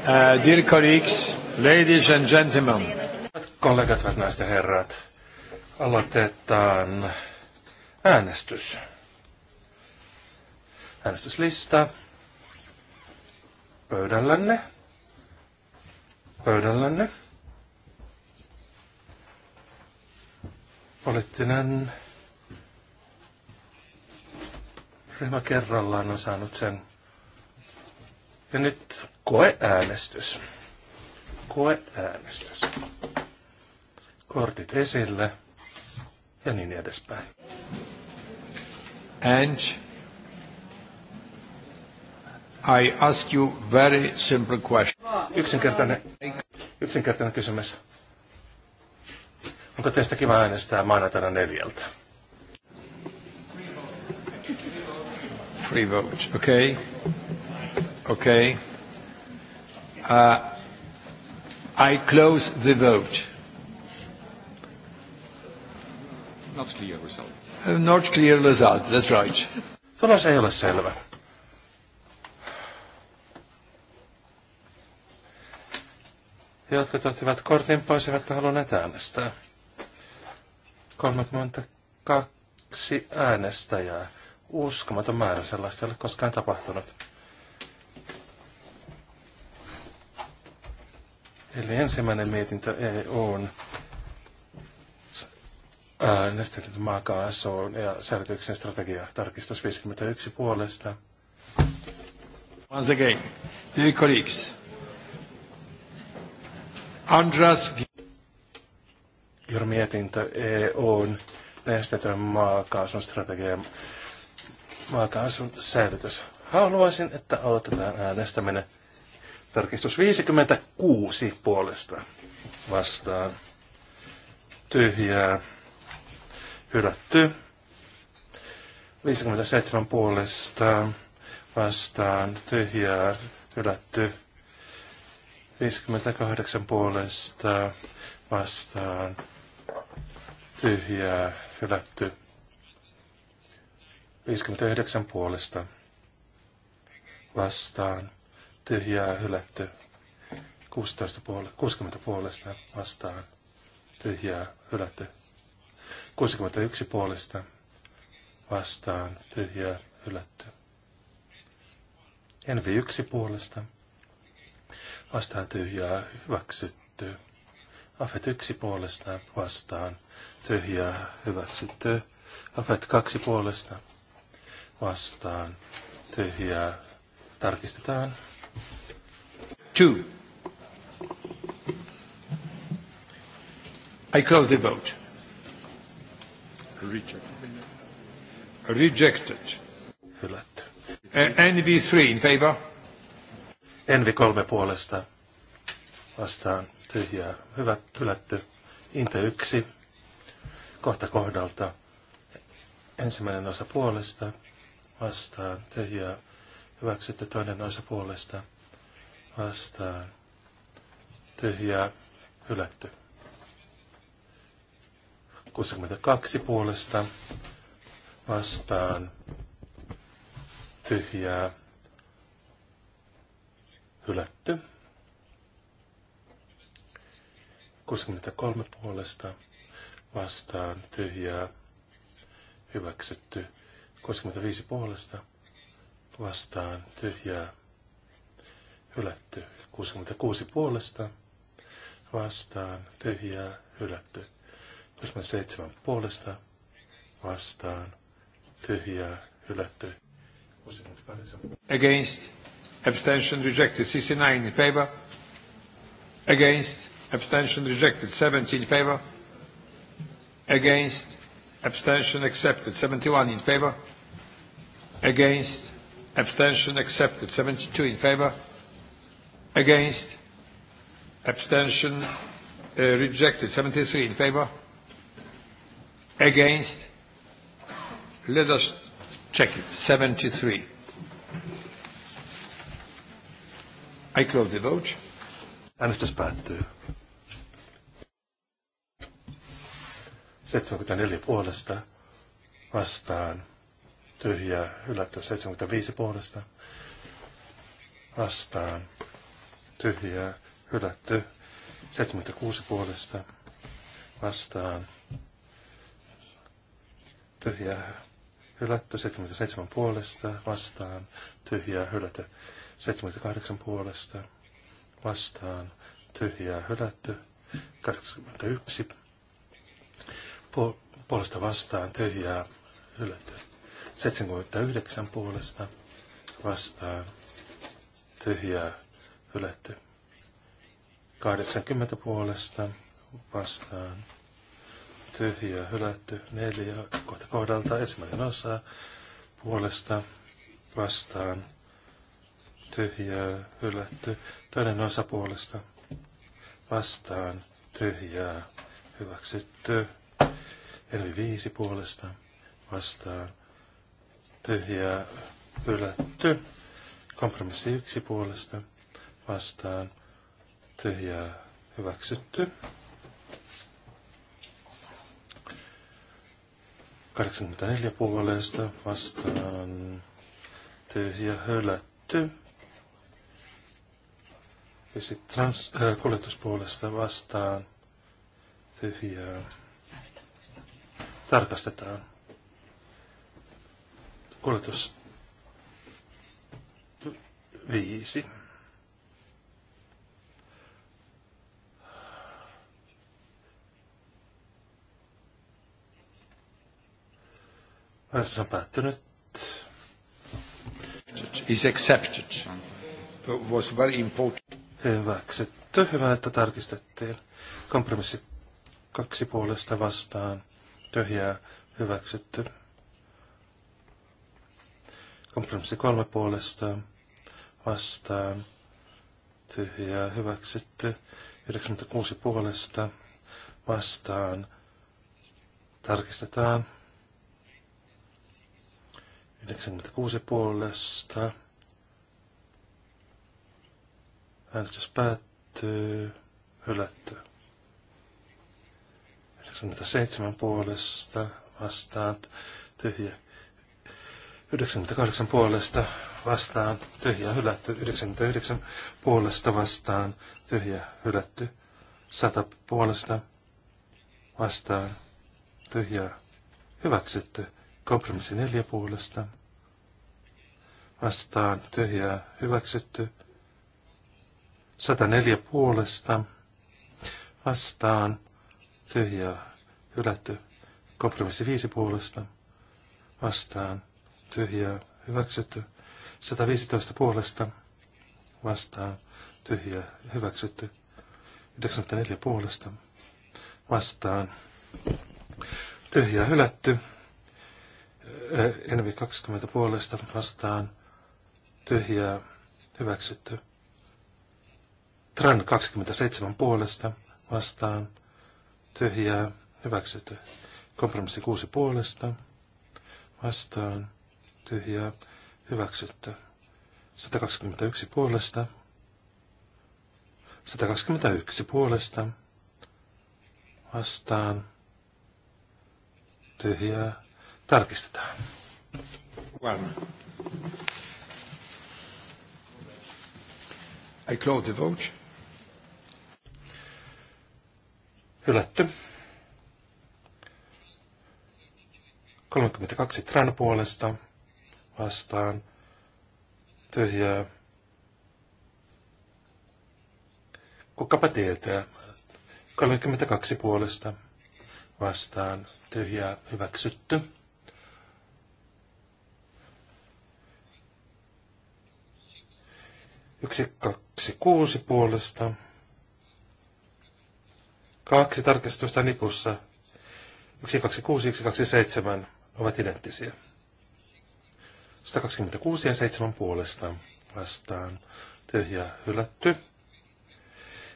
Uh, dear colleagues, ladies and gentlemen. Kollegat, hyvät naiset ja herrat, aloitetaan äänestys. Äänestyslista pöydällänne. Pöydällänne. Poliittinen ryhmä kerrallaan on saanut sen. Ja nyt Koeäänestys. Koeäänestys. Kortit esille ja niin edespäin. And I ask you very simple question. Yksinkertainen, yksinkertainen kysymys. Onko teistä kiva äänestää maanantaina neljältä? Free vote, okay. Okay. Uh, I close the vote. Not clear result. Uh, not clear result, that's right. Tulos ei ole selvä. Jotkut ottivat kortin pois, eivätkä halunneet äänestää. 32 äänestäjää. Uskomaton määrä sellaista ei ole koskaan tapahtunut. Eli ensimmäinen mietintö EUn nestetetyn maakaasuun ja säilytyksen strategia tarkistus 51 puolesta. Once again, dear colleagues, Andras... Your mietintö EUn nestetön maakaasun strategia maakaasun säilytys. Haluaisin, että aloitetaan äänestäminen. Tarkistus 56 puolesta vastaan. Tyhjää. Hylätty. 57 puolesta vastaan. Tyhjää. Hylätty. 58 puolesta vastaan. Tyhjää. Hylätty. 59 puolesta vastaan tyhjää hylätty 16 puolesta, 60 puolesta vastaan tyhjää hylätty 61 puolesta vastaan tyhjää hylätty. Envi yksi puolesta vastaan tyhjää hyväksytty. Afet yksi puolesta vastaan tyhjää hyväksytty. Afet kaksi puolesta vastaan tyhjää tarkistetaan. Two. I close the vote. Rejected. Rejected. Hylätty. Uh, NV3 in favor. NV3 puolesta vastaan tyhjää. Hyvä, hylätty. Inte yksi. Kohta kohdalta. Ensimmäinen osa puolesta vastaan tyhjää. Hyväksytty toinen osa puolesta vastaan tyhjää hylätty. 62 puolesta vastaan tyhjää hylätty. 63 puolesta vastaan tyhjää hyväksytty. 65 puolesta vastaan tyhjää hylätty. 66 puolesta vastaan, tyhjää, hylätty. 67 puolesta vastaan, tyhjää, hylätty. Against, abstention rejected, 69 in favor. Against, abstention rejected, 70 in favor. Against, abstention accepted, 71 in favor. Against, abstention accepted, 72 in favor. Against? Abstention? Uh, rejected. 73 in favor? Against? Let us check it. 73. I close the vote. Äänestys päättyy. 74 puolesta vastaan. Tyhjää hylätty 75 puolesta vastaan tyhjää, hylätty. 76 puolesta vastaan, tyhjää, hylätty. 77 puolesta vastaan, tyhjää, hylätty. 78 puolesta vastaan, tyhjää, hylätty. 81 puolesta vastaan, tyhjää, hylätty. 79 puolesta vastaan, tyhjää, hylätty. 80 puolesta vastaan tyhjä hylätty. Neljä kohta kohdalta ensimmäinen osa puolesta vastaan tyhjä hylätty. Toinen osa puolesta vastaan tyhjää hyväksytty. Eli viisi puolesta vastaan tyhjää hylätty. Kompromissi yksi puolesta vastaan tyhjää hyväksytty. 84 puolesta vastaan tyhjä hölätty. Ja sitten äh, kuljetuspuolesta vastaan tyhjää. Tarkastetaan. Kuljetus viisi. Äänestys on päättynyt. Is accepted. Was very important. Hyväksytty. Hyvä, että tarkistettiin. Kompromissi kaksi puolesta vastaan. Tyhjää hyväksytty. Kompromissi kolme puolesta vastaan. Tyhjää hyväksytty. 96 puolesta vastaan. Tarkistetaan. 96 puolesta. Äänestys päättyy. Hylätty. 97 puolesta vastaan tyhjä. 98 puolesta vastaan tyhjä hylätty. 99 puolesta vastaan tyhjä hylätty. 100 puolesta vastaan tyhjä hyväksytty. Kompromissi neljä puolesta. Vastaan tyhjää hyväksytty. 104 puolesta. Vastaan tyhjää hylätty. Kompromissi viisi puolesta. Vastaan tyhjää hyväksytty. 115 puolesta. Vastaan tyhjää hyväksytty. 94 puolesta. Vastaan tyhjää hylätty. Envi 20 puolesta vastaan tyhjää hyväksytty. Tran 27 puolesta vastaan tyhjää hyväksytty. Kompromissi 6 puolesta vastaan tyhjää hyväksytty. 121 puolesta 121 puolesta vastaan tyhjää Tarkistetaan. I close the vote. Hylätty. 32 tran puolesta vastaan tyhjää. Kukapa tietää. 32 puolesta vastaan tyhjää hyväksytty. 126 puolesta. Kaksi tarkistusta nipussa. 126 ja 127 ovat identtisiä. 126 ja 7 puolesta vastaan. Tyhjä hylätty.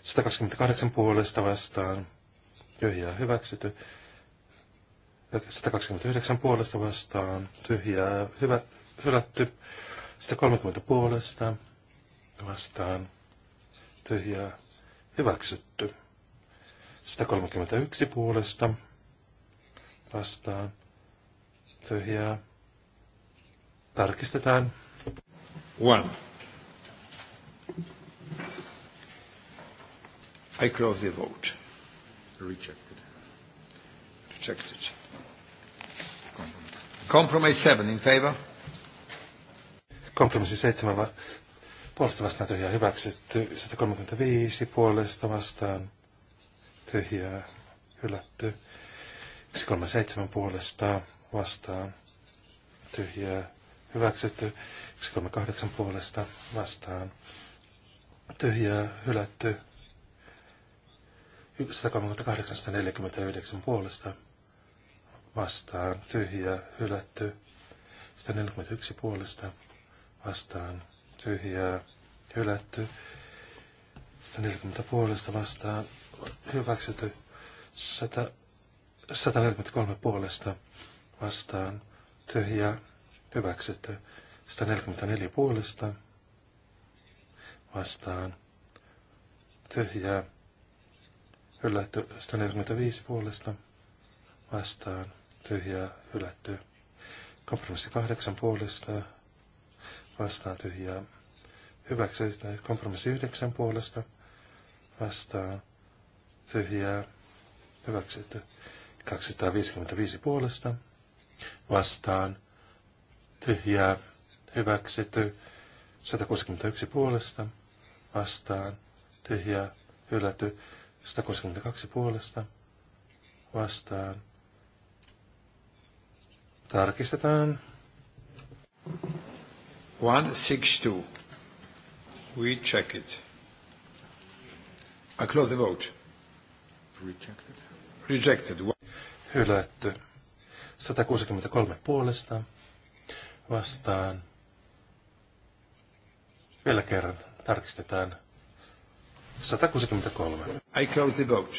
128 puolesta vastaan. Tyhjää hyväksytty. 129 puolesta vastaan. Tyhjää hyvä, hylätty. 130 puolesta vastaan tyhjää hyväksytty. 131 puolesta vastaan tyhjää tarkistetaan. One. I close the vote. Rejected. Rejected. Compromise seven in favor. Compromise seitsemän Puolesta vastaan tyhjää hyväksytty. 135 puolesta vastaan tyhjää hylätty. 137 puolesta vastaan tyhjää hyväksytty. 138 puolesta vastaan tyhjää hylätty. 138-149 puolesta vastaan tyhjää hylätty. 141 puolesta vastaan tyhjää hylätty. 140 puolesta vastaan hyväksytty. 100, 143 puolesta vastaan tyhjää hyväksytty. 144 puolesta vastaan tyhjää hylätty. 145 puolesta vastaan tyhjää hylätty. Kompromissi kahdeksan puolesta vastaan tyhjää. Hyväksy kompromissi yhdeksän puolesta vastaan tyhjää. Hyväksytty 255 puolesta vastaan tyhjää. Hyväksytty 161 puolesta vastaan tyhjää. Hylätty 162 puolesta vastaan. Tarkistetaan. 162. We check it. I close the vote. Rejected. Rejected. Hylätty. 163 puolesta vastaan. Vielä kerran tarkistetaan. 163. I close the vote.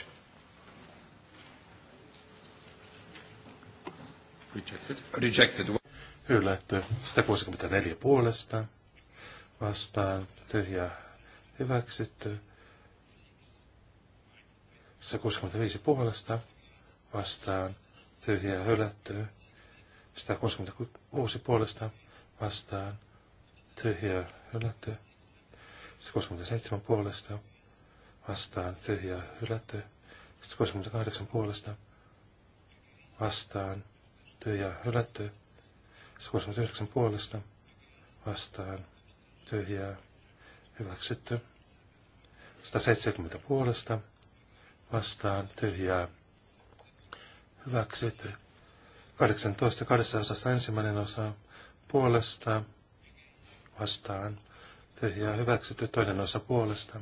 Rejected. Rejected hylätty 164 puolesta vastaan tyhjää hyväksytty 165 puolesta vastaan tyhjää hylätty 166 puolesta vastaan tyhjää hylätty 167 puolesta vastaan tyhjää hylätty 168 puolesta vastaan tyhjää hylätty 69 puolesta vastaan tyhjää hyväksytty. 170 puolesta vastaan tyhjää hyväksytty. 18 kahdessa osassa ensimmäinen osa puolesta vastaan tyhjää hyväksytty. Toinen osa puolesta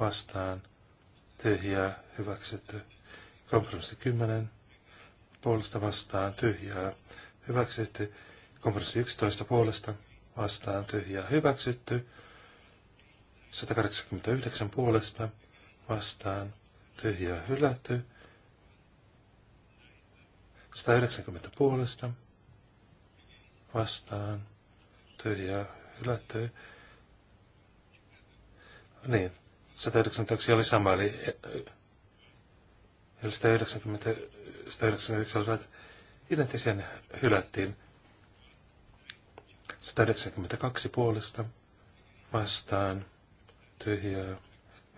vastaan tyhjää hyväksytty. Kompromissi 10 puolesta vastaan tyhjää hyväksytty. Kompromissi 11 puolesta vastaan tyhjää hyväksytty. 189 puolesta vastaan tyhjää hylätty. 190 puolesta vastaan tyhjää hylätty. Niin, 191 oli sama, eli 190, 191 oli identtisen hylättiin 192 puolesta vastaan tyhjää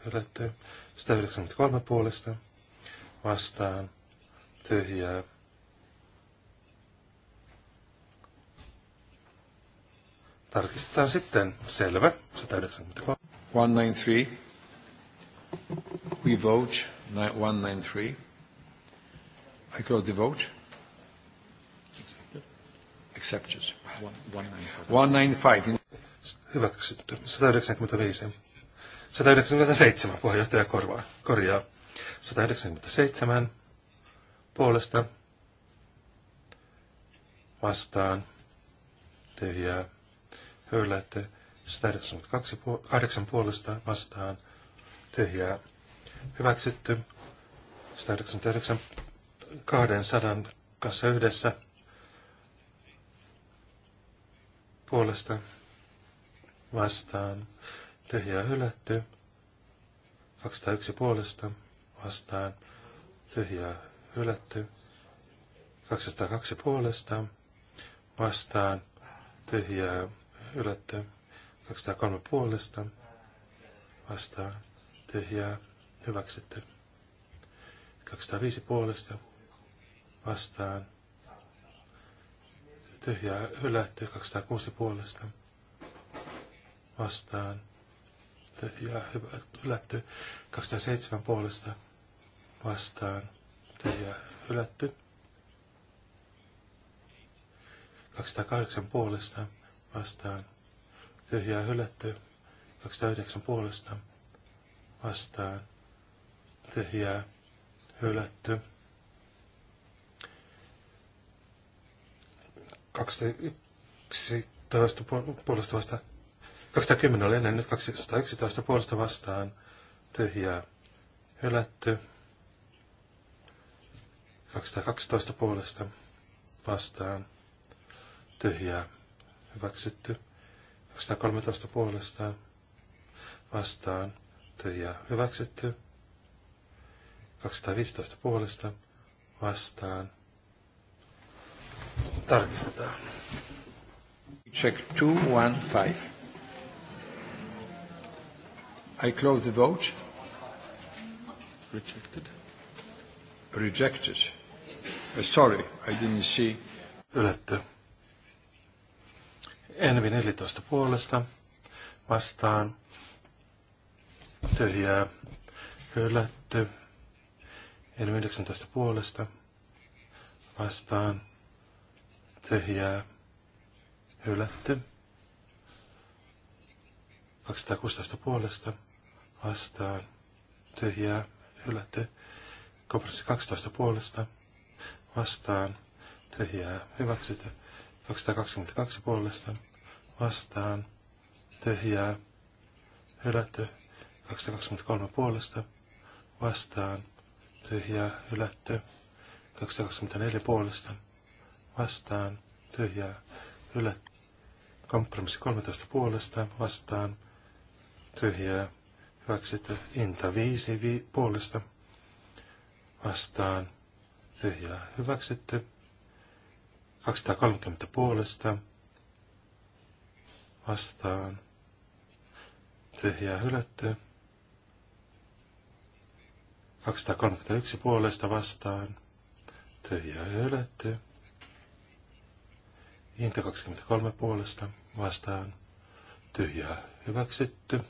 hylätty. 193 puolesta vastaan tyhjää. Tarkistetaan sitten. Selvä. 193. 193. We vote 193. I close the vote. Accepted. 195. Hyväksytty. 195. 197 puheenjohtaja korvaa, korjaa. 197 puolesta vastaan tyhjää hylätty. 198 puolesta vastaan tyhjää hyväksytty. 199 200 kanssa yhdessä puolesta vastaan tyhjää hylätty. 201 puolesta vastaan tyhjää hylätty. 202 puolesta vastaan tyhjää hylätty. 203 puolesta vastaan tyhjää hyväksytty. 205 puolesta vastaan tyhjää ylätty 206 puolesta vastaan tyhjää hylätty 207 puolesta vastaan tyhjää hylätty 208 puolesta vastaan tyhjää hylätty 209 puolesta vastaan tyhjää hylätty 211 puolesta vastaan. 210 oli ennen, nyt 211 puolesta vastaan. Tyhjää. Hylätty. 212 puolesta vastaan. Tyhjää. Hyväksytty. 213 puolesta vastaan. Tyhjää. Hyväksytty. 215 puolesta vastaan Tarkistetaan. Check 215. I close the vote. Rejected. Rejected. Uh, sorry, I didn't see. Ylätty. Envi 14 puolesta vastaan. Tyhjää. Ylätty. Envi 19 puolesta vastaan tyhjää, hylätty. 216 puolesta vastaan, tyhjää, hylätty. Kompromissi 12 puolesta vastaan, tyhjää, hyväksytty. 222 puolesta vastaan, tyhjää, hylätty. 223 puolesta vastaan, tyhjää, hylätty. 224 puolesta vastaan, vastaan, tyhjää, hylätty. Kompromissi 13 puolesta vastaan, tyhjää, hyväksytty. Inta 5 vi- puolesta vastaan, tyhjää, hyväksytty. 230 puolesta vastaan, tyhjää, hylätty. 231 puolesta vastaan, tyhjää hylätty. Into 23 puolesta vastaan tyhjää hyväksytty.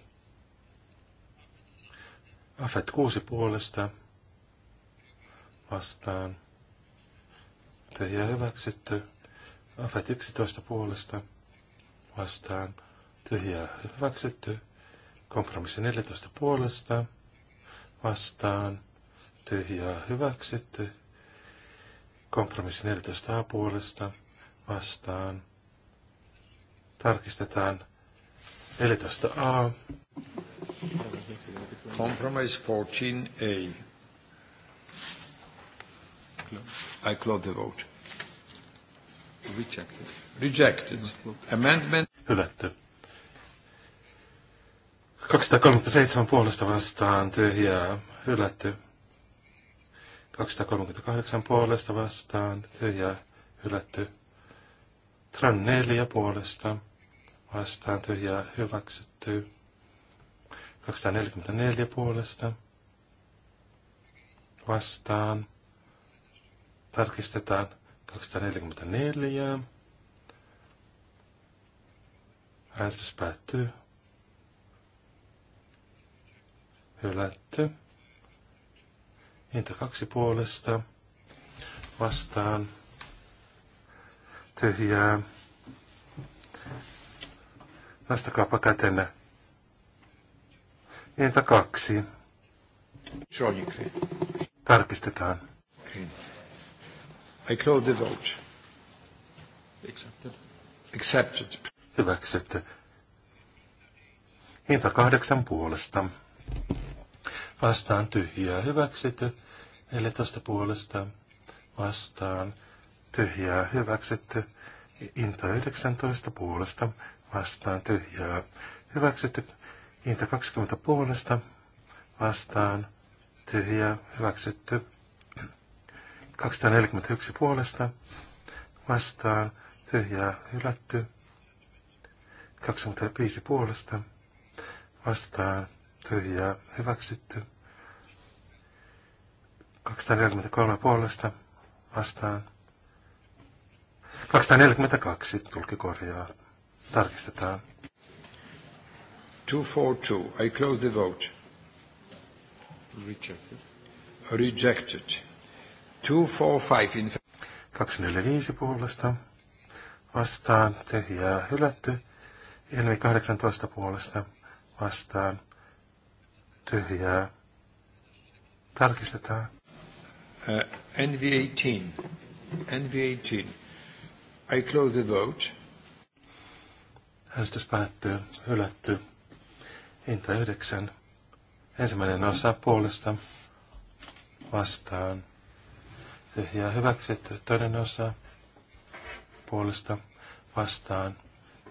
Afet 6 puolesta vastaan tyhjää hyväksytty. Afet 11 puolesta vastaan tyhjää hyväksytty. Kompromissi 14 puolesta vastaan tyhjää hyväksytty. Kompromissi 14 puolesta vastaan. Tarkistetaan 14a. Compromise 14a. I close the vote. Rejected. Rejected. Amendment. Hylätty. 237 puolesta vastaan tyhjää. Hylätty. 238 puolesta vastaan tyhjää. Hylätty. Tranneelia puolesta vastaan tyhjää hyväksytty. 244 puolesta vastaan. Tarkistetaan 244. Äänestys päättyy. Hylätty. Hinta kaksi puolesta vastaan tyhjää. Nostakaapa kätenne. Entä kaksi? Tarkistetaan. Okay. I close the vote. Accepted. Accepted. Hyväksytty. Hinta kahdeksan puolesta. Vastaan tyhjää hyväksytty. 14 puolesta. Vastaan tyhjää hyväksytty. Into 19 puolesta vastaan tyhjää hyväksytty. Into 20 puolesta vastaan tyhjää hyväksytty. 241 puolesta vastaan tyhjää hylätty. 25 puolesta vastaan tyhjää hyväksytty. 243 puolesta vastaan 242 tulkki korjaa. Tarkistetaan. 242. I close the vote. Rejected. Rejected. 245 in 245 puolesta. Vastaan tehjää hylätty. Ilmi 18 puolesta. Vastaan tyhjää. Tarkistetaan. Uh, NV18. NV18. I close the vote. Äänestys päättyy. Hylätty. Inta yhdeksän. Ensimmäinen osa puolesta vastaan. Tyhjää hyväksytty. Toinen osa puolesta vastaan.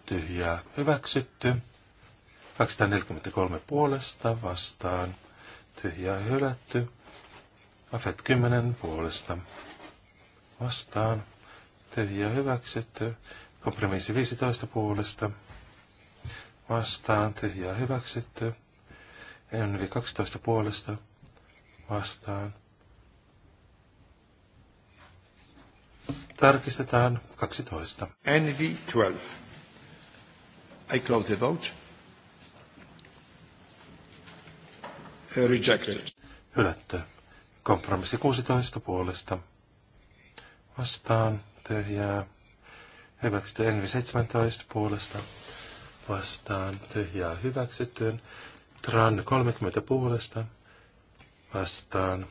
Tyhjää hyväksytty. 243 puolesta vastaan. Tyhjää hylätty. Afet 10 puolesta vastaan ja hyväksytty. Kompromissi 15 puolesta vastaan tyhjä hyväksytty. Envi 12 puolesta vastaan. Tarkistetaan 12. Envi 12. I close the vote. Uh, rejected. Hylätty. Kompromissi 16 puolesta. Vastaan tyhjää. Hyväksytty Envi 17 puolesta vastaan tyhjää hyväksytyn. Tran 30 puolesta vastaan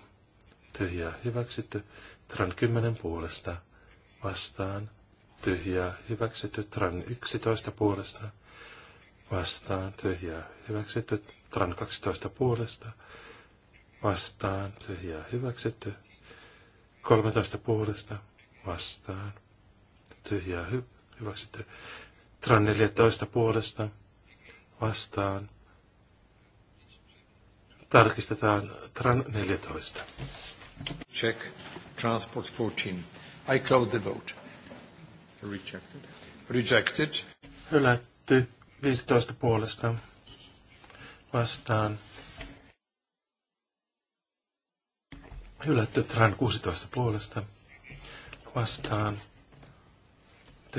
tyhjää hyväksytty. Tran 10 puolesta vastaan tyhjää hyväksytty. Tran 11 puolesta vastaan tyhjää hyväksytty. Tran 12 puolesta vastaan tyhjää hyväksytty. 13 puolesta vastaan. Tyhjää hy- hyväksytty. Tran 14 puolesta vastaan. Tarkistetaan Tran 14. Check. Transport 14. I close the vote. Rejected. Rejected. Hylätty. 15 puolesta vastaan. Hylätty Tran 16 puolesta vastaan.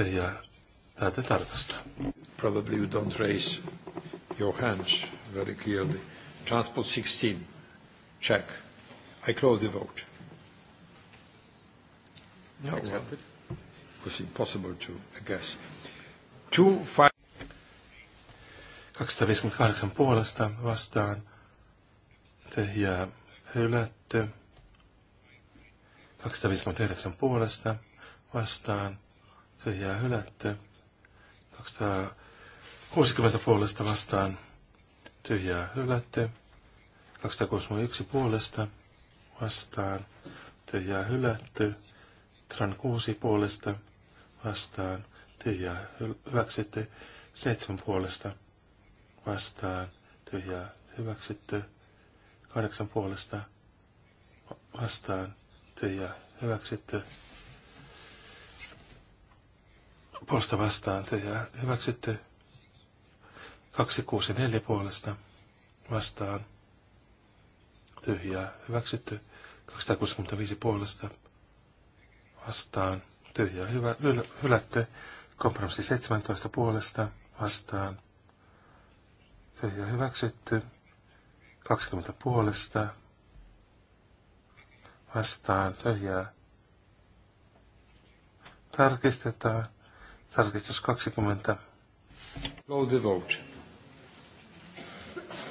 ja täytyy tarkastaa. Probably you don't raise your hands very clearly. Transport 16. Check. I close the vote. No, accepted. Well, it was impossible to, I guess. Two, five. 258 puolesta vastaan. Tyhjää hylätty. 259 puolesta vastaan jää hylätty. 260 puolesta vastaan tyhjää hylätty. 261 puolesta vastaan tyhjää hylätty. Tran 6 puolesta vastaan tyhjää hyväksytty. 7 puolesta vastaan tyhjää hyväksytty. 8 puolesta vastaan ja hyväksytte Puolesta vastaan ja hyväksytte 264 puolesta vastaan tyhjää hyväksytty. 265 puolesta vastaan tyhjää hyvä, hylätty. Kompromissi 17 puolesta vastaan tyhjää hyväksytty. 20 puolesta vastaan tyhjää. Tarkistetaan. Tarkistus 20. Close vote.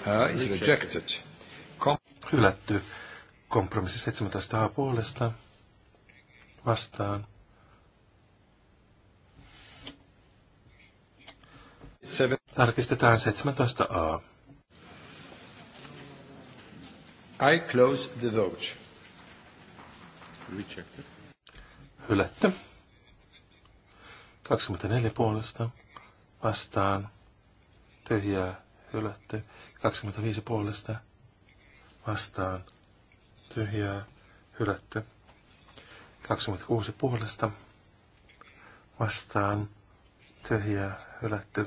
Uh, is rejected. Com- Hylätty. Kompromissi 17a puolesta. Vastaan. 7. Tarkistetaan 17a. I close the vote. Rejected. Hylätty. 24 puolesta vastaan. Tyhjää hylätty. 25 puolesta vastaan. Tyhjää hylätty. 26 puolesta vastaan. Tyhjää hylätty.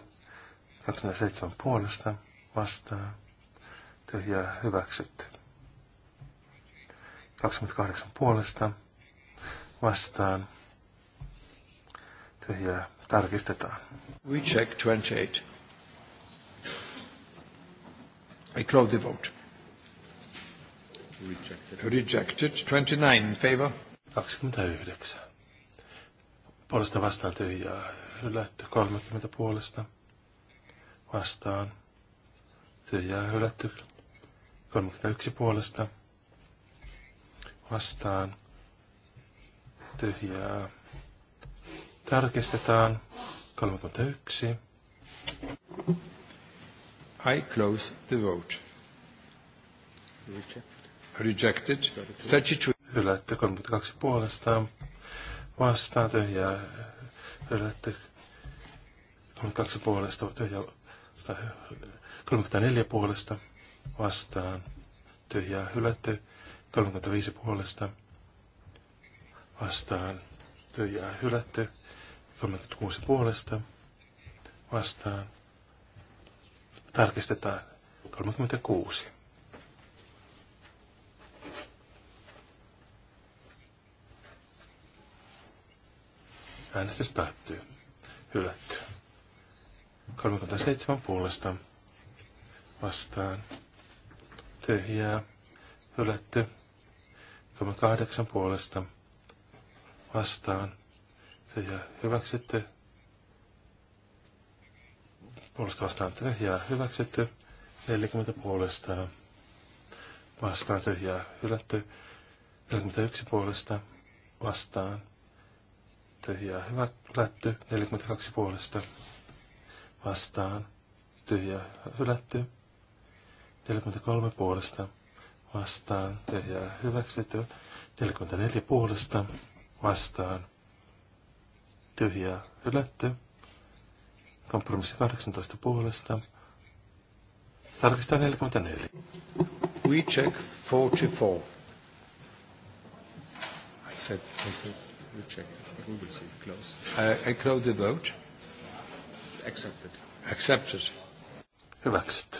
27 puolesta vastaan. Tyhjää hyväksytty. 28 puolesta vastaan. Tyhjää tarkistetaan. We check 28. I close the vote. Rejected. Rejected. 29 in favor. 29. Puolesta vastaan tyhjää. Hylätty 30 puolesta. Vastaan. Tyhjää hylätty 31 puolesta vastaan tyhjää. Tarkistetaan 31. I close the vote. Rejected. Hylätty 32 puolestaan. Vastaan tyhjää. Hylätty 32 puolesta. Tyhjää. 34 puolesta. Vastaan tyhjää. Hylätty 35 puolesta vastaan tyhjää hylätty. 36 puolesta vastaan. Tarkistetaan 36. Äänestys päättyy. Hylätty. 37 puolesta vastaan. Tyhjää. Hylätty. 38 puolesta vastaan. Se jää hyväksytty. Puolesta vastaan tyhjää hyväksytty. 40 puolesta vastaan tyhjää hylätty. 41 puolesta vastaan tyhjää hylätty. 42 puolesta vastaan tyhjää hylätty. 43 puolesta vastaan vastaan, tehdään hyväksytty. 44 puolesta vastaan, tyhjää hylätty. Kompromissi 18 puolesta. Tarkistaa 44. We check 44. I said, I said, we check. We will see. Close. I, uh, I close the vote. Accepted. Accepted. Hyväksytty.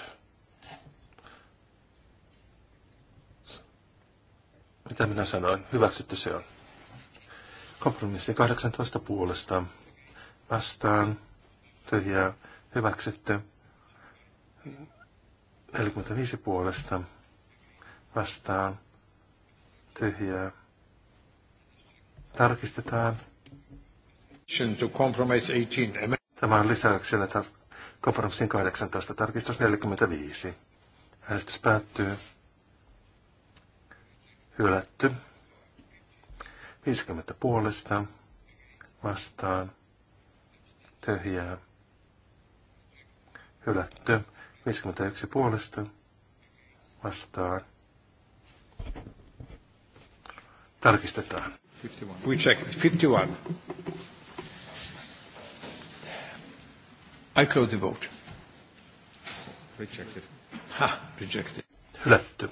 Mitä minä sanoin? Hyväksytty se on. Kompromissi 18 puolesta. Vastaan. Tyhjää. Hyväksytty. 45 puolesta. Vastaan. Tyhjää. Tarkistetaan. Tämä on lisäksi kompromissin 18. Tarkistus 45. Äänestys päättyy hylätty. 50 puolesta vastaan tyhjää hylätty. 51 puolesta vastaan tarkistetaan. 51. We check 51. I close the vote. Rejected. Ha, rejected. Hylätty.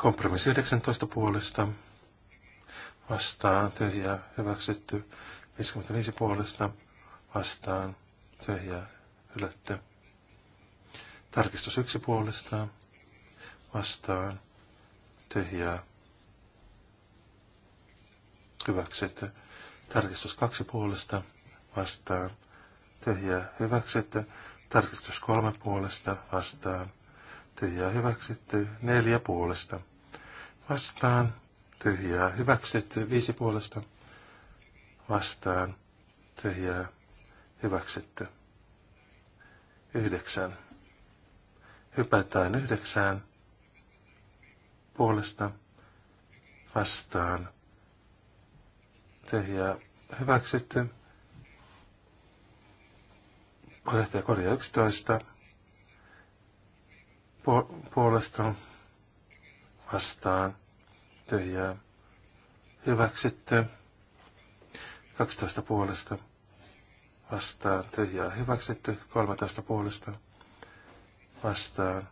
Kompromissi 19 puolesta vastaan tyhjää hyväksytty. 55 puolesta vastaan tyhjää hylätty. Tarkistus 1 puolesta vastaan tyhjää hyväksytty. Tarkistus 2 puolesta vastaan tyhjää hyväksytty. Tarkistus 3 puolesta vastaan tyhjää hyväksytty. 4 puolesta vastaan, tyhjää hyväksytty. Viisi puolesta vastaan, tyhjää hyväksytty. Yhdeksän. Hypätään yhdeksään puolesta vastaan. Tyhjää hyväksytty. Puheenjohtaja korjaa 11 puolesta vastaan tyhjää hyväksytty. 12 puolesta vastaan tyhjää hyväksytty. 13 puolesta vastaan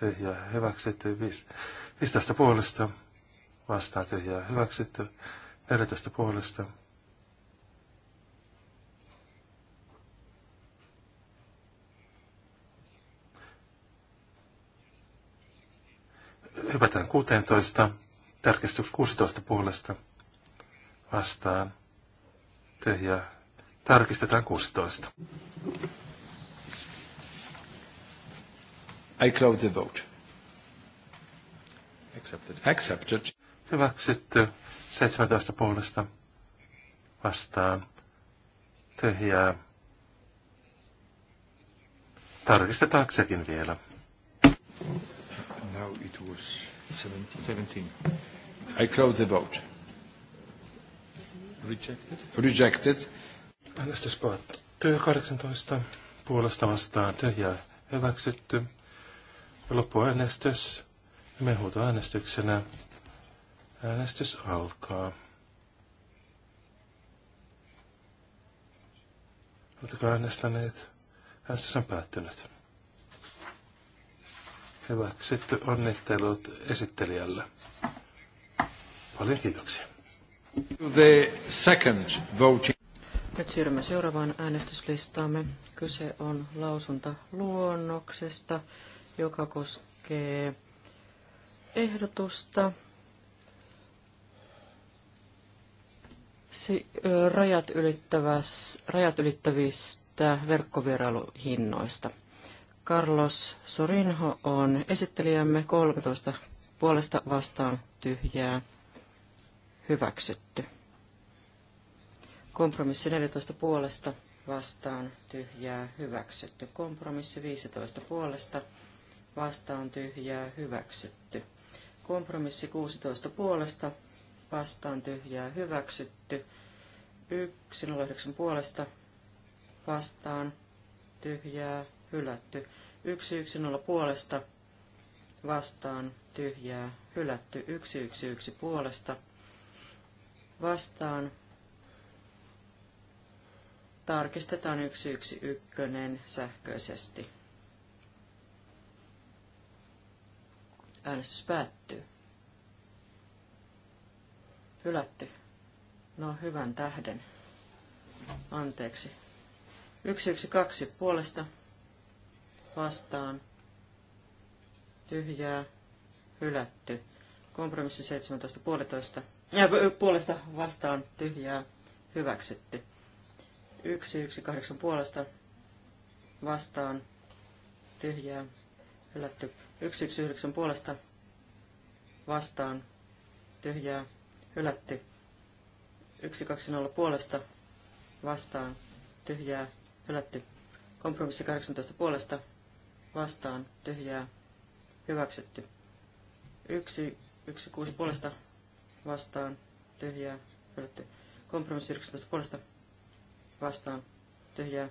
tyhjää hyväksytty. 15 puolesta vastaan tyhjää hyväksytty. 14 puolesta vastaan, Hypätään 16. Tarkistus 16 puolesta vastaan. tyhjä, Tarkistetaan 16. I close the vote. Accepted. Accepted. Hyväksytty. 17 puolesta vastaan. Tyhjää. tarkistetaan sekin vielä? Now it was 17. I close the vote. Rejected. Rejected. Äänestys päättyy 18 puolesta vastaan tyhjää hyväksytty. Loppuäänestys Mehuuto äänestyksenä. Äänestys alkaa. Oletteko äänestäneet? Äänestys on päättynyt. Sitten Onnittelut esittelijälle. Paljon kiitoksia. The second voting. Nyt siirrymme seuraavaan äänestyslistaamme. Kyse on lausunta luonnoksesta, joka koskee ehdotusta rajat, rajat ylittävistä verkkovierailuhinnoista. Carlos Sorinho on esittelijämme 13 puolesta vastaan tyhjää hyväksytty. Kompromissi 14 puolesta vastaan tyhjää hyväksytty. Kompromissi 15 puolesta vastaan tyhjää hyväksytty. Kompromissi 16 puolesta vastaan tyhjää hyväksytty. 109 puolesta vastaan tyhjää hylätty. nolla puolesta vastaan tyhjää hylätty. 111 puolesta vastaan tarkistetaan 111 sähköisesti. Äänestys päättyy. Hylätty. No hyvän tähden. Anteeksi. 112 puolesta vastaan, tyhjää, hylätty. Kompromissi 17 puolitoista, ja puolesta vastaan, tyhjää, hyväksytty. 1, 1, 8 puolesta vastaan, tyhjää, hylätty. 1, 1, 9 puolesta vastaan, tyhjää, hylätty. 1, 2, 0 puolesta vastaan, tyhjää, hylätty. Kompromissi 18 puolesta vastaan tyhjää hyväksytty. 1, 1, 6 puolesta vastaan tyhjää hylätty. Kompromissi 11 puolesta vastaan tyhjää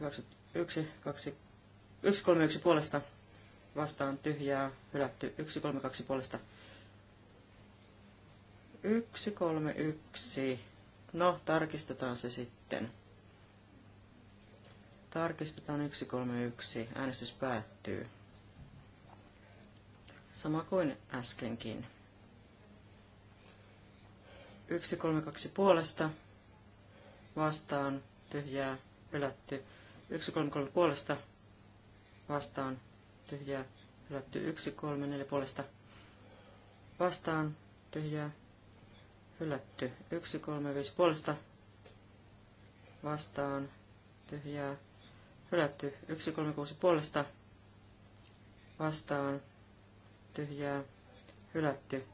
hyväksytty. 1, 2, 1, 3, 1 puolesta vastaan tyhjää hylätty. 1, 3, 2 puolesta 1, 3, 1. No, tarkistetaan se sitten. Tarkistetaan 131. Äänestys päättyy. Sama kuin äskenkin. 132 puolesta vastaan tyhjää hylätty. 133 puolesta vastaan tyhjää hylätty. 134 puolesta vastaan tyhjää hylätty. 135 puolesta vastaan tyhjää Hylätty. 136 puolesta vastaan. Tyhjää. Hylätty.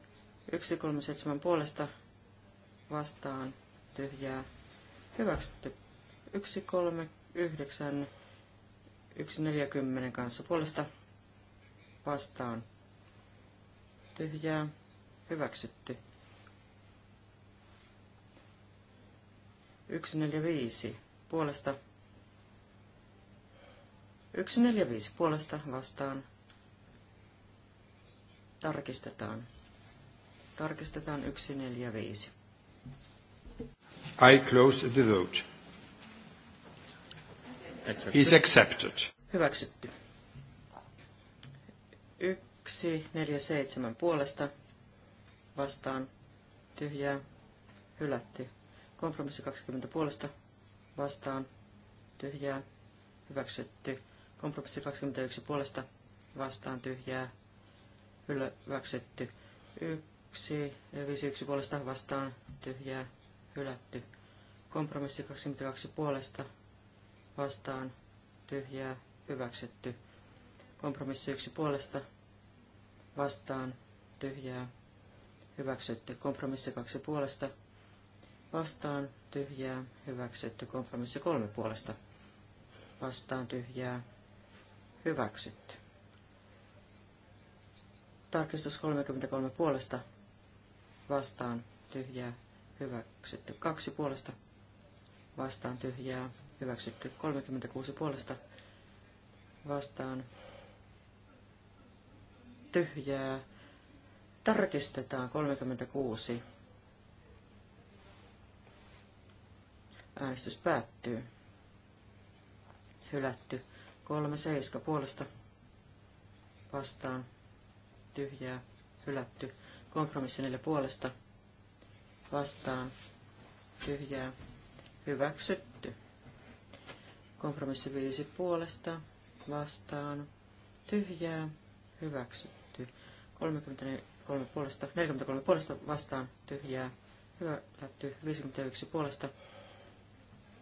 137 puolesta vastaan. Tyhjää. Hyväksytty. 139 140 kanssa puolesta vastaan. Tyhjää. Hyväksytty. 145 puolesta 145 puolesta vastaan. Tarkistetaan. Tarkistetaan 145. I close the vote. Accepted. Is accepted. Hyväksytty. 147 puolesta vastaan. Tyhjää. Hylätty. Kompromissi 20 puolesta vastaan. Tyhjää. Hyväksytty. Kompromissi 21 puolesta vastaan tyhjää hyväksytty. 1, 51 puolesta vastaan tyhjää hylätty. Kompromissi 22 puolesta vastaan tyhjää hyväksytty. Kompromissi 1 puolesta vastaan tyhjää hyväksytty. Kompromissi 2 puolesta vastaan tyhjää hyväksytty. Kompromissi 3 puolesta vastaan tyhjää Hyväksytty. Tarkistus 33 puolesta vastaan tyhjää. Hyväksytty. Kaksi puolesta vastaan tyhjää. Hyväksytty. 36 puolesta vastaan tyhjää. Tarkistetaan 36. Äänestys päättyy. Hylätty. Kolme seiska puolesta vastaan tyhjää hylätty. Kompromissi neljä puolesta vastaan tyhjää hyväksytty. Kompromissi viisi puolesta vastaan tyhjää hyväksytty. 33 puolesta, 43 puolesta vastaan tyhjää hylätty. 51 puolesta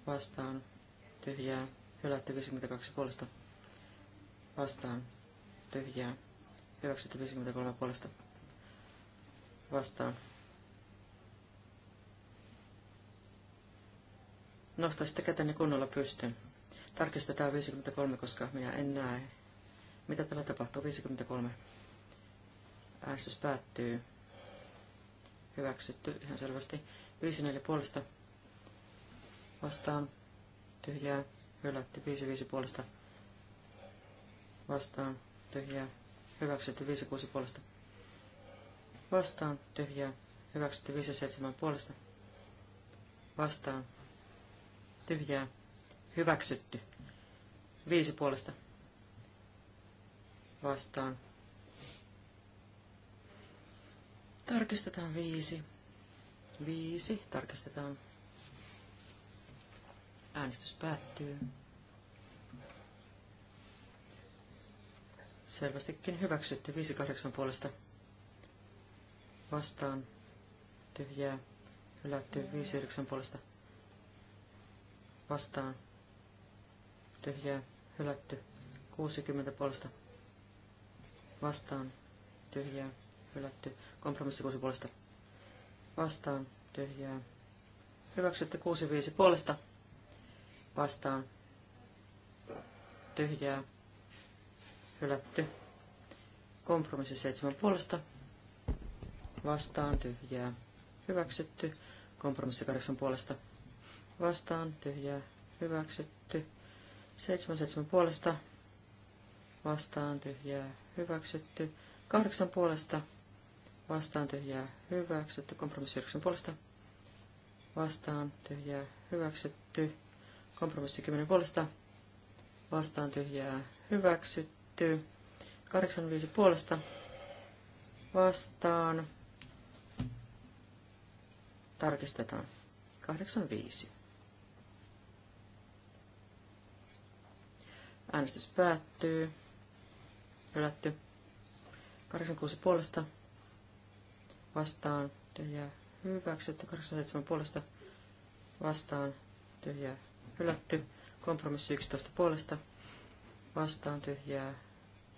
vastaan tyhjää Hylätty 52 puolesta. Vastaan. Tyhjää. Hyväksytty 53 puolesta. Vastaan. Nosta sitten kätenne kunnolla pystyn. Tarkistetaan 53, koska minä en näe. Mitä tällä tapahtuu? 53. Äänestys päättyy. Hyväksytty ihan selvästi. 54 puolesta vastaan tyhjää hylätty 5-5 puolesta vastaan tyhjää hyväksytty 5-6 puolesta vastaan tyhjää hyväksytty 5-7 puolesta vastaan tyhjää hyväksytty 5 puolesta vastaan tarkistetaan 5 5 tarkistetaan Äänestys päättyy. Selvästikin hyväksytty 58 puolesta vastaan tyhjää hylätty 59 puolesta vastaan tyhjää hylätty 60 puolesta vastaan tyhjää hylätty kompromissi 6 puolesta vastaan tyhjää hyväksytty 65 puolesta vastaan tyhjää hylätty. Kompromissi seitsemän puolesta vastaan tyhjää hyväksytty. Kompromissi kahdeksan puolesta vastaan tyhjää hyväksytty. Seitsemän seitsemän puolesta vastaan tyhjää hyväksytty. Kahdeksan puolesta vastaan tyhjää hyväksytty. Kompromissi yhdeksän puolesta vastaan tyhjää hyväksytty. Kompromissi 10 puolesta vastaan tyhjää hyväksytty. 85 puolesta vastaan. Tarkistetaan. 85. Äänestys päättyy. Hylätty. 86 puolesta vastaan tyhjää hyväksytty. 87 puolesta vastaan tyhjää hylätty. Kompromissi 11 puolesta vastaan tyhjää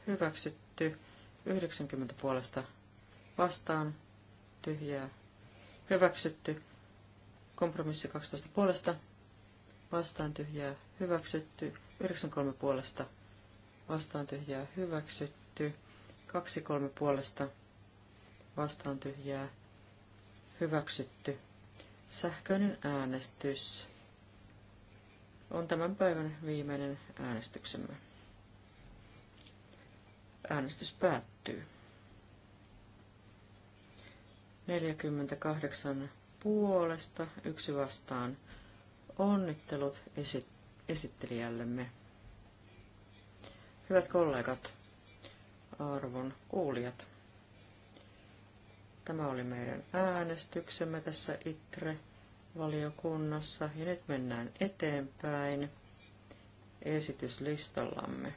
hyväksytty. 90 puolesta vastaan tyhjää hyväksytty. Kompromissi 12 puolesta vastaan tyhjää hyväksytty. 93 puolesta vastaan tyhjää hyväksytty. 23 puolesta vastaan tyhjää hyväksytty. Sähköinen äänestys on tämän päivän viimeinen äänestyksemme. Äänestys päättyy. 48 puolesta, yksi vastaan. Onnittelut esit- esittelijällemme. Hyvät kollegat, arvon kuulijat. Tämä oli meidän äänestyksemme tässä ITRE valiokunnassa. Ja nyt mennään eteenpäin esityslistallamme.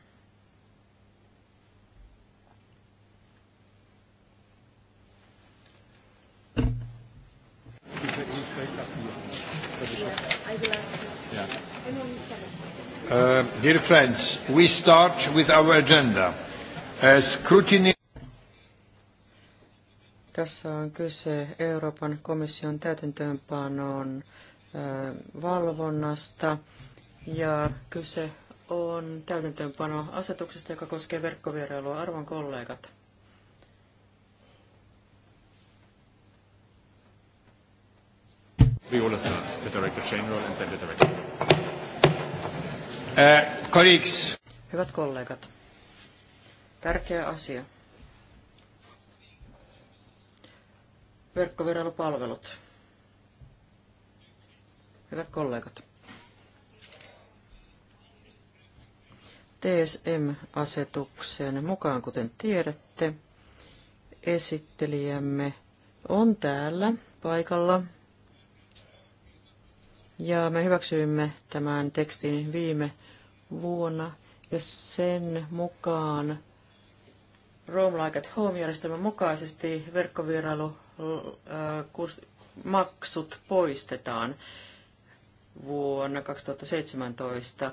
Uh, dear friends, we start with our agenda. Uh, scrutiny... Tässä on kyse Euroopan komission täytäntöönpanon valvonnasta ja kyse on täytäntöönpano asetuksesta, joka koskee verkkovierailua. Arvon kollegat. Uh, Hyvät kollegat, tärkeä asia. verkkoverelupalvelut. Hyvät kollegat. TSM-asetuksen mukaan, kuten tiedätte, esittelijämme on täällä paikalla. Ja me hyväksyimme tämän tekstin viime vuonna ja sen mukaan Roam Like at Home-järjestelmän mukaisesti verkkovierailu maksut poistetaan vuonna 2017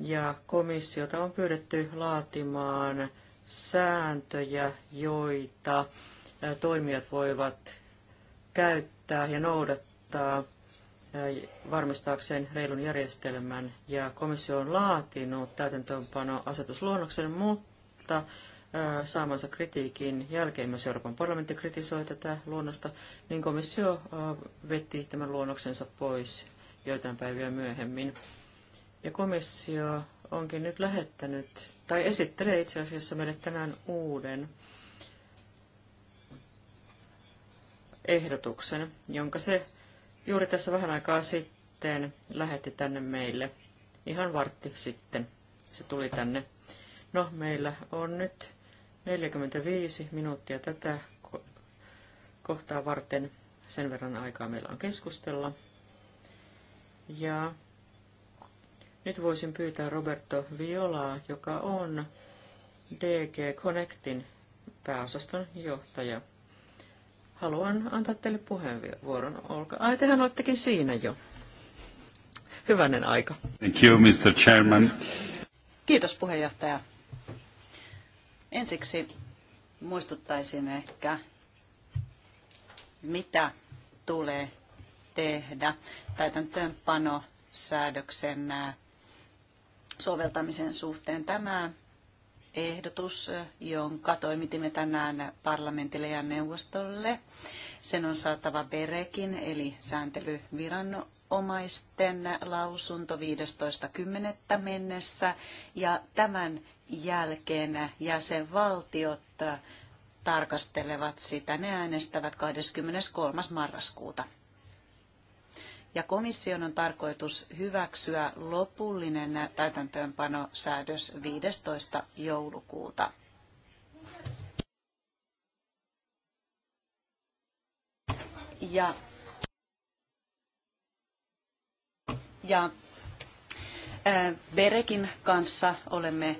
ja komissiota on pyydetty laatimaan sääntöjä, joita toimijat voivat käyttää ja noudattaa varmistaakseen reilun järjestelmän. Ja komissio on laatinut täytäntöönpanoasetusluonnoksen, mutta saamansa kritiikin jälkeen myös Euroopan parlamentti kritisoi tätä luonnosta, niin komissio veti tämän luonnoksensa pois joitain päiviä myöhemmin. Ja komissio onkin nyt lähettänyt, tai esittelee itse asiassa meille tänään uuden ehdotuksen, jonka se juuri tässä vähän aikaa sitten lähetti tänne meille. Ihan vartti sitten se tuli tänne. No, meillä on nyt 45 minuuttia tätä kohtaa varten. Sen verran aikaa meillä on keskustella. Ja nyt voisin pyytää Roberto Violaa, joka on DG Connectin pääosaston johtaja. Haluan antaa teille puheenvuoron. Olkaa. Ai, tehän olettekin siinä jo. Hyvänen aika. Thank you, Mr. Chairman. Kiitos puheenjohtaja. Ensiksi muistuttaisin ehkä, mitä tulee tehdä täytäntöönpanosäädöksen äh, soveltamisen suhteen. Tämä ehdotus, jonka toimitimme tänään parlamentille ja neuvostolle. Sen on saatava BEREKin eli sääntelyviranomaisten lausunto 15.10. mennessä ja tämän jälkeen jäsenvaltiot tarkastelevat sitä. Ne äänestävät 23. marraskuuta. Ja komission on tarkoitus hyväksyä lopullinen täytäntöönpanosäädös 15. joulukuuta. Ja, ja Berekin kanssa olemme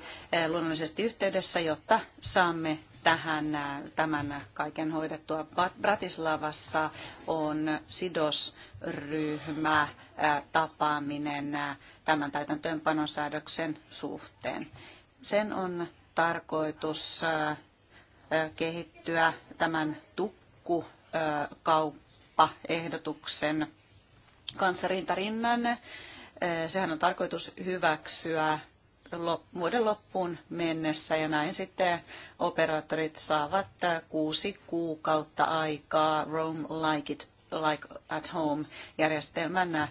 luonnollisesti yhteydessä, jotta saamme tähän tämän kaiken hoidettua. Bratislavassa on sidosryhmä tapaaminen tämän täytäntöönpanosäädöksen suhteen. Sen on tarkoitus kehittyä tämän tukkukauppaehdotuksen kanssa rintarinnan Eh, sehän on tarkoitus hyväksyä vuoden loppuun mennessä ja näin sitten operaattorit saavat eh, kuusi kuukautta aikaa Roam Like It Like at Home järjestelmän eh,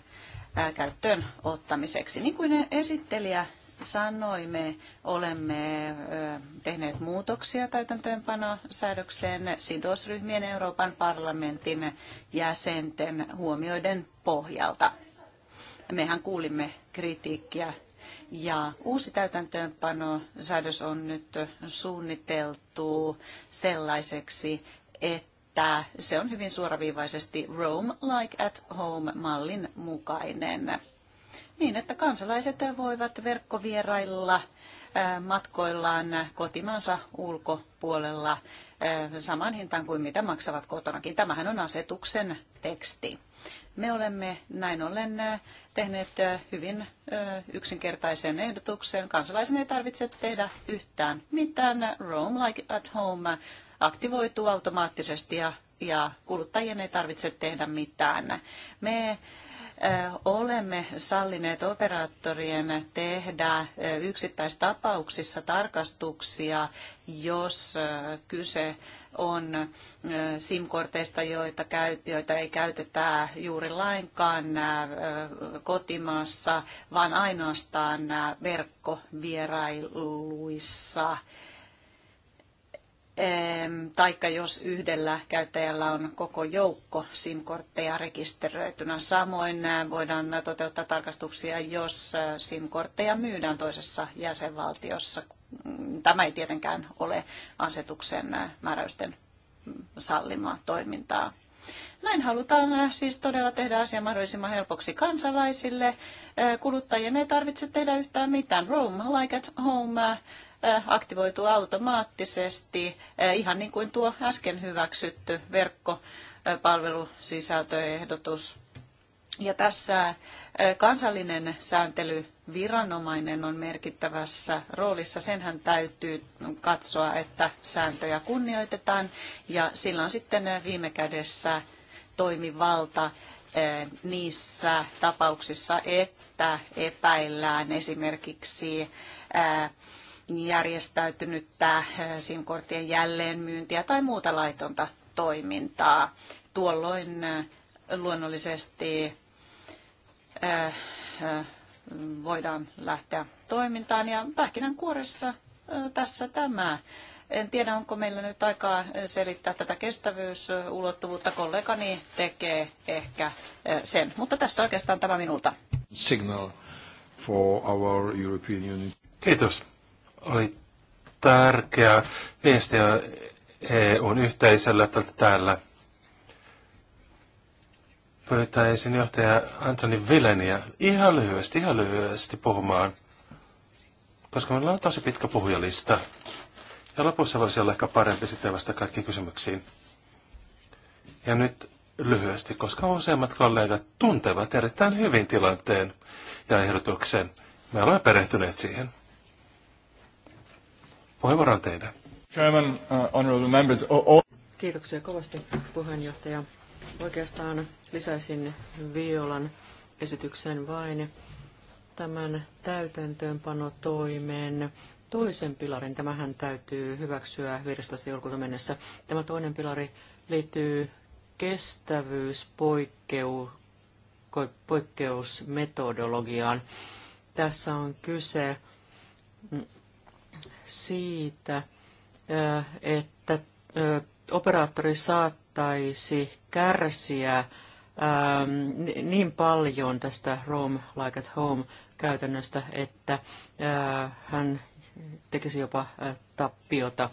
käyttöön ottamiseksi. Niin kuin esittelijä sanoi, me olemme tehneet muutoksia täytäntöönpanosäädökseen sidosryhmien Euroopan parlamentin jäsenten huomioiden pohjalta mehän kuulimme kritiikkiä ja uusi täytäntöönpano säädös on nyt suunniteltu sellaiseksi, että se on hyvin suoraviivaisesti Rome like at home mallin mukainen. Niin, että kansalaiset voivat verkkovierailla matkoillaan kotimaansa ulkopuolella saman hintaan kuin mitä maksavat kotonakin. Tämähän on asetuksen teksti. Me olemme näin ollen tehneet hyvin yksinkertaisen ehdotuksen. Kansalaisen ei tarvitse tehdä yhtään mitään. Roam like at home aktivoituu automaattisesti ja ja kuluttajien ei tarvitse tehdä mitään. Me olemme sallineet operaattorien tehdä yksittäistapauksissa tarkastuksia, jos kyse on SIM-korteista, joita, käy, joita ei käytetä juuri lainkaan kotimaassa, vaan ainoastaan verkkovierailuissa – taikka jos yhdellä käyttäjällä on koko joukko SIM-kortteja rekisteröitynä. Samoin voidaan toteuttaa tarkastuksia, jos SIM-kortteja myydään toisessa jäsenvaltiossa. Mm, tämä ei tietenkään ole asetuksen määräysten mm, sallimaa toimintaa. Näin halutaan siis todella tehdä asia mahdollisimman helpoksi kansalaisille. Kuluttajien ei tarvitse tehdä yhtään mitään. Roam like at home aktivoituu automaattisesti, ihan niin kuin tuo äsken hyväksytty verkkopalvelusisältöehdotus. Ja tässä kansallinen sääntelyviranomainen on merkittävässä roolissa. Senhän täytyy katsoa, että sääntöjä kunnioitetaan ja sillä on sitten viime kädessä toimivalta niissä tapauksissa, että epäillään esimerkiksi järjestäytynyttä eh, SIM-korttien jälleenmyyntiä tai muuta laitonta toimintaa. Tuolloin eh, luonnollisesti eh, voidaan lähteä toimintaan ja pähkinänkuoressa tässä tämä. En tiedä, onko meillä nyt aikaa selittää tätä kestävyysulottuvuutta. Kollegani tekee ehkä sen. Mutta tässä oikeastaan tämä minulta. Signal for our European Union. Kiitos oli tärkeä viestiä EUn yhteisölle täällä. Pyytäisin johtaja Antoni Vileniä ihan lyhyesti, ihan lyhyesti puhumaan, koska meillä on tosi pitkä puhujalista. Ja lopussa voisi olla ehkä parempi sitten vasta kaikkiin kysymyksiin. Ja nyt lyhyesti, koska useimmat kollegat tuntevat erittäin hyvin tilanteen ja ehdotuksen. Me olemme perehtyneet siihen. Puheenvuoron teidän. Chairman, uh, honorable members, Kiitoksia kovasti puheenjohtaja. Oikeastaan lisäisin Violan esityksen vain tämän täytäntöönpanotoimen toisen pilarin. Tämähän täytyy hyväksyä 15. joulukuuta mennessä. Tämä toinen pilari liittyy kestävyyspoikkeusmetodologiaan. Tässä on kyse siitä, että operaattori saattaisi kärsiä ähm, niin paljon tästä Roam Like at Home käytännöstä, että hän tekisi jopa tappiota.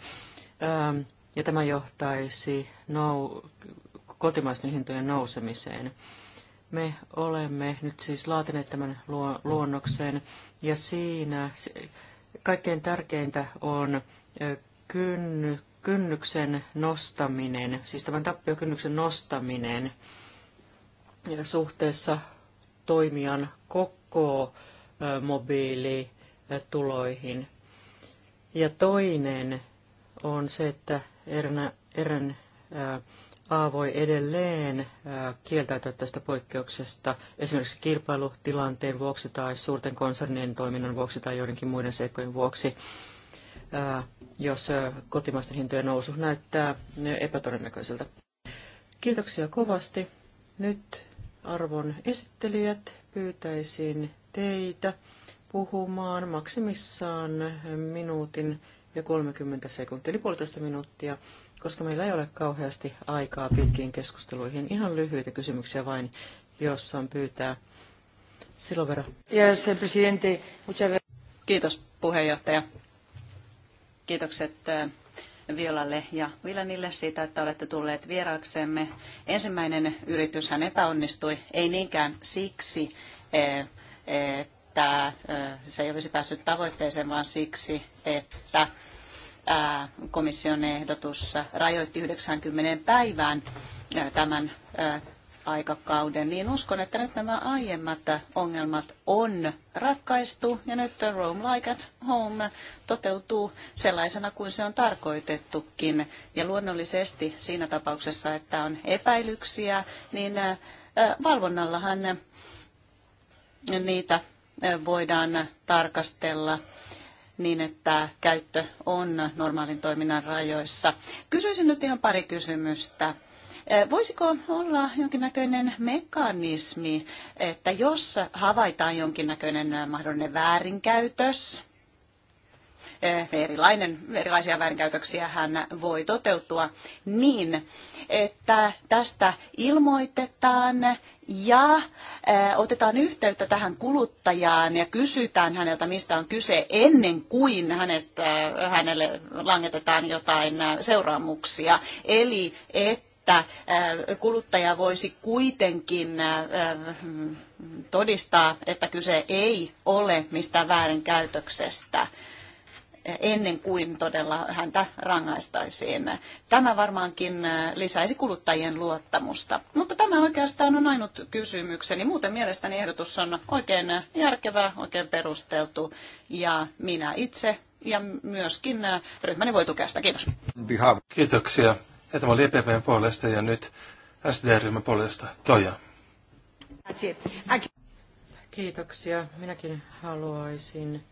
Ähm, ja tämä johtaisi nou, kotimaisten hintojen nousemiseen. Me olemme nyt siis laatineet tämän luonnoksen ja siinä Kaikkein tärkeintä on kynnyksen nostaminen, siis tämän tappiokynnyksen nostaminen suhteessa toimijan koko mobiilituloihin. Ja toinen on se, että erän, erän A voi edelleen kieltäytyä tästä poikkeuksesta esimerkiksi kilpailutilanteen vuoksi tai suurten konsernien toiminnan vuoksi tai joidenkin muiden seikkojen vuoksi, jos kotimaisten hintojen nousu näyttää epätodennäköiseltä. Kiitoksia kovasti. Nyt arvon esittelijät pyytäisin teitä puhumaan maksimissaan minuutin ja 30 sekuntia, eli puolitoista minuuttia, koska meillä ei ole kauheasti aikaa pitkiin keskusteluihin. Ihan lyhyitä kysymyksiä vain, jos on pyytää. Silloin verran. Eh, Kiitos puheenjohtaja. Kiitokset eh, Violalle ja Vilanille siitä, että olette tulleet vieraaksemme. Ensimmäinen yrityshän epäonnistui, ei niinkään siksi, eh, että se ei olisi päässyt tavoitteeseen, vaan siksi, että komission ehdotus rajoitti 90 päivään tämän aikakauden, niin uskon, että nyt nämä aiemmat ongelmat on ratkaistu ja nyt Roam Like at Home toteutuu sellaisena kuin se on tarkoitettukin. Ja luonnollisesti siinä tapauksessa, että on epäilyksiä, niin valvonnallahan niitä voidaan tarkastella niin, että käyttö on normaalin toiminnan rajoissa. Kysyisin nyt ihan pari kysymystä. Voisiko olla jonkinnäköinen mekanismi, että jos havaitaan jonkinnäköinen mahdollinen väärinkäytös, erilainen, erilaisia väärinkäytöksiä hän voi toteutua niin, että tästä ilmoitetaan ja eh, otetaan yhteyttä tähän kuluttajaan ja kysytään häneltä, mistä on kyse ennen kuin hänet, eh, hänelle langetetaan jotain eh, seuraamuksia. Eli että kuluttaja voisi kuitenkin mm, todistaa, että kyse ei ole mistään väärinkäytöksestä ennen kuin todella häntä rangaistaisiin. Tämä varmaankin äh, lisäisi kuluttajien luottamusta. Mutta tämä oikeastaan on ainut kysymykseni. Muuten mielestäni ehdotus on oikein järkevä, oikein perusteltu ja minä itse ja myöskin äh, ryhmäni voi tukea sitä. Kiitos. Kiitoksia. Ja tämä oli EPPn puolesta ja nyt SD-ryhmän puolesta. Toja. Kiitoksia. Minäkin haluaisin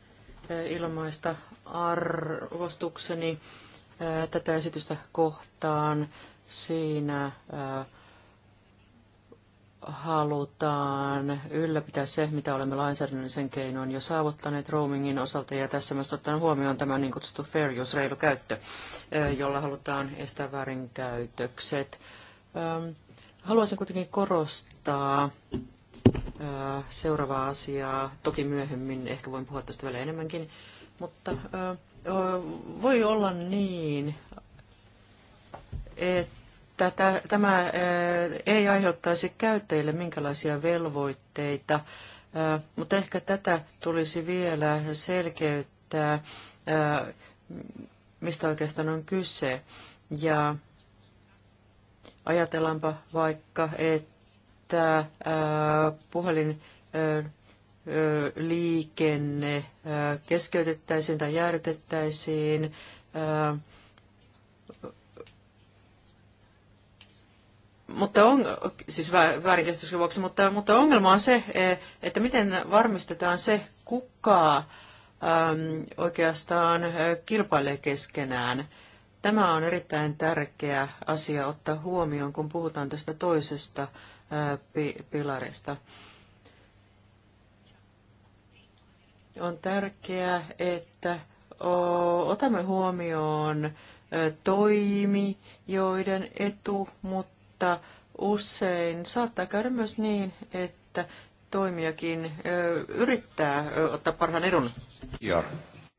Eh, ilmaista arvostukseni eh, tätä esitystä kohtaan. Siinä eh, halutaan ylläpitää se, mitä olemme lainsäädännöllisen keinoin jo saavuttaneet roamingin osalta, ja tässä myös ottaen huomioon tämä niin kutsuttu fair use, reilu käyttö, jolla halutaan estää väärinkäytökset. Ehm, haluaisin kuitenkin korostaa seuraavaa asiaa. Toki myöhemmin ehkä voin puhua tästä vielä enemmänkin. Mutta voi olla niin, että tämä ei aiheuttaisi käyttäjille minkälaisia velvoitteita, mutta ehkä tätä tulisi vielä selkeyttää, mistä oikeastaan on kyse. Ja ajatellaanpa vaikka, että että äh, puhelin äh, äh, liikenne keskeytettäisiin tai jäädytettäisiin. Mutta on, siis väärinkäsityksen vuoksi, mutta, mutta ongelma on se, e, että miten varmistetaan se, kuka oikeastaan kilpailee keskenään. Tämä on erittäin tärkeä asia ottaa huomioon, kun puhutaan tästä toisesta äh, pilarista. On tärkeää, että otamme huomioon toimi, joiden etu, mutta usein saattaa käydä myös niin, että toimijakin yrittää ottaa parhaan edun. Ja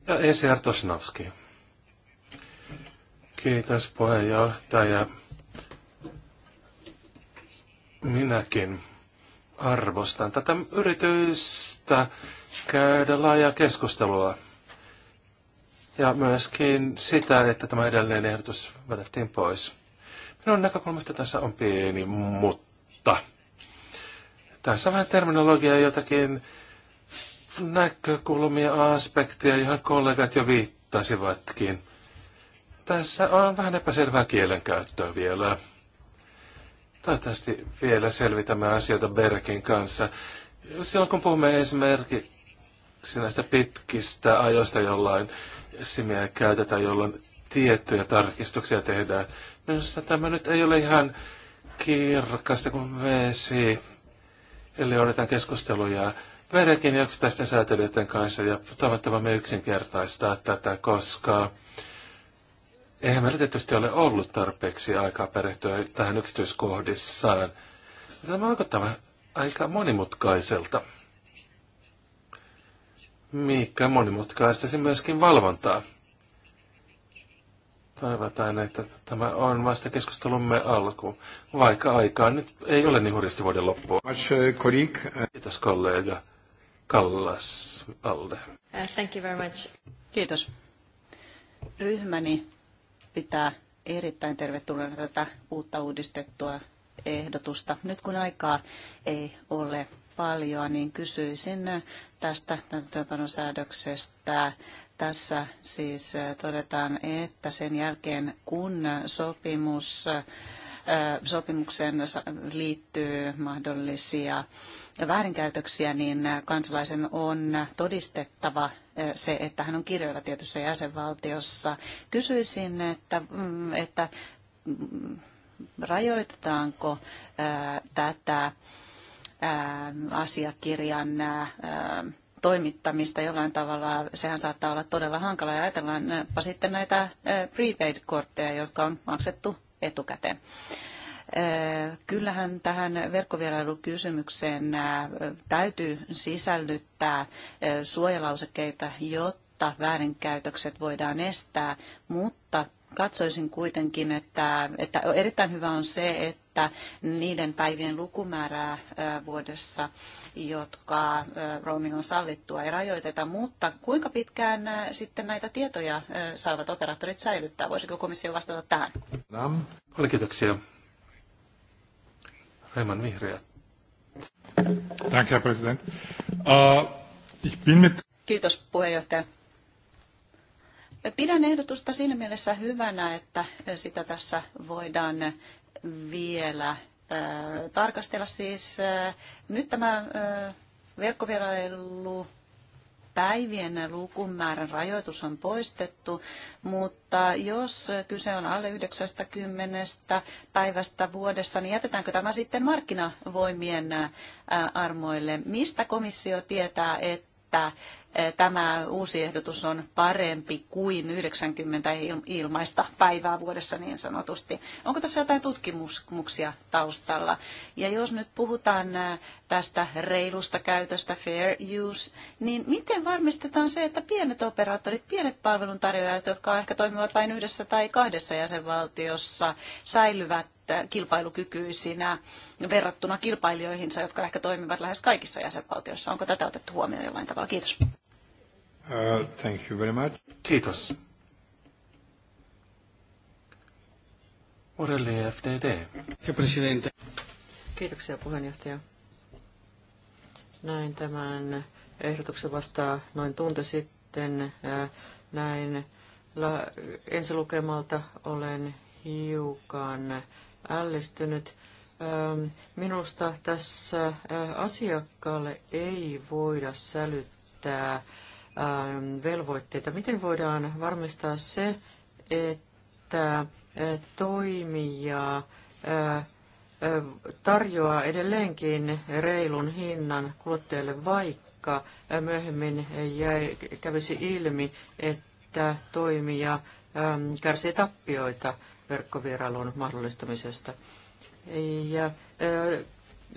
ECR Tosinovski. Kiitos puheenjohtaja. Minäkin arvostan tätä yritystä käydä laajaa keskustelua. Ja myöskin sitä, että tämä edellinen ehdotus vedettiin pois. Minun näkökulmasta tässä on pieni mutta. Tässä on vähän terminologiaa jotakin näkökulmia, aspekteja, johon kollegat jo viittasivatkin. Tässä on vähän epäselvää kielenkäyttöä vielä. Toivottavasti vielä selvitämme asioita Berkin kanssa. Silloin kun puhumme esimerkiksi näistä pitkistä ajoista jollain simiä käytetään, jolloin tiettyjä tarkistuksia tehdään. Minusta tämä nyt ei ole ihan kirkasta kuin vesi. Eli odotan keskusteluja Berkin yksittäisten säätelijöiden kanssa ja toivottavasti me yksinkertaistaa tätä, koska Eihän meillä tietysti ole ollut tarpeeksi aikaa perehtyä tähän yksityiskohdissaan. Tämä tämä aika monimutkaiselta. Mikä monimutkaistaisi myöskin valvontaa. Toivotaan, että tämä on vasta keskustelumme alku, vaikka aikaa nyt ei ole niin hurjasti vuoden loppuun. Uh, uh. Kiitos kollega Kallas Alde. Uh, thank you very much. Kiitos. Ryhmäni pitää erittäin tervetulleena tätä uutta uudistettua ehdotusta. Nyt kun aikaa ei ole paljon, niin kysyisin tästä työpanosäädöksestä. Tässä siis todetaan, että sen jälkeen kun sopimus sopimukseen liittyy mahdollisia väärinkäytöksiä, niin kansalaisen on todistettava se, että hän on kirjoilla tietyssä jäsenvaltiossa. Kysyisin, että, mm, että mm, rajoitetaanko tätä asiakirjan toimittamista jollain tavalla, sehän saattaa olla todella hankala. Ja ajatellaanpa sitten näitä prepaid-kortteja, jotka on maksettu etukäteen. Kyllähän tähän verkkovierailukysymykseen täytyy sisällyttää suojalausekkeita, jotta väärinkäytökset voidaan estää, mutta katsoisin kuitenkin, että, että erittäin hyvä on se, että niiden päivien lukumäärää vuodessa, jotka roaming on sallittua, ei rajoiteta, mutta kuinka pitkään sitten näitä tietoja saavat operaattorit säilyttää? Voisiko komissio vastata tähän? kiitoksia. Raimon Vihreät. Danke, Herr Präsident. Uh, ich bin mit... Kiitos puheenjohtaja. Pidän ehdotusta siinä mielessä hyvänä, että sitä tässä voidaan vielä äh, tarkastella. Siis äh, nyt tämä verkkovierailu päivien lukumäärän rajoitus on poistettu, mutta jos kyse on alle 90 päivästä vuodessa, niin jätetäänkö tämä sitten markkinavoimien armoille? Mistä komissio tietää, että tämä uusi ehdotus on parempi kuin 90 ilmaista päivää vuodessa niin sanotusti. Onko tässä jotain tutkimuksia taustalla? Ja jos nyt puhutaan tästä reilusta käytöstä, fair use, niin miten varmistetaan se, että pienet operaattorit, pienet palveluntarjoajat, jotka ehkä toimivat vain yhdessä tai kahdessa jäsenvaltiossa, säilyvät kilpailukykyisinä verrattuna kilpailijoihinsa, jotka ehkä toimivat lähes kaikissa jäsenvaltioissa. Onko tätä otettu huomioon jollain tavalla? Kiitos. Uh, thank you very much. Kiitos. FDD. Kiitoksia puheenjohtaja. Näin tämän ehdotuksen vastaa noin tunti sitten. Äh, näin ensilukemalta olen hiukan ällistynyt. Ähm, minusta tässä äh, asiakkaalle ei voida sälyttää Ähm, velvoitteita. Miten voidaan varmistaa se, että äh, toimija äh, äh, tarjoaa edelleenkin reilun hinnan kuluttajalle, vaikka myöhemmin jäi, kävisi ilmi, että toimija ähm, kärsii tappioita verkkovierailun mahdollistamisesta. Ja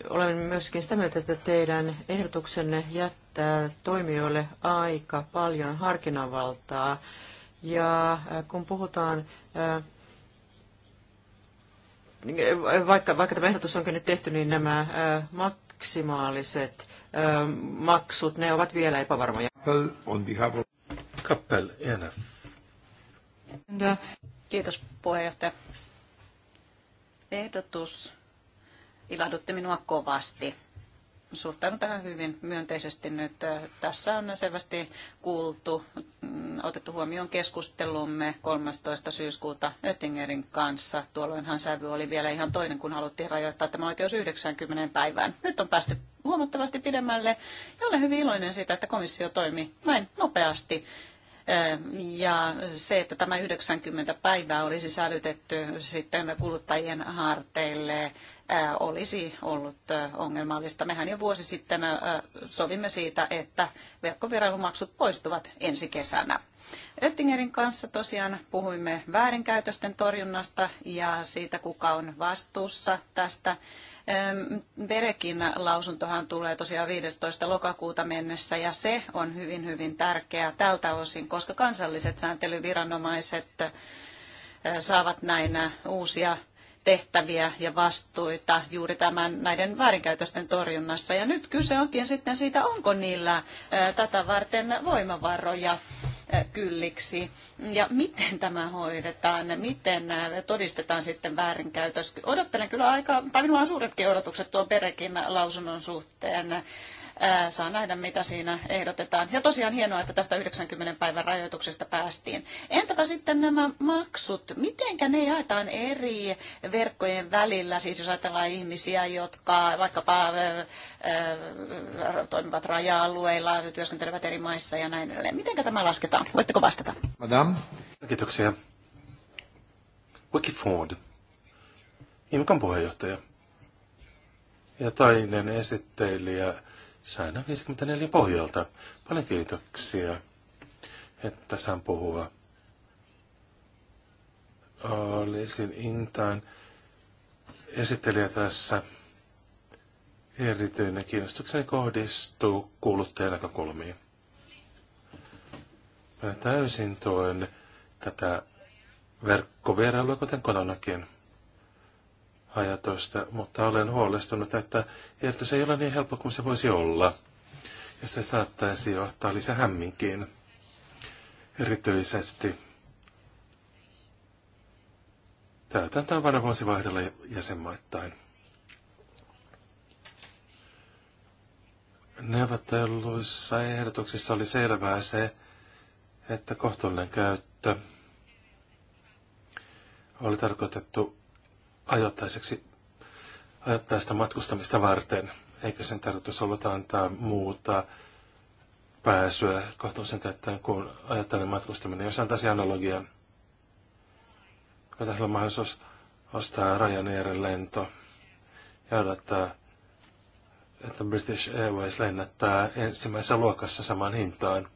olen myöskin sitä mieltä, että teidän ehdotuksenne jättää toimijoille aika paljon harkinnanvaltaa. Ja äh, kun puhutaan, äh, vaikka, vaikka tämä ehdotus onkin nyt tehty, niin nämä äh, maksimaaliset maksut, ne ovat vielä epävarmoja. Kappel, Kiitos puheenjohtaja. Ehdotus ilahdutti minua kovasti. Suhtaudun tähän hyvin myönteisesti nyt. Tässä on selvästi kuultu, mm, otettu huomioon keskustelumme 13. syyskuuta Oettingerin kanssa. Tuolloinhan sävy oli vielä ihan toinen, kun haluttiin rajoittaa tämä oikeus 90 päivään. Nyt on päästy huomattavasti pidemmälle ja olen hyvin iloinen siitä, että komissio toimi näin nopeasti ja se, että tämä 90 päivää olisi sälytetty sitten kuluttajien harteille, olisi ollut ongelmallista. Mehän jo vuosi sitten sovimme siitä, että verkkoviralumaksut poistuvat ensi kesänä. Öttingerin kanssa tosiaan puhuimme väärinkäytösten torjunnasta ja siitä, kuka on vastuussa tästä Berekin lausuntohan tulee tosiaan 15. lokakuuta mennessä ja se on hyvin hyvin tärkeää tältä osin, koska kansalliset sääntelyviranomaiset eh, saavat näin uusia tehtäviä ja vastuita juuri tämän näiden väärinkäytösten torjunnassa. Ja nyt kyse onkin sitten siitä, onko niillä eh, tätä varten voimavaroja kylliksi. Ja miten tämä hoidetaan, miten äh, todistetaan sitten väärinkäytös. Odottelen kyllä aika, tai minulla on suuretkin odotukset tuon Perekin lausunnon suhteen. Saa nähdä, mitä siinä ehdotetaan. Ja tosiaan hienoa, että tästä 90 päivän rajoituksesta päästiin. Entäpä sitten nämä maksut? Mitenkä ne jaetaan eri verkkojen välillä? Siis jos ajatellaan ihmisiä, jotka vaikkapa toimivat raja-alueilla, työskentelevät eri maissa ja näin edelleen. Mitenkä tämä lasketaan? Voitteko vastata? Madame. Kiitoksia. Wikifood. IMKan puheenjohtaja ja tainen esittelijä säännön 54 pohjalta. Paljon kiitoksia, että saan puhua. Olisin Intaan esittelijä tässä. Erityinen kiinnostukseni kohdistuu kuuluttajan näkökulmiin. Mä täysin tuen tätä verkkovierailua, kuten kotonakin ajatusta, mutta olen huolestunut, että se ei ole niin helppo kuin se voisi olla. Ja se saattaisi johtaa lisähämminkiin. Erityisesti täytäntöönpano vuosi vaihdella jäsenmaittain. Neuvotteluissa ehdotuksissa oli selvää se, että kohtuullinen käyttö oli tarkoitettu ajoittaiseksi ajoittaista matkustamista varten, eikä sen tarkoitus ollut antaa muuta pääsyä kohtuullisen käyttäen kuin ajoittainen matkustaminen. Jos antaisi analogian, pitäisi olla mahdollisuus ostaa Ryanairin lento ja odottaa, että British Airways lennättää ensimmäisessä luokassa samaan hintaan.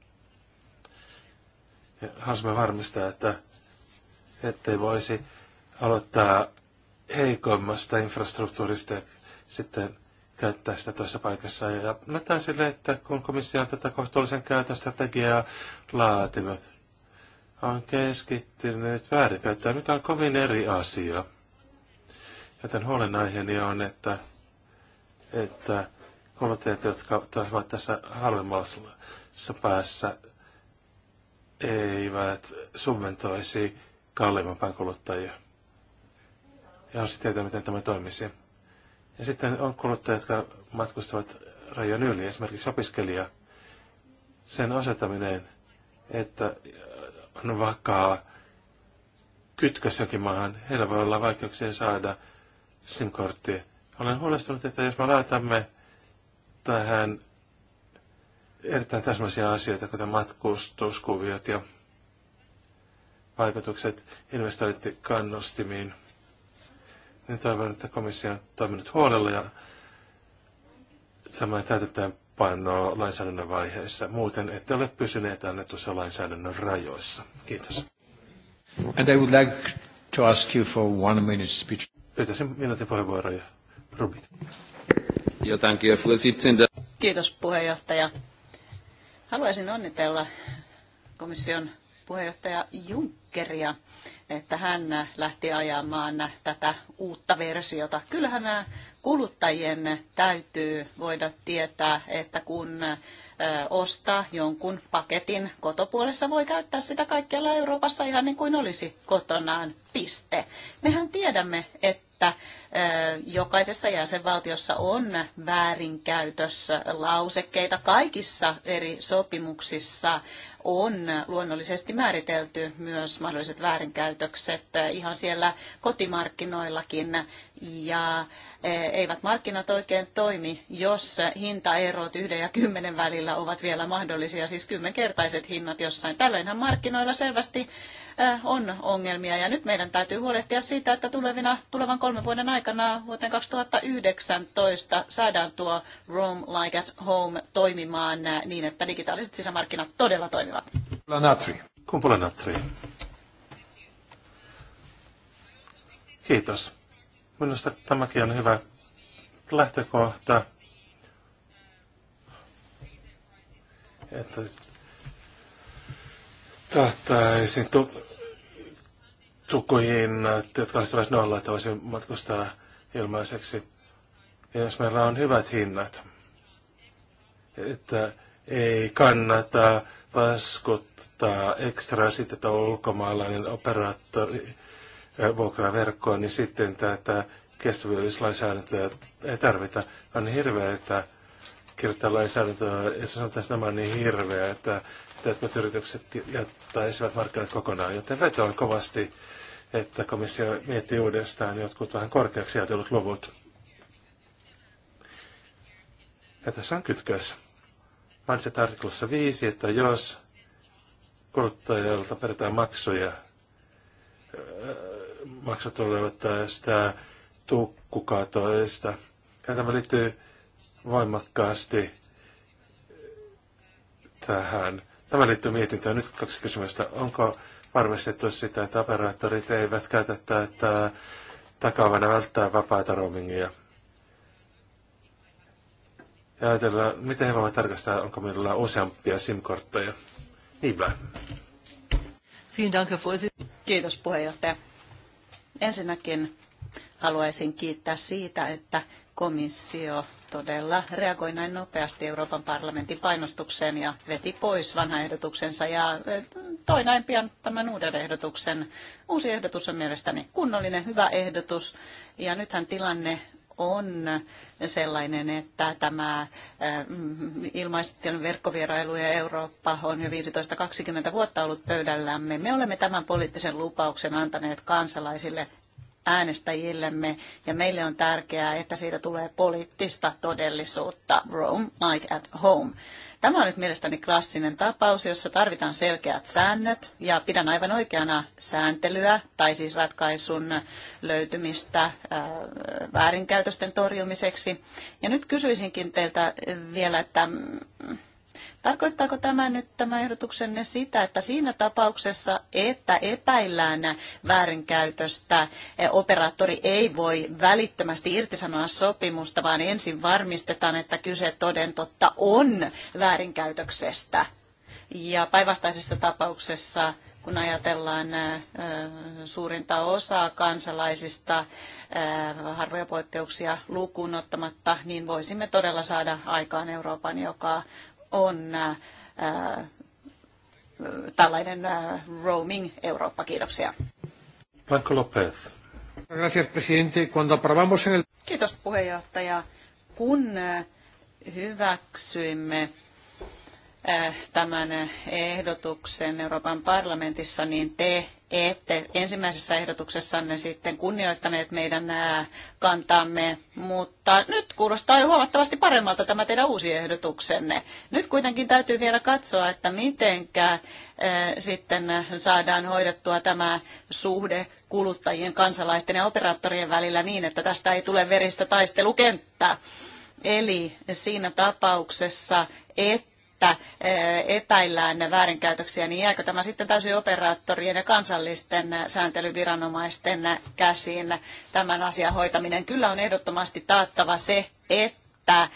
Ja halusimme varmistaa, että ettei voisi aloittaa heikoimmasta infrastruktuurista sitten käyttää sitä toisessa paikassa. Ja näyttää sille, että kun komissio on tätä kohtuullisen käytön strategiaa laatinut, on keskittynyt väärinkäyttöön, mikä on kovin eri asia. Joten huolenaiheeni on, että, että kuluttajat, jotka ovat tässä halvemmassa päässä, eivät subventoisi kalliimman kuluttajia ja on tietää, miten tämä toimisi. Ja sitten on kuluttajat, jotka matkustavat rajan yli, esimerkiksi opiskelija. Sen asettaminen, että on vakaa kytkös jonkin maahan, heillä voi olla vaikeuksia saada sim kortti Olen huolestunut, että jos me laitamme tähän erittäin täsmäisiä asioita, kuten matkustuskuviot ja vaikutukset investointikannustimiin, niin toivon, että komissio on toiminut huolella ja tämä täytetään painoa lainsäädännön vaiheessa. Muuten ette ole pysyneet annetussa lainsäädännön rajoissa. Kiitos. And I would like to ask you for one minute speech. Pyytäisin minuutin puheenvuoroja. Rubin. Ja thank you, Kiitos puheenjohtaja. Haluaisin onnitella komission puheenjohtaja Junckeria, että hän lähti ajamaan tätä uutta versiota. Kyllähän nämä kuluttajien täytyy voida tietää, että kun ostaa jonkun paketin kotopuolessa, voi käyttää sitä kaikkialla Euroopassa ihan niin kuin olisi kotonaan. Piste. Mehän tiedämme, että jokaisessa jäsenvaltiossa on väärinkäytössä lausekkeita kaikissa eri sopimuksissa on luonnollisesti määritelty myös mahdolliset väärinkäytökset ihan siellä kotimarkkinoillakin. Ja e, eivät markkinat oikein toimi, jos hintaerot yhden ja kymmenen välillä ovat vielä mahdollisia, siis kymmenkertaiset hinnat jossain. Tällöinhän markkinoilla selvästi e, on ongelmia ja nyt meidän täytyy huolehtia siitä, että tulevina, tulevan kolmen vuoden aikana vuoteen 2019 saadaan tuo Roam Like at Home toimimaan niin, että digitaaliset sisämarkkinat todella toimivat toimivat. Lanatri. Kumpulanatri. Kiitos. Minusta tämäkin on hyvä lähtökohta. Että tahtaisin tu- tukuihin, jotka olisivat nolla, että voisin matkustaa ilmaiseksi. Ja jos meillä on hyvät hinnat, että ei kannata paskottaa ekstra sitten, että ulkomaalainen operaattori eh, vuokraa verkkoa, niin sitten tätä kestävyyslainsäädäntöä ei tarvita. On hirveä, että kirjoittaa lainsäädäntöä, ja se sanotaan, että nämä on niin hirveä, että jotkut yritykset jättäisivät markkinat kokonaan, joten vetoan kovasti, että komissio miettii uudestaan jotkut vähän korkeaksi ajatellut luvut. Ja tässä on kytkös mainitsit artiklassa 5, että jos kuluttajalta peritään maksuja, äh, maksut olevat tästä tukkukatoista. Ja tämä liittyy voimakkaasti tähän. Tämä liittyy mietintöön. Nyt kaksi kysymystä. Onko varmistettu sitä, että operaattorit eivät käytä tätä takavana välttää vapaata roamingia? ja ajatellaan, miten he voivat tarkastaa, onko meillä useampia SIM-kortteja. Niinpä. Kiitos puheenjohtaja. Ensinnäkin haluaisin kiittää siitä, että komissio todella reagoi näin nopeasti Euroopan parlamentin painostukseen ja veti pois vanha ehdotuksensa ja eh, toi näin pian tämän uuden ehdotuksen. Uusi ehdotus on mielestäni kunnollinen, hyvä ehdotus ja nythän tilanne on sellainen, että tämä eh, ilmaisten verkkovierailu ja Eurooppa on jo 15-20 vuotta ollut pöydällämme. Me olemme tämän poliittisen lupauksen antaneet kansalaisille äänestäjillemme ja meille on tärkeää, että siitä tulee poliittista todellisuutta. Rome like at home. Tämä on nyt mielestäni klassinen tapaus, jossa tarvitaan selkeät säännöt ja pidän aivan oikeana sääntelyä tai siis ratkaisun löytymistä äh, väärinkäytösten torjumiseksi. Ja nyt kysyisinkin teiltä vielä, että mm, Tarkoittaako tämä nyt tämä ehdotuksenne sitä, että siinä tapauksessa, että epäillään väärinkäytöstä, eh, operaattori ei voi välittömästi irtisanoa sopimusta, vaan ensin varmistetaan, että kyse toden totta on väärinkäytöksestä. Ja päinvastaisessa tapauksessa kun ajatellaan eh, suurinta osaa kansalaisista, eh, harvoja poikkeuksia lukuun ottamatta, niin voisimme todella saada aikaan Euroopan, joka on äh, tällainen äh, roaming Eurooppa. Kiitoksia. Blanco Lopez. Gracias, presidente. Cuando aprobamos en el... Kiitos puheenjohtaja. Kun äh, hyväksyimme tämän ehdotuksen Euroopan parlamentissa, niin te ette ensimmäisessä ehdotuksessanne sitten kunnioittaneet meidän kantaamme, mutta nyt kuulostaa jo huomattavasti paremmalta tämä teidän uusi ehdotuksenne. Nyt kuitenkin täytyy vielä katsoa, että mitenkä sitten saadaan hoidettua tämä suhde kuluttajien, kansalaisten ja operaattorien välillä niin, että tästä ei tule veristä taistelukenttää. Eli siinä tapauksessa, että että eh, epäillään väärinkäytöksiä, niin jääkö tämä sitten täysin operaattorien ja kansallisten sääntelyviranomaisten käsiin tämän asian hoitaminen? Kyllä on ehdottomasti taattava se, että että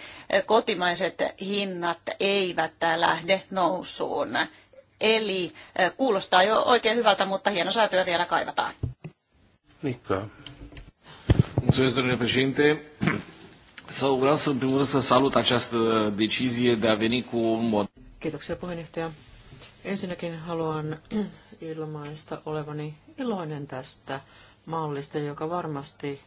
kotimaiset hinnat eivät lähde nousuun. Eli eh, kuulostaa jo oikein hyvältä, mutta hieno säätöä vielä kaivataan. Mikko. So, vreau să, în primul rând, să salut această decizie de a veni cu un mod. Kiitoksia puheenjohtaja. Ensinnäkin haluan ilmaista olevani iloinen tästä mallista, joka varmasti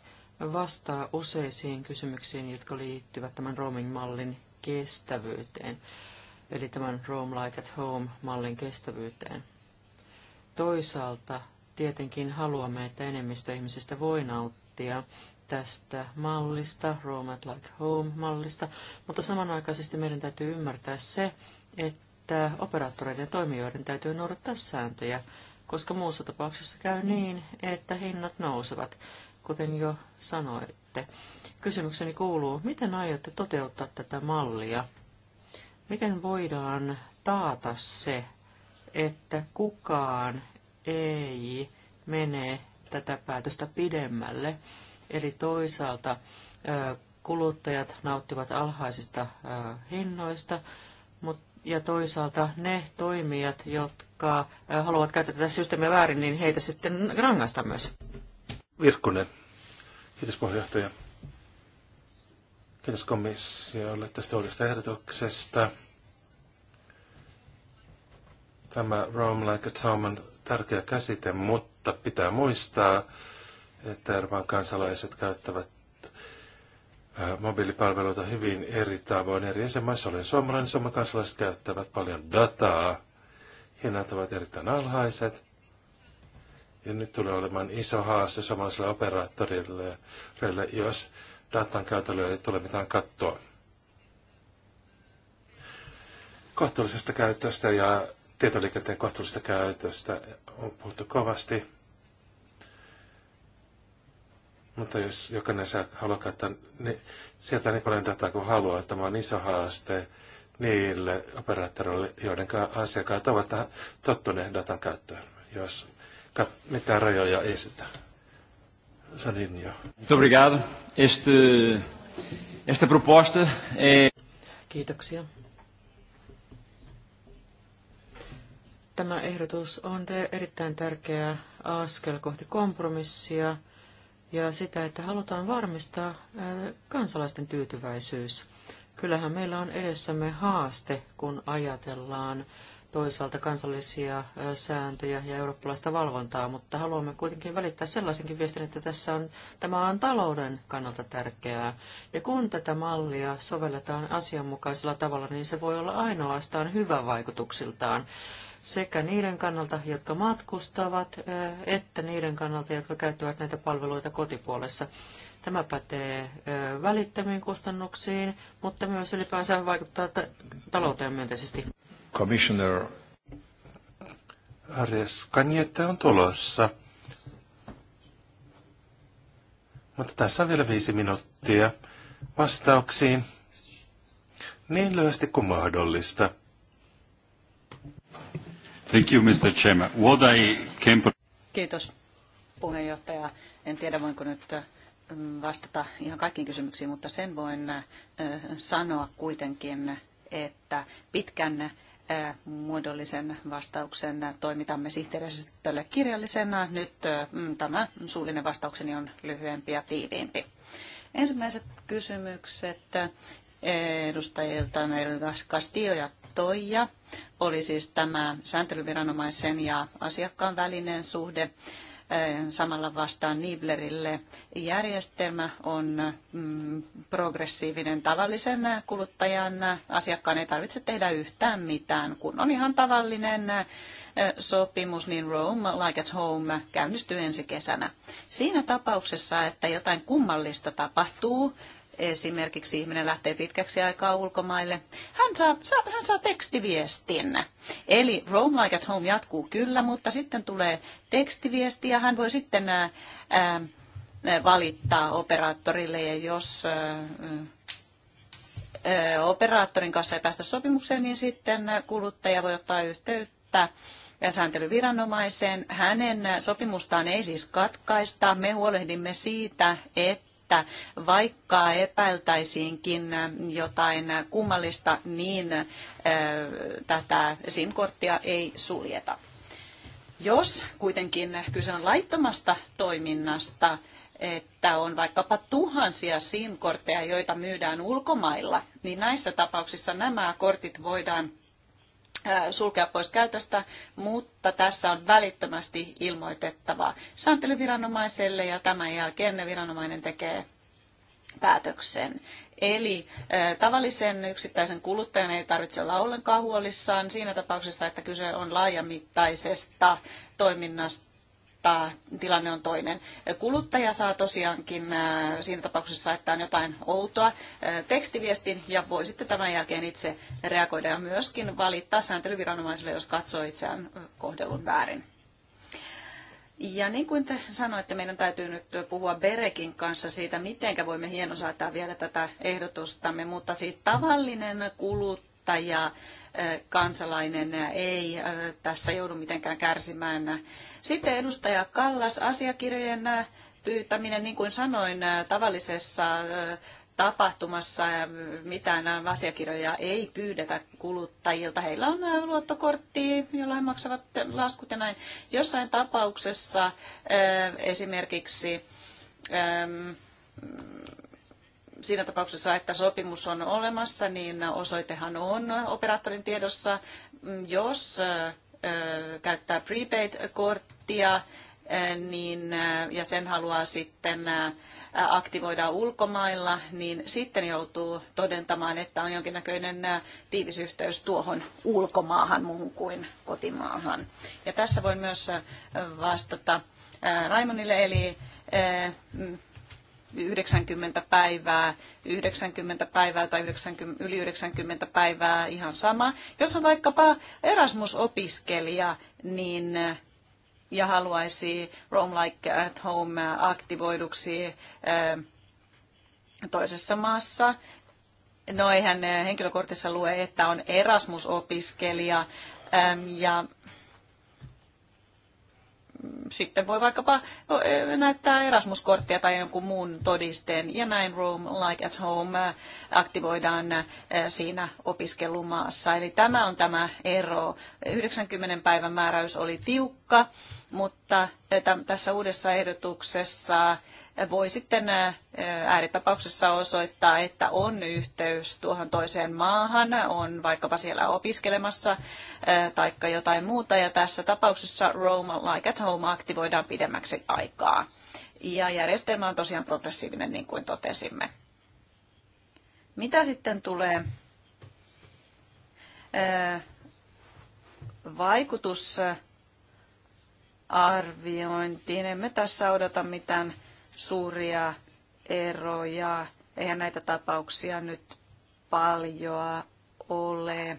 vastaa useisiin kysymyksiin, jotka liittyvät tämän roaming-mallin kestävyyteen, eli tämän Roam Like at Home-mallin kestävyyteen. Toisaalta tietenkin haluamme, että enemmistö ihmisistä voi nauttia tästä mallista, Rome Like Home-mallista, mutta samanaikaisesti meidän täytyy ymmärtää se, että operaattoreiden ja toimijoiden täytyy noudattaa sääntöjä, koska muussa tapauksessa käy niin, että hinnat nousevat, kuten jo sanoitte. Kysymykseni kuuluu, miten aiotte toteuttaa tätä mallia? Miten voidaan taata se, että kukaan ei mene tätä päätöstä pidemmälle Eli toisaalta kuluttajat nauttivat alhaisista hinnoista, mutta ja toisaalta ne toimijat, jotka haluavat käyttää tätä systeemiä väärin, niin heitä sitten rangaista myös. Virkkunen. Kiitos puheenjohtaja. Kiitos komissiolle tästä uudesta ehdotuksesta. Tämä Rome Like a Tom on tärkeä käsite, mutta pitää muistaa, että Euroopan kansalaiset käyttävät mobiilipalveluita hyvin eri tavoin. Eri jäsenmaissa olen suomalainen, suomalaiset kansalaiset käyttävät paljon dataa. Hinnat ovat erittäin alhaiset. Ja nyt tulee olemaan iso haaste suomalaisille operaattorille, jos datan käytölle ei tule mitään kattoa. Kohtuullisesta käytöstä ja tietoliikenteen kohtuullisesta käytöstä on puhuttu kovasti mutta jos jokainen saa, haluaa käyttää niin sieltä niin paljon dataa kuin haluaa, tämä on iso haaste niille operaattoreille, joiden asiakkaat ovat tottuneet datan käyttöön, jos mitään rajoja esitä. Saninho. Muito obrigado. Este, esta proposta é... Kiitoksia. Tämä ehdotus on erittäin tärkeä askel kohti kompromissia – ja sitä, että halutaan varmistaa kansalaisten tyytyväisyys. Kyllähän meillä on edessämme haaste, kun ajatellaan toisaalta kansallisia sääntöjä ja eurooppalaista valvontaa, mutta haluamme kuitenkin välittää sellaisenkin viestin, että tässä on, tämä on talouden kannalta tärkeää. Ja kun tätä mallia sovelletaan asianmukaisella tavalla, niin se voi olla ainoastaan hyvä vaikutuksiltaan sekä niiden kannalta, jotka matkustavat, että niiden kannalta, jotka käyttävät näitä palveluita kotipuolessa. Tämä pätee välittömiin kustannuksiin, mutta myös ylipäänsä vaikuttaa talouteen myönteisesti. Commissioner Ares Kanjette on tulossa. Mutta tässä on vielä viisi minuuttia vastauksiin. Niin lyhyesti kuin mahdollista. Thank you, Kiitos puheenjohtaja. En tiedä, voinko nyt vastata ihan kaikkiin kysymyksiin, mutta sen voin sanoa kuitenkin, että pitkän muodollisen vastauksen toimitamme sihteeristölle kirjallisena. Nyt mm, tämä suullinen vastaukseni on lyhyempi ja tiiviimpi. Ensimmäiset kysymykset edustajilta Castillo ja Toija oli siis tämä sääntelyviranomaisen ja asiakkaan välinen suhde samalla vastaan Niblerille. Järjestelmä on mm, progressiivinen tavallisen kuluttajan. Asiakkaan ei tarvitse tehdä yhtään mitään, kun on ihan tavallinen sopimus, niin Rome, Like at Home, käynnistyy ensi kesänä. Siinä tapauksessa, että jotain kummallista tapahtuu, esimerkiksi ihminen lähtee pitkäksi aikaa ulkomaille, hän saa, saa, hän saa tekstiviestin. Eli Roam Like at Home jatkuu kyllä, mutta sitten tulee tekstiviesti ja hän voi sitten ää, ää, valittaa operaattorille ja jos ää, ää, operaattorin kanssa ei päästä sopimukseen, niin sitten kuluttaja voi ottaa yhteyttä sääntelyviranomaiseen. Hänen sopimustaan ei siis katkaista. Me huolehdimme siitä, että että vaikka epäiltäisiinkin jotain kummallista, niin tätä SIM-korttia ei suljeta. Jos kuitenkin kyse on laittomasta toiminnasta, että on vaikkapa tuhansia SIM-kortteja, joita myydään ulkomailla, niin näissä tapauksissa nämä kortit voidaan sulkea pois käytöstä, mutta tässä on välittömästi ilmoitettava sääntelyviranomaiselle ja tämän jälkeen viranomainen tekee päätöksen. Eli tavallisen yksittäisen kuluttajan ei tarvitse olla ollenkaan huolissaan siinä tapauksessa, että kyse on laajamittaisesta toiminnasta mutta tilanne on toinen. Kuluttaja saa tosiaankin äh, siinä tapauksessa, että on jotain outoa, äh, tekstiviestin ja voi sitten tämän jälkeen itse reagoida ja myöskin valittaa sääntelyviranomaiselle, jos katsoo itseään kohdellun väärin. Ja niin kuin te sanoitte, meidän täytyy nyt puhua Berekin kanssa siitä, miten voimme hienosäätää vielä tätä ehdotustamme, mutta siis tavallinen kulut kuluttaja, kansalainen ei tässä joudu mitenkään kärsimään. Sitten edustaja Kallas, asiakirjojen pyytäminen, niin kuin sanoin, tavallisessa tapahtumassa mitään asiakirjoja ei pyydetä kuluttajilta. Heillä on luottokortti, jolla he maksavat laskut ja näin. Jossain tapauksessa esimerkiksi siinä tapauksessa, että sopimus on olemassa, niin osoitehan on operaattorin tiedossa. Mm, Jos käyttää prepaid-korttia niin, ja sen haluaa sitten aktivoida ulkomailla, niin sitten joutuu todentamaan, että on jonkinnäköinen tiivis yhteys tuohon ulkomaahan muuhun kuin kotimaahan. Ja tässä voin myös vastata Raimonille, eli mm, 90 päivää, 90 päivää tai 90, yli 90 päivää, ihan sama. Jos on vaikkapa Erasmus-opiskelija, niin äh, ja haluaisi Roam Like at Home aktivoiduksi äh, toisessa maassa. No eihän äh, henkilökortissa lue, että on Erasmus-opiskelija ähm, ja sitten voi vaikkapa eh, näyttää Erasmus-korttia tai jonkun muun todisteen, ja näin Room Like at Home eh, aktivoidaan eh, siinä opiskelumaassa. Eli tämä on tämä ero. 90 päivän määräys oli tiukka, mutta tässä uudessa ehdotuksessa voi sitten ääritapauksessa osoittaa, että on yhteys tuohon toiseen maahan, on vaikkapa siellä opiskelemassa tai jotain muuta. Ja tässä tapauksessa Roma Like at Home aktivoidaan pidemmäksi aikaa. Ja järjestelmä on tosiaan progressiivinen, niin kuin totesimme. Mitä sitten tulee vaikutusarviointiin? Emme tässä odota mitään suuria eroja. Eihän näitä tapauksia nyt paljoa ole.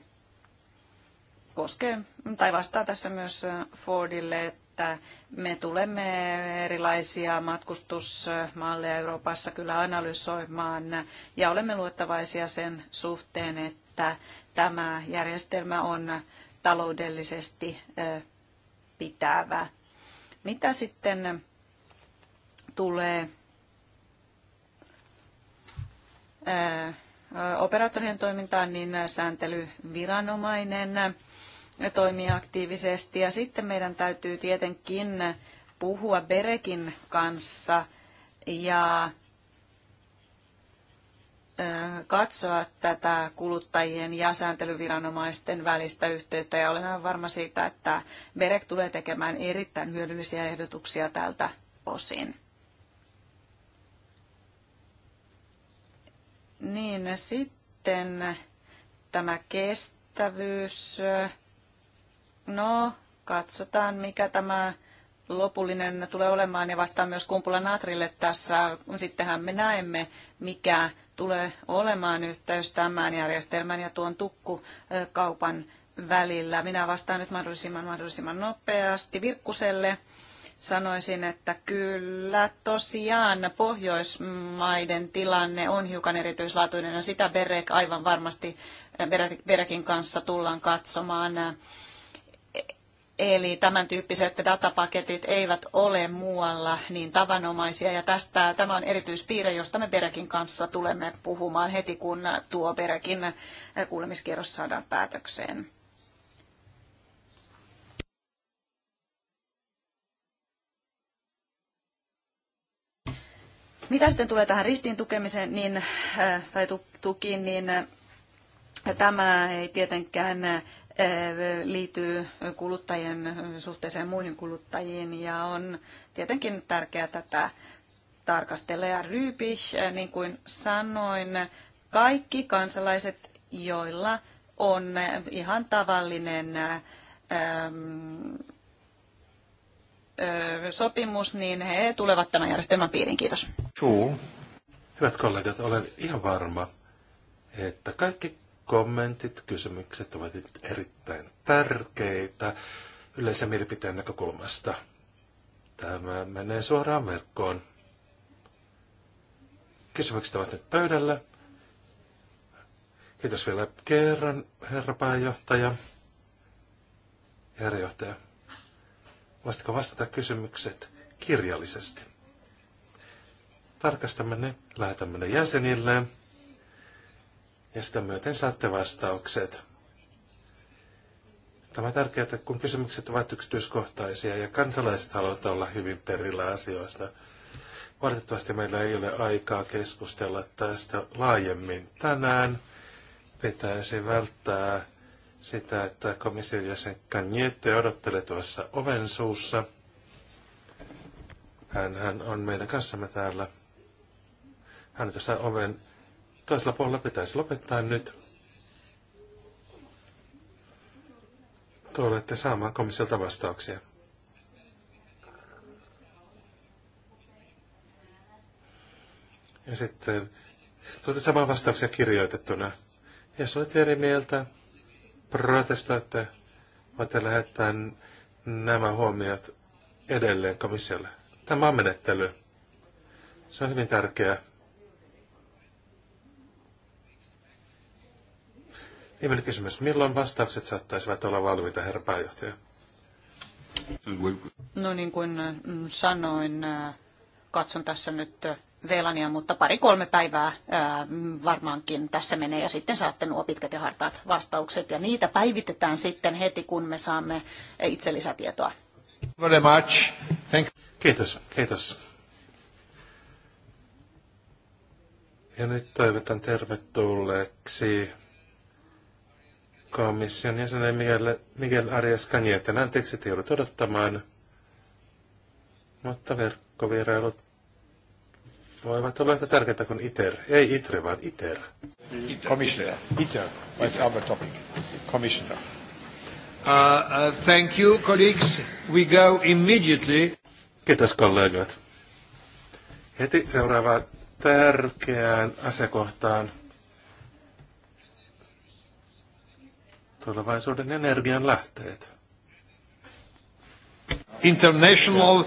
Koskee, tai vastaa tässä myös Fordille, että me tulemme erilaisia matkustusmalleja Euroopassa kyllä analysoimaan ja olemme luottavaisia sen suhteen, että tämä järjestelmä on taloudellisesti pitävä. Mitä sitten tulee operaattorien toimintaan, niin sääntelyviranomainen toimii aktiivisesti. Ja sitten meidän täytyy tietenkin puhua Berekin kanssa ja katsoa tätä kuluttajien ja sääntelyviranomaisten välistä yhteyttä. Ja olen aivan varma siitä, että Berek tulee tekemään erittäin hyödyllisiä ehdotuksia tältä osin. Niin sitten tämä kestävyys. No, katsotaan mikä tämä lopullinen tulee olemaan ja vastaan myös Kumpula Natrille tässä. Sittenhän me näemme, mikä tulee olemaan yhteys tämän järjestelmän ja tuon tukkukaupan välillä. Minä vastaan nyt mahdollisimman, mahdollisimman nopeasti Virkkuselle sanoisin, että kyllä tosiaan Pohjoismaiden tilanne on hiukan erityislaatuinen ja sitä Berek aivan varmasti eh, Berekin kanssa tullaan katsomaan. Eli tämän tyyppiset datapaketit eivät ole muualla niin tavanomaisia ja tästä tämä on erityispiirre, josta me Berekin kanssa tulemme puhumaan heti kun tuo Berekin eh, kuulemiskierros saadaan päätökseen. Mitä sitten tulee tähän ristiin tukemiseen niin, äh, tai tukiin, niin äh, tämä ei tietenkään äh, liittyy kuluttajien suhteeseen muihin kuluttajiin ja on tietenkin tärkeää tätä tarkastella. Ja Ryypi, niin kuin sanoin, kaikki kansalaiset, joilla on ihan tavallinen ähm, sopimus, niin he tulevat tämän järjestelmän piiriin. Kiitos. Juu. Hyvät kollegat, olen ihan varma, että kaikki kommentit, kysymykset ovat erittäin tärkeitä yleisen mielipiteen näkökulmasta. Tämä menee suoraan verkkoon. Kysymykset ovat nyt pöydällä. Kiitos vielä kerran, herra pääjohtaja, herra johtaja. Voisitko vastata kysymykset kirjallisesti? Tarkastamme ne, lähetämme ne jäsenille ja sitä myöten saatte vastaukset. Tämä on tärkeää, että kun kysymykset ovat yksityiskohtaisia ja kansalaiset haluavat olla hyvin perillä asioista, valitettavasti meillä ei ole aikaa keskustella tästä laajemmin tänään. Pitäisi välttää sitä, että komission jäsen Kanjette odottelee tuossa oven suussa. Hän, hän on meidän kanssamme täällä. Hän tuossa oven toisella puolella pitäisi lopettaa nyt. Tulette saamaan komissiolta vastauksia. Ja sitten tuotte saamaan vastauksia kirjoitettuna. Jos olette eri mieltä, protestoitte, voitte lähettää nämä huomiot edelleen komissiolle. Tämä on menettely. Se on hyvin tärkeää. Viimeinen kysymys. Milloin vastaukset saattaisivat olla valmiita, herra pääjohtaja? No niin kuin sanoin, katson tässä nyt Velania, mutta pari-kolme päivää ää, varmaankin tässä menee ja sitten saatte nuo pitkät ja hartaat vastaukset ja niitä päivitetään sitten heti, kun me saamme itse lisätietoa. Very much. Thank kiitos, kiitos. Ja nyt toivotan tervetulleeksi komission jäsenen Miguel, Miguel Arias Cañeten. Anteeksi, että joudut odottamaan, mutta verkkovierailut voivat olla yhtä tärkeitä kuin ITER. Ei ITRE, vaan ITER. ITER. Commissioner. ITER. What's our topic? Commissioner. Uh, uh, thank you, colleagues. We go immediately. Kiitos kollegat. Heti seuraavaan tärkeään asiakohtaan. Tulevaisuuden energian lähteet. International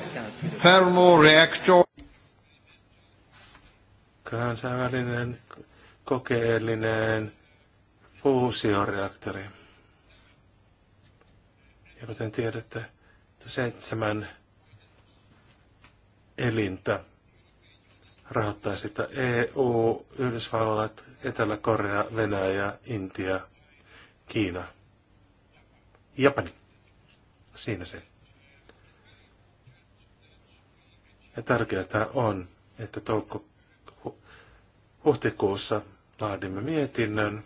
Thermoreactor kansainvälinen kokeellinen fuusioreaktori. Ja kuten tiedätte, seitsemän elintä rahoittaa sitä EU, Yhdysvallat, Etelä-Korea, Venäjä, Intia, Kiina, Japani. Siinä se. Ja tärkeää on, että toukokuussa Huhtikuussa laadimme mietinnön.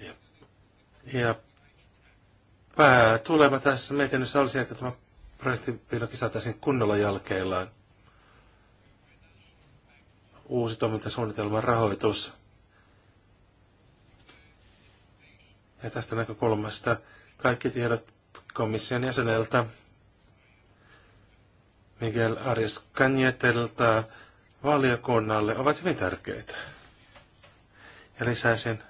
Ja, ja päätulema tässä mietinnössä olisi, että tämä projekti saataisiin kunnolla jälkeillään. Uusi toimintasuunnitelman rahoitus. Ja tästä näkökulmasta kaikki tiedot komission jäseneltä Miguel Arias Canietelta valiokunnalle ovat hyvin tärkeitä. Ja lisäisin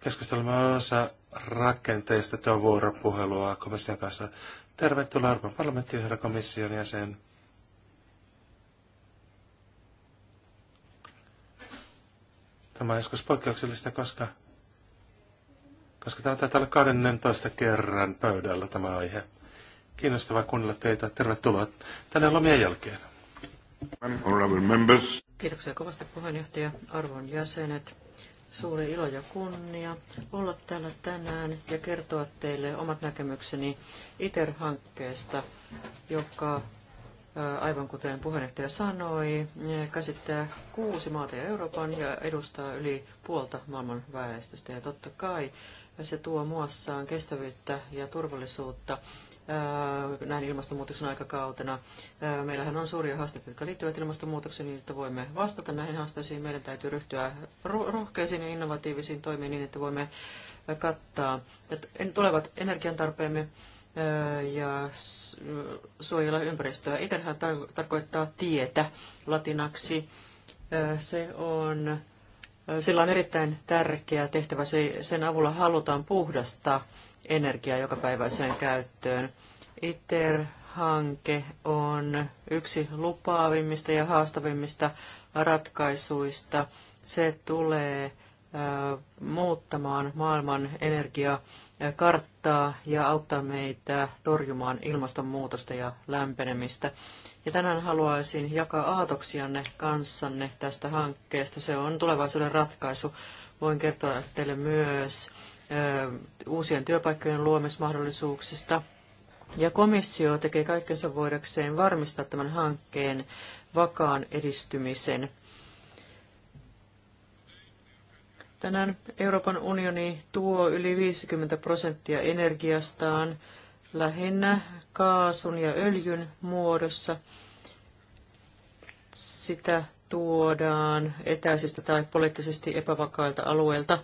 keskustelemme osa rakenteista tuo vuoropuhelua komission kanssa. Tervetuloa Euroopan parlamenttiin, herra komission jäsen. Tämä on joskus poikkeuksellista, koska, koska tämä taitaa olla 12 kerran pöydällä tämä aihe. Kiinnostavaa kuunnella teitä. Tervetuloa tänne lomien jälkeen. Kiitoksia kovasti puheenjohtaja, arvon jäsenet. Suuri ilo ja kunnia olla täällä tänään ja kertoa teille omat näkemykseni ITER-hankkeesta, joka aivan kuten puheenjohtaja sanoi, käsittää kuusi maata ja Euroopan ja edustaa yli puolta maailman väestöstä. Ja totta kai se tuo muassaan kestävyyttä ja turvallisuutta näin ilmastonmuutoksen aikakautena. Meillähän on suuria haasteita, jotka liittyvät ilmastonmuutokseen, niin että voimme vastata näihin haasteisiin. Meidän täytyy ryhtyä rohkeisiin ja innovatiivisiin toimiin niin, että voimme kattaa tulevat energiantarpeemme ja suojella ympäristöä. Iterhän tar- tarkoittaa tietä latinaksi. Se on, sillä on erittäin tärkeä tehtävä. Se, sen avulla halutaan puhdasta energiaa jokapäiväiseen käyttöön. ITER-hanke on yksi lupaavimmista ja haastavimmista ratkaisuista. Se tulee muuttamaan maailman energiakarttaa ja auttaa meitä torjumaan ilmastonmuutosta ja lämpenemistä. Ja tänään haluaisin jakaa aatoksianne kanssanne tästä hankkeesta. Se on tulevaisuuden ratkaisu. Voin kertoa teille myös uusien työpaikkojen luomismahdollisuuksista. Ja komissio tekee kaikkensa voidakseen varmistaa tämän hankkeen vakaan edistymisen. Tänään Euroopan unioni tuo yli 50 prosenttia energiastaan lähinnä kaasun ja öljyn muodossa. Sitä tuodaan etäisistä tai poliittisesti epävakailta alueilta.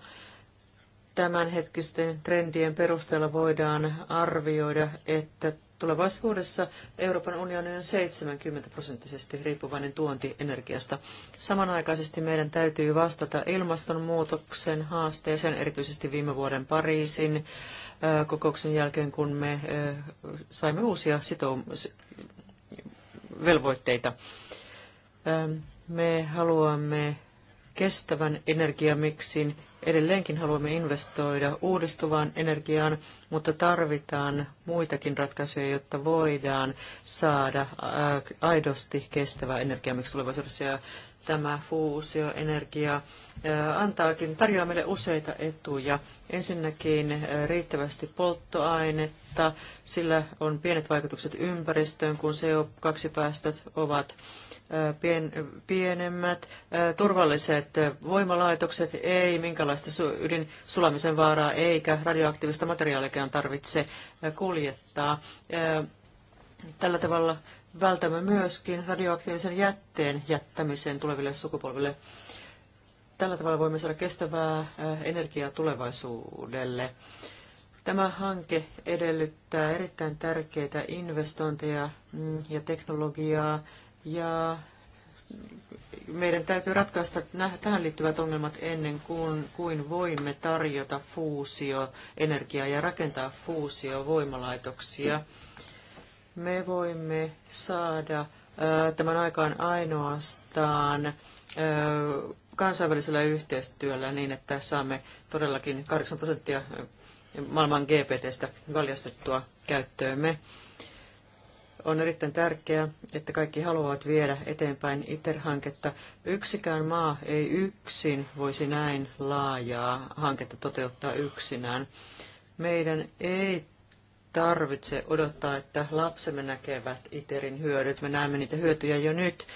Tämänhetkisten trendien perusteella voidaan arvioida, että Tulevaisuudessa Euroopan unioni on 70 prosenttisesti riippuvainen tuontienergiasta. Samanaikaisesti meidän täytyy vastata ilmastonmuutoksen haasteeseen, erityisesti viime vuoden Pariisin kokouksen jälkeen, kun me saimme uusia sitoum- velvoitteita. Me haluamme kestävän energiamiksin, Edelleenkin haluamme investoida uudistuvaan energiaan, mutta tarvitaan muitakin ratkaisuja, jotta voidaan saada äh, aidosti kestävää energiaa miksi tulevaisuudessa. Ja tämä fuusioenergia äh, antaakin, tarjoaa meille useita etuja. Ensinnäkin äh, riittävästi polttoainetta, sillä on pienet vaikutukset ympäristöön, kun CO2-päästöt ovat pien, pienemmät, turvalliset voimalaitokset, ei minkälaista ydinsulamisen vaaraa eikä radioaktiivista materiaalia tarvitse kuljettaa. Tällä tavalla vältämme myöskin radioaktiivisen jätteen jättämisen tuleville sukupolville. Tällä tavalla voimme saada kestävää energiaa tulevaisuudelle. Tämä hanke edellyttää erittäin tärkeitä investointeja mm, ja teknologiaa, ja meidän täytyy ratkaista tähän liittyvät ongelmat ennen kuin, kuin voimme tarjota fuusioenergiaa ja rakentaa fuusiovoimalaitoksia. Me voimme saada tämän aikaan ainoastaan kansainvälisellä yhteistyöllä niin, että saamme todellakin 8 prosenttia maailman GPTstä valjastettua käyttöömme. On erittäin tärkeää, että kaikki haluavat viedä eteenpäin ITER-hanketta. Yksikään maa ei yksin voisi näin laajaa hanketta toteuttaa yksinään. Meidän ei tarvitse odottaa, että lapsemme näkevät ITERin hyödyt. Me näemme niitä hyötyjä jo nyt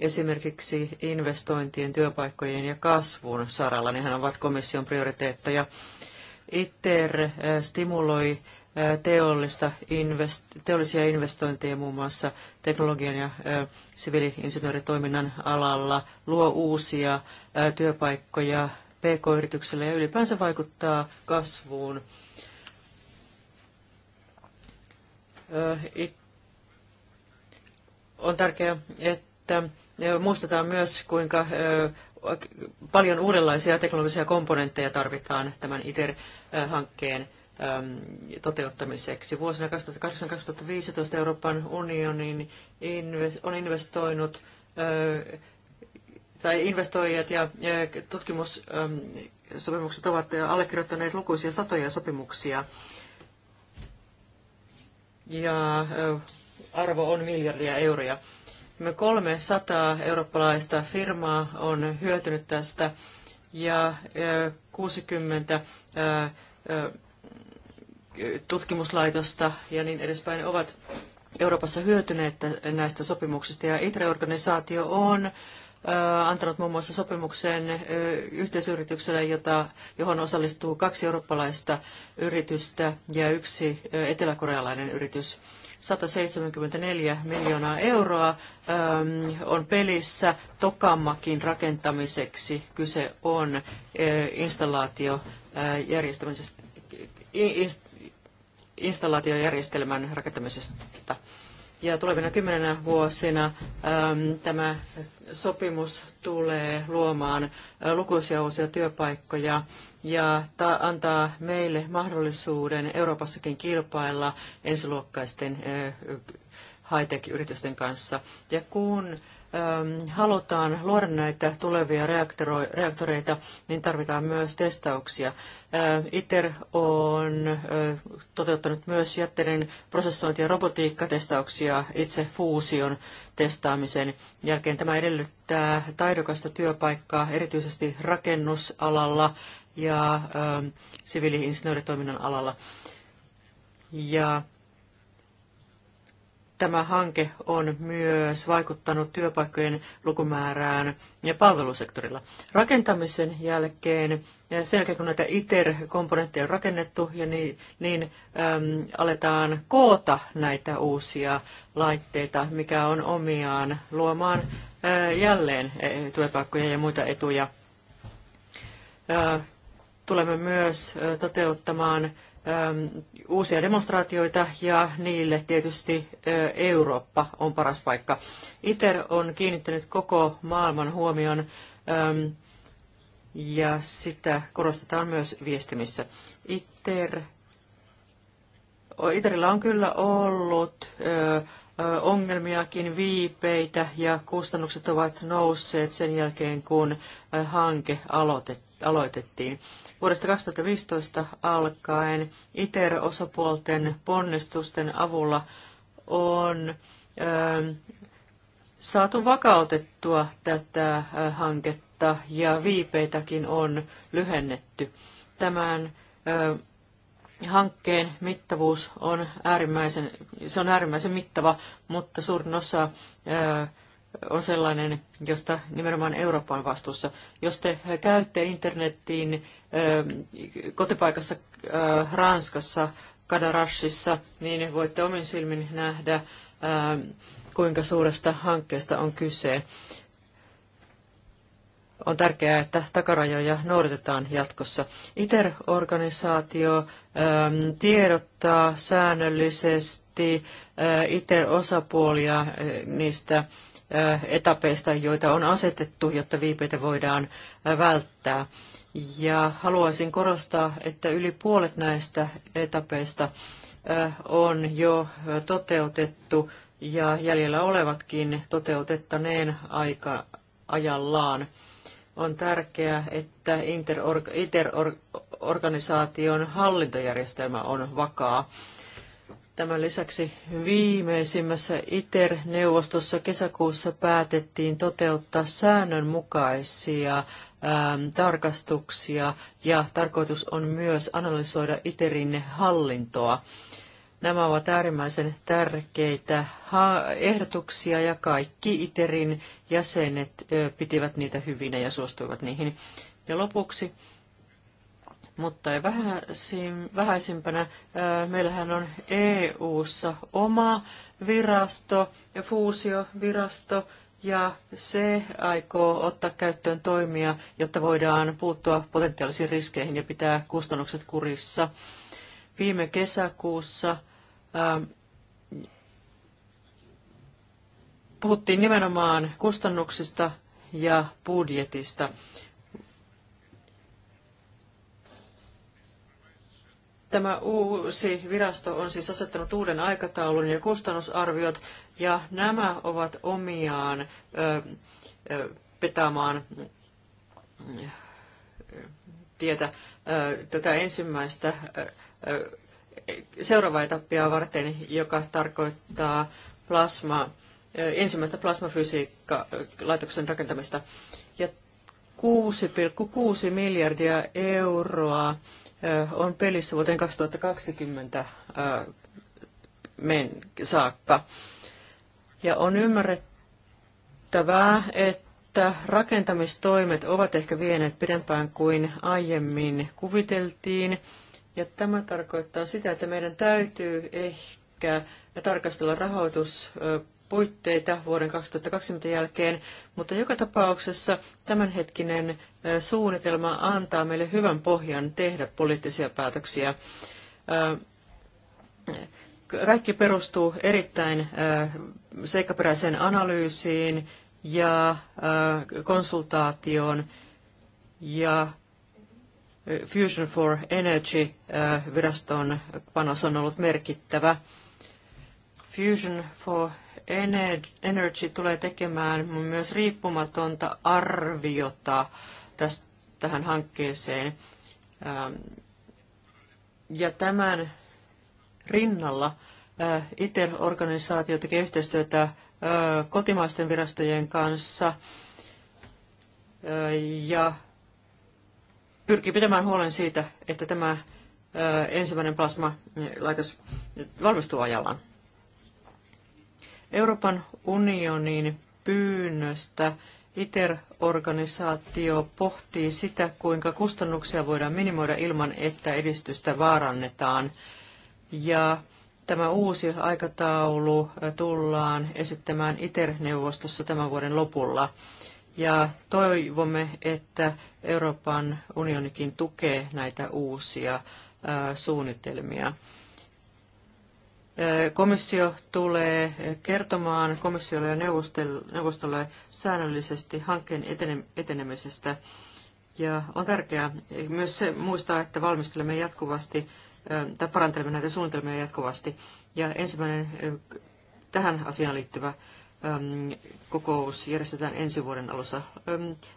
esimerkiksi investointien, työpaikkojen ja kasvun saralla. Nehän ovat komission prioriteetteja. ITER eh, stimuloi teollista invest- teollisia investointeja muun muassa teknologian ja siviiliinsinööritoiminnan alalla, luo uusia työpaikkoja pk-yrityksille ja ylipäänsä vaikuttaa kasvuun. On tärkeää, että muistetaan myös, kuinka paljon uudenlaisia teknologisia komponentteja tarvitaan tämän ITER-hankkeen Ähm, toteuttamiseksi. Vuosina 2008-2015 Euroopan unioni on investoinut äh, tai investoijat ja äh, tutkimussopimukset ähm, ovat allekirjoittaneet lukuisia satoja sopimuksia. Ja äh, arvo on miljardia euroja. Me 300 eurooppalaista firmaa on hyötynyt tästä ja 60 tutkimuslaitosta ja niin edespäin ovat Euroopassa hyötyneet näistä sopimuksista. Ja ITRE-organisaatio on antanut muun muassa sopimuksen yhteisyritykselle, jota, johon osallistuu kaksi eurooppalaista yritystä ja yksi eteläkorealainen yritys. 174 miljoonaa euroa on pelissä Tokammakin rakentamiseksi. Kyse on installaatio järjestämisestä installaatiojärjestelmän rakentamisesta. Ja tulevina kymmenenä vuosina äm, tämä sopimus tulee luomaan äh, lukuisia uusia työpaikkoja ja ta- antaa meille mahdollisuuden Euroopassakin kilpailla ensiluokkaisten äh, high-tech-yritysten kanssa. Ja kun Ähm, halutaan luoda näitä tulevia reaktoreita, niin tarvitaan myös testauksia. Äh, ITER on äh, toteuttanut myös jätteiden prosessointi- ja robotiikkatestauksia itse fuusion testaamisen jälkeen. Tämä edellyttää taidokasta työpaikkaa erityisesti rakennusalalla ja ähm, siviili-insinööritoiminnan alalla. Ja tämä hanke on myös vaikuttanut työpaikkojen lukumäärään ja palvelusektorilla. Rakentamisen jälkeen, sen jälkeen kun näitä ITER-komponentteja on rakennettu, ja niin, niin äm, aletaan koota näitä uusia laitteita, mikä on omiaan luomaan ää, jälleen työpaikkoja ja muita etuja. Ää, tulemme myös toteuttamaan uusia demonstraatioita ja niille tietysti Eurooppa on paras paikka. ITER on kiinnittänyt koko maailman huomion ja sitä korostetaan myös viestimissä. ITER, ITERillä on kyllä ollut ongelmiakin, viipeitä ja kustannukset ovat nousseet sen jälkeen, kun hanke aloitettiin. Vuodesta 2015 alkaen ITER-osapuolten ponnistusten avulla on saatu vakautettua tätä hanketta ja viipeitäkin on lyhennetty. Tämän hankkeen mittavuus on äärimmäisen, se on äärimmäisen mittava, mutta suurin osa on sellainen, josta nimenomaan Eurooppa on vastuussa. Jos te käytte internettiin kotipaikassa Ranskassa, Kadarashissa, niin voitte omin silmin nähdä, kuinka suuresta hankkeesta on kyse. On tärkeää, että takarajoja noudatetaan jatkossa. ITER-organisaatio tiedottaa säännöllisesti itse osapuolia niistä etapeista, joita on asetettu, jotta viipeitä voidaan välttää. Ja haluaisin korostaa, että yli puolet näistä etapeista on jo toteutettu ja jäljellä olevatkin toteutettaneen aika ajallaan. On tärkeää, että interorg- interorg- organisaation hallintojärjestelmä on vakaa. Tämän lisäksi viimeisimmässä ITER-neuvostossa kesäkuussa päätettiin toteuttaa säännönmukaisia ähm, tarkastuksia ja tarkoitus on myös analysoida ITERin hallintoa. Nämä ovat äärimmäisen tärkeitä ehdotuksia ja kaikki ITERin jäsenet pitivät niitä hyvinä ja suostuivat niihin. Ja lopuksi mutta ei vähäisimpänä. Meillähän on EU-ssa oma virasto, fuusiovirasto, ja se aikoo ottaa käyttöön toimia, jotta voidaan puuttua potentiaalisiin riskeihin ja pitää kustannukset kurissa. Viime kesäkuussa puhuttiin nimenomaan kustannuksista ja budjetista. Tämä uusi virasto on siis asettanut uuden aikataulun ja kustannusarviot, ja nämä ovat omiaan ö, ö, petaamaan tietä ö, tätä ensimmäistä ö, seuraavaa etappia varten, joka tarkoittaa plasma, ö, ensimmäistä plasmafysiikkalaitoksen rakentamista. Ja 6,6 miljardia euroa on pelissä vuoteen 2020 saakka. Ja on ymmärrettävää, että rakentamistoimet ovat ehkä vieneet pidempään kuin aiemmin kuviteltiin. Ja tämä tarkoittaa sitä, että meidän täytyy ehkä tarkastella rahoitus puitteita vuoden 2020 jälkeen, mutta joka tapauksessa tämänhetkinen suunnitelma antaa meille hyvän pohjan tehdä poliittisia päätöksiä. Kaikki perustuu erittäin seikkaperäiseen analyysiin ja konsultaatioon ja Fusion for Energy-viraston panos on ollut merkittävä. Fusion for Energy tulee tekemään myös riippumatonta arviota tästä, tähän hankkeeseen. Ähm, ja tämän rinnalla äh, ITER-organisaatio tekee yhteistyötä äh, kotimaisten virastojen kanssa äh, ja pyrkii pitämään huolen siitä, että tämä ensimmäinen plasmalaitos valmistuu ajallaan. Euroopan unionin pyynnöstä ITER-organisaatio pohtii sitä, kuinka kustannuksia voidaan minimoida ilman, että edistystä vaarannetaan. Ja tämä uusi aikataulu tullaan esittämään ITER-neuvostossa tämän vuoden lopulla. Ja toivomme, että Euroopan unionikin tukee näitä uusia suunnitelmia. Komissio tulee kertomaan komissiolle ja neuvostolle säännöllisesti hankkeen etenemisestä. Ja on tärkeää myös se, muistaa, että valmistelemme jatkuvasti tai parantelemme näitä suunnitelmia jatkuvasti. Ja ensimmäinen tähän asiaan liittyvä kokous järjestetään ensi vuoden alussa.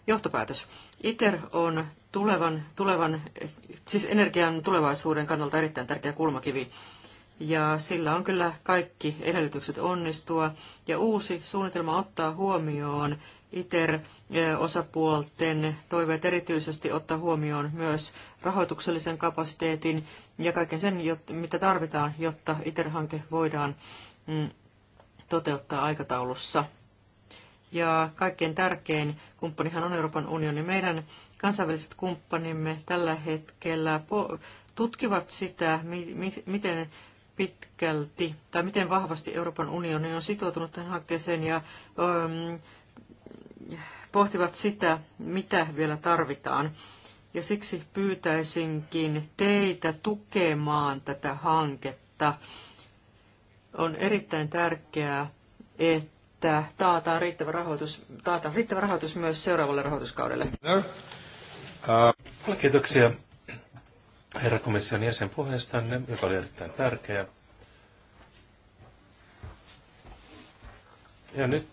Johtopäätös. ITER on tulevan, tulevan, siis energian tulevaisuuden kannalta erittäin tärkeä kulmakivi ja sillä on kyllä kaikki edellytykset onnistua. Ja uusi suunnitelma ottaa huomioon ITER-osapuolten e, toiveet erityisesti ottaa huomioon myös rahoituksellisen kapasiteetin ja kaiken sen, mitä tarvitaan, jotta ITER-hanke voidaan mm, toteuttaa aikataulussa. Ja kaikkein tärkein kumppanihan on Euroopan unioni. Meidän kansainväliset kumppanimme tällä hetkellä tutkivat sitä, miten pitkälti tai miten vahvasti Euroopan unioni on sitoutunut tähän hankkeeseen ja ähm, pohtivat sitä, mitä vielä tarvitaan. Ja siksi pyytäisinkin teitä tukemaan tätä hanketta. On erittäin tärkeää, että taataan riittävä rahoitus, taataan riittävä rahoitus myös seuraavalle rahoituskaudelle. No. Äh. Kiitoksia herra komission jäsen puheestanne, joka oli erittäin tärkeä. Ja nyt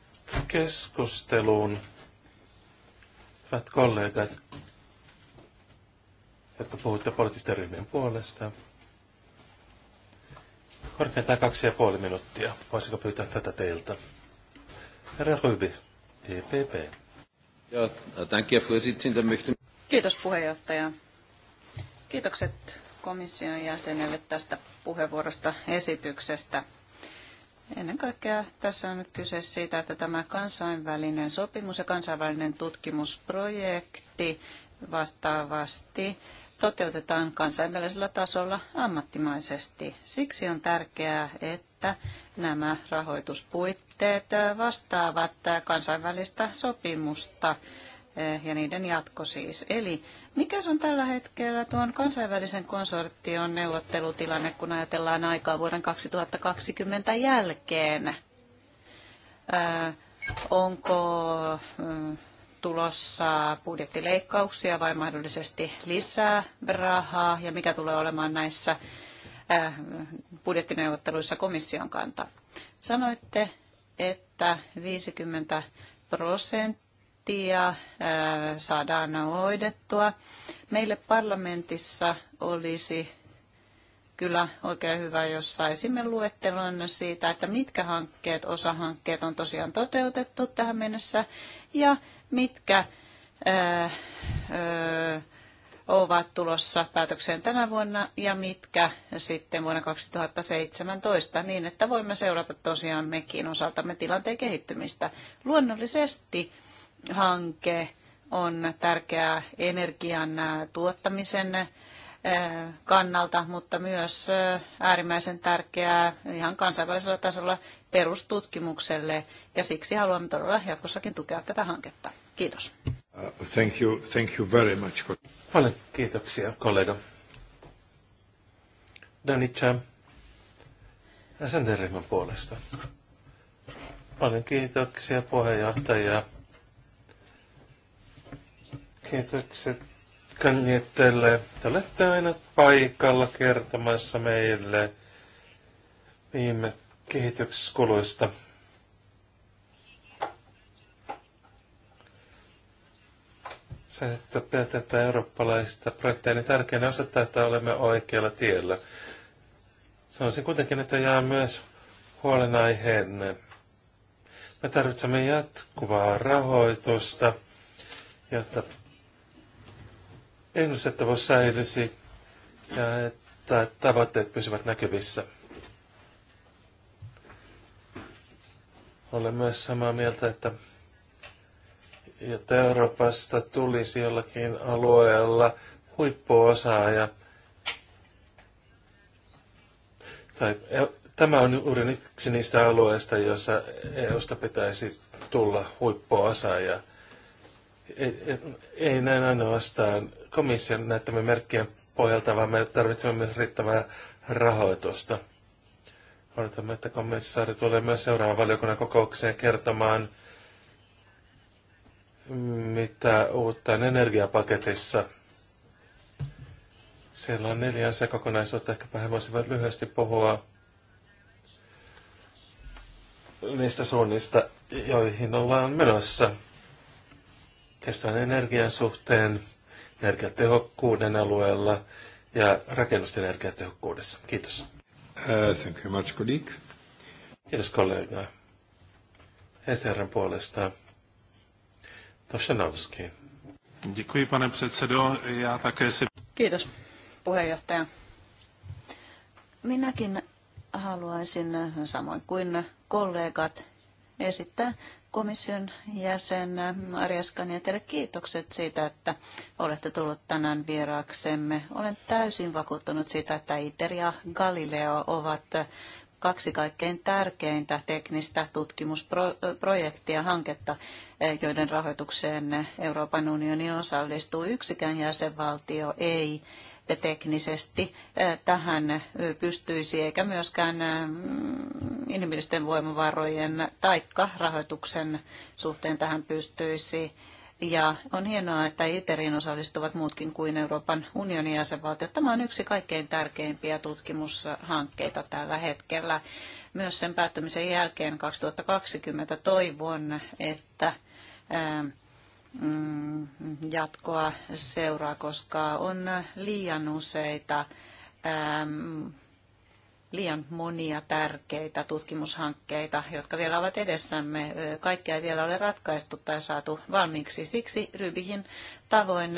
keskusteluun, hyvät kollegat, jotka puhutte poliittisten ryhmien puolesta. Korkeintaan kaksi ja puoli minuuttia. Voisiko pyytää tätä teiltä? Herra Ryby, EPP. Äh, Kiitos puheenjohtaja. Kiitokset komission jäsenelle tästä puheenvuorosta esityksestä. Ennen kaikkea tässä on nyt kyse siitä, että tämä kansainvälinen sopimus ja kansainvälinen tutkimusprojekti vastaavasti toteutetaan kansainvälisellä tasolla ammattimaisesti. Siksi on tärkeää, että nämä rahoituspuitteet vastaavat kansainvälistä sopimusta Eh, ja niiden jatko siis. Eli mikä on tällä hetkellä tuon kansainvälisen konsortion neuvottelutilanne, kun ajatellaan aikaa vuoden 2020 jälkeen? Eh, onko mm, tulossa budjettileikkauksia vai mahdollisesti lisää rahaa ja mikä tulee olemaan näissä eh, budjettineuvotteluissa komission kanta? Sanoitte, että 50 prosenttia prosenttia äh, saadaan hoidettua. Meille parlamentissa olisi kyllä oikein hyvä, jos saisimme luettelon siitä, että mitkä hankkeet, osahankkeet on tosiaan toteutettu tähän mennessä ja mitkä äh, äh, ovat tulossa päätökseen tänä vuonna ja mitkä sitten vuonna 2017 niin, että voimme seurata tosiaan mekin osaltamme tilanteen kehittymistä. Luonnollisesti hanke on tärkeää energian tuottamisen kannalta, mutta myös äärimmäisen tärkeää ihan kansainvälisellä tasolla perustutkimukselle, ja siksi haluamme todella jatkossakin tukea tätä hanketta. Kiitos. Uh, thank you, thank you very much. Paljon kiitoksia, kollega. Danica, Cham, ryhmän puolesta. Paljon kiitoksia puheenjohtaja Kiitokset Kanjettelle. Te olette aina paikalla kertomassa meille viime kehityskuluista. Se, että tätä eurooppalaista projekteja, niin tärkeänä osoittaa, että olemme oikealla tiellä. Sanoisin kuitenkin, että jää myös huolenaiheenne. Me tarvitsemme jatkuvaa rahoitusta, jotta ennustettavuus säilyisi ja että tavoitteet pysyvät näkyvissä. Olen myös samaa mieltä, että jotta Euroopasta tulisi jollakin alueella huippuosaaja, tai tämä on juuri yksi niistä alueista, joissa EUsta pitäisi tulla huippuosaajaa ei, näin ainoastaan komission näyttämien merkkien pohjalta, vaan me tarvitsemme myös riittävää rahoitusta. Odotamme, että komissaari tulee myös seuraavan valiokunnan kokoukseen kertomaan, mitä uutta on energiapaketissa. Siellä on neljä asiakokonaisuutta. Ehkäpä he voisivat lyhyesti puhua niistä suunnista, joihin ollaan menossa kestävän energian suhteen, energiatehokkuuden alueella ja rakennusten energiatehokkuudessa. Kiitos. Uh, thank you much, colleague. Kiitos kollega. SRn puolesta Toshanovski. pane Kiitos, puheenjohtaja. Minäkin haluaisin, samoin kuin kollegat, esittää komission jäsen Arjaskani ja teille kiitokset siitä, että olette tullut tänään vieraaksemme. Olen täysin vakuuttunut siitä, että ITER ja Galileo ovat kaksi kaikkein tärkeintä teknistä tutkimusprojektia, hanketta, joiden rahoitukseen Euroopan unioni osallistuu. Yksikään jäsenvaltio ei teknisesti tähän pystyisi, eikä myöskään inhimillisten voimavarojen taikka rahoituksen suhteen tähän pystyisi. Ja on hienoa, että ITERiin osallistuvat muutkin kuin Euroopan unionin jäsenvaltiot. Tämä on yksi kaikkein tärkeimpiä tutkimushankkeita tällä hetkellä. Myös sen päättymisen jälkeen 2020 toivon, että Mm, jatkoa seuraa, koska on liian useita, ähm, liian monia tärkeitä tutkimushankkeita, jotka vielä ovat edessämme. Kaikkea ei vielä ole ratkaistu tai saatu valmiiksi. Siksi rybihin tavoin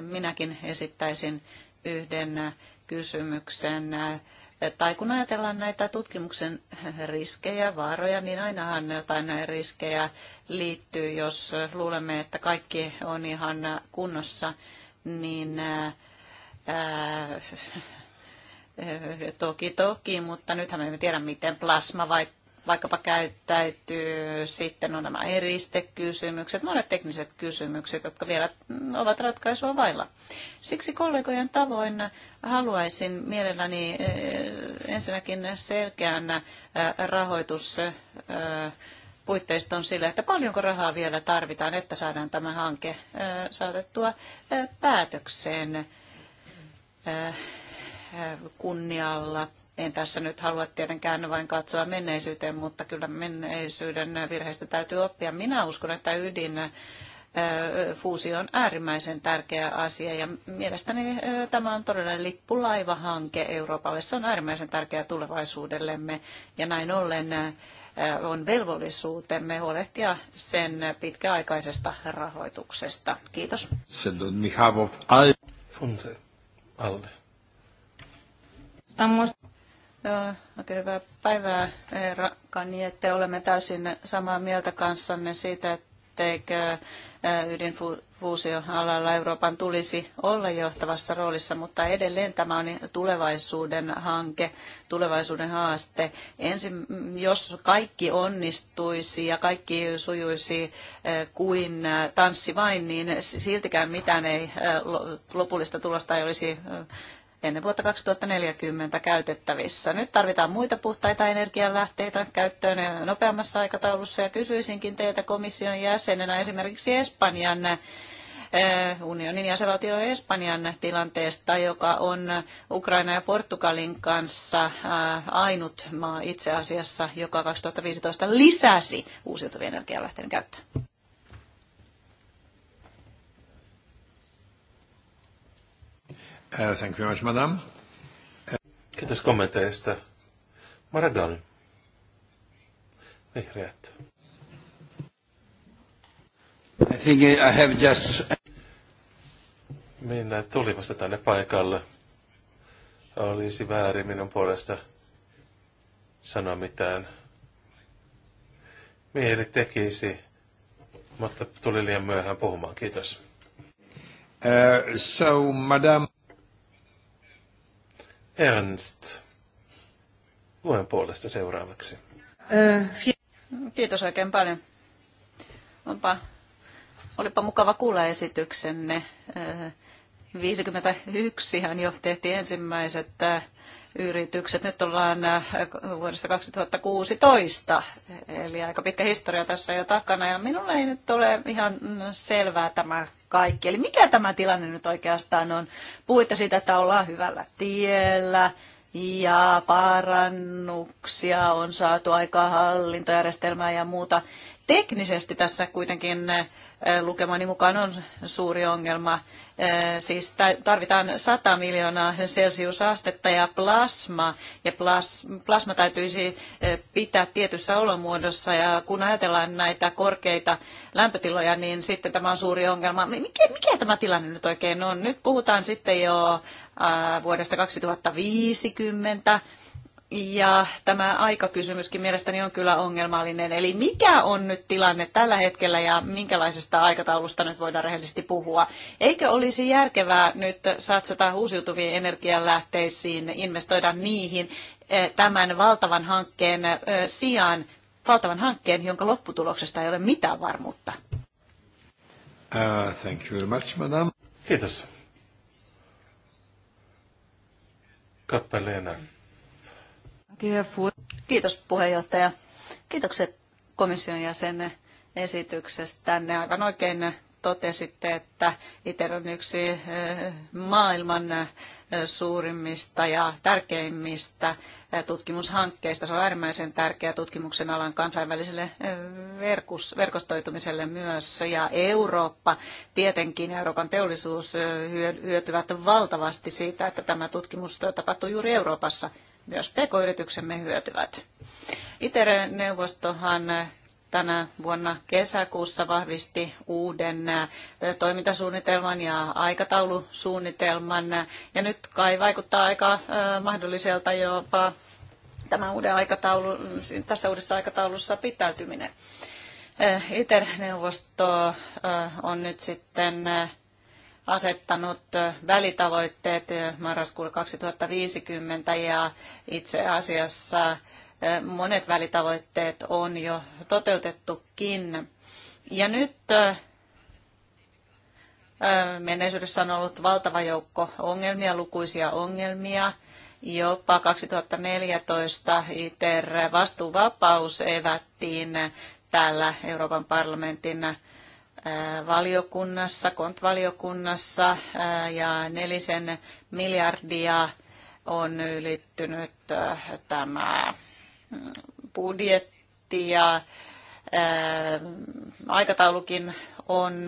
minäkin esittäisin yhden kysymyksen tai kun ajatellaan näitä tutkimuksen riskejä, vaaroja, niin ainahan jotain näitä riskejä liittyy, jos luulemme, että kaikki on ihan kunnossa, niin ää, äh, äh, Toki, toki, mutta nythän me emme tiedä, miten plasma vaikka vaikkapa käyttäytyy, sitten on nämä eristekysymykset, monet tekniset kysymykset, jotka vielä ovat ratkaisua vailla. Siksi kollegojen tavoin haluaisin mielelläni eh, ensinnäkin selkeän eh, rahoitus eh, puitteiston sille, että paljonko rahaa vielä tarvitaan, että saadaan tämä hanke saatettua päätökseen kunnialla en tässä nyt halua tietenkään vain katsoa menneisyyteen, mutta kyllä menneisyyden virheistä täytyy oppia. Minä uskon, että ydin fuusio on äärimmäisen tärkeä asia ja mielestäni tämä on todella lippulaivahanke Euroopalle. Se on äärimmäisen tärkeä tulevaisuudellemme ja näin ollen on velvollisuutemme huolehtia sen pitkäaikaisesta rahoituksesta. Kiitos. Alde. Joo, äh, oikein hyvää päivää, Eera että Olemme täysin samaa mieltä kanssanne siitä, etteikö äh, ydinfuusioalalla Euroopan tulisi olla johtavassa roolissa, mutta edelleen tämä on tulevaisuuden hanke, tulevaisuuden haaste. Ensin, jos kaikki onnistuisi ja kaikki sujuisi äh, kuin tanssi vain, niin siltikään mitään ei, lopullista tulosta ei olisi ennen vuotta 2040 käytettävissä. Nyt tarvitaan muita puhtaita energianlähteitä käyttöön nopeammassa aikataulussa ja kysyisinkin teiltä komission jäsenenä esimerkiksi Espanjan eh, unionin jäsenvaltio Espanjan tilanteesta, joka on Ukraina ja Portugalin kanssa eh, ainut maa itse asiassa, joka 2015 lisäsi uusiutuvien energialähteiden käyttöä. Uh, thank you very much, madam. Kiitos kommenteista. Maradoni. Vihreät. I think I have just... Minä tulin vasta tänne paikalle. Olisi väärin minun puolesta sanoa mitään. Mieli tekisi, mutta tuli liian myöhään puhumaan. Kiitos. Uh, so, madam... Ernst. Luen puolesta seuraavaksi. Kiitos oikein paljon. Onpa, olipa mukava kuulla esityksenne. 51 hän jo tehtiin ensimmäiset yritykset. Nyt ollaan äh, vuodesta 2016, eli aika pitkä historia tässä jo takana, ja minulle ei nyt ole ihan selvää tämä kaikki. Eli mikä tämä tilanne nyt oikeastaan on? Puhuitte siitä, että ollaan hyvällä tiellä, ja parannuksia on saatu aikaa hallintojärjestelmää ja muuta. Teknisesti tässä kuitenkin eh, lukemani mukaan on suuri ongelma. Eh, siis tarvitaan 100 miljoonaa celsiusastetta ja plasma, ja plasma täytyisi eh, pitää tietyssä olomuodossa, ja kun ajatellaan näitä korkeita lämpötiloja, niin sitten tämä on suuri ongelma. Mikä, mikä tämä tilanne nyt oikein on? Nyt puhutaan sitten jo vuodesta 2050, ja tämä aikakysymyskin mielestäni on kyllä ongelmallinen. Eli mikä on nyt tilanne tällä hetkellä ja minkälaisesta aikataulusta nyt voidaan rehellisesti puhua? Eikö olisi järkevää nyt satsata uusiutuviin energialähteisiin, investoida niihin eh, tämän valtavan hankkeen eh, sijaan, valtavan hankkeen, jonka lopputuloksesta ei ole mitään varmuutta? Uh, thank you very much, madam. Kiitos. Kappaleena. Kiitos puheenjohtaja. Kiitokset komission jäsenen esityksestänne. Aivan oikein totesitte, että ITER on yksi eh, maailman eh, suurimmista ja tärkeimmistä eh, tutkimushankkeista. Se on äärimmäisen tärkeä tutkimuksen alan kansainväliselle verkostoitumiselle myös. Ja Eurooppa, tietenkin Euroopan teollisuus hyötyvät valtavasti siitä, että tämä tutkimus tapahtuu juuri Euroopassa myös pk-yrityksemme hyötyvät. itere neuvostohan tänä vuonna kesäkuussa vahvisti uuden toimintasuunnitelman ja aikataulusuunnitelman. Ja nyt kai vaikuttaa aika mahdolliselta jopa tämän uuden aikataulu, tässä uudessa aikataulussa pitäytyminen. ITER-neuvosto on nyt sitten asettanut välitavoitteet marraskuulle 2050 ja itse asiassa monet välitavoitteet on jo toteutettukin. Ja nyt menneisyydessä on ollut valtava joukko ongelmia, lukuisia ongelmia. Jopa 2014 ITER vastuuvapaus evättiin täällä Euroopan parlamentin valiokunnassa, kontvaliokunnassa ja nelisen miljardia on ylittynyt tämä mm, budjetti ja aikataulukin on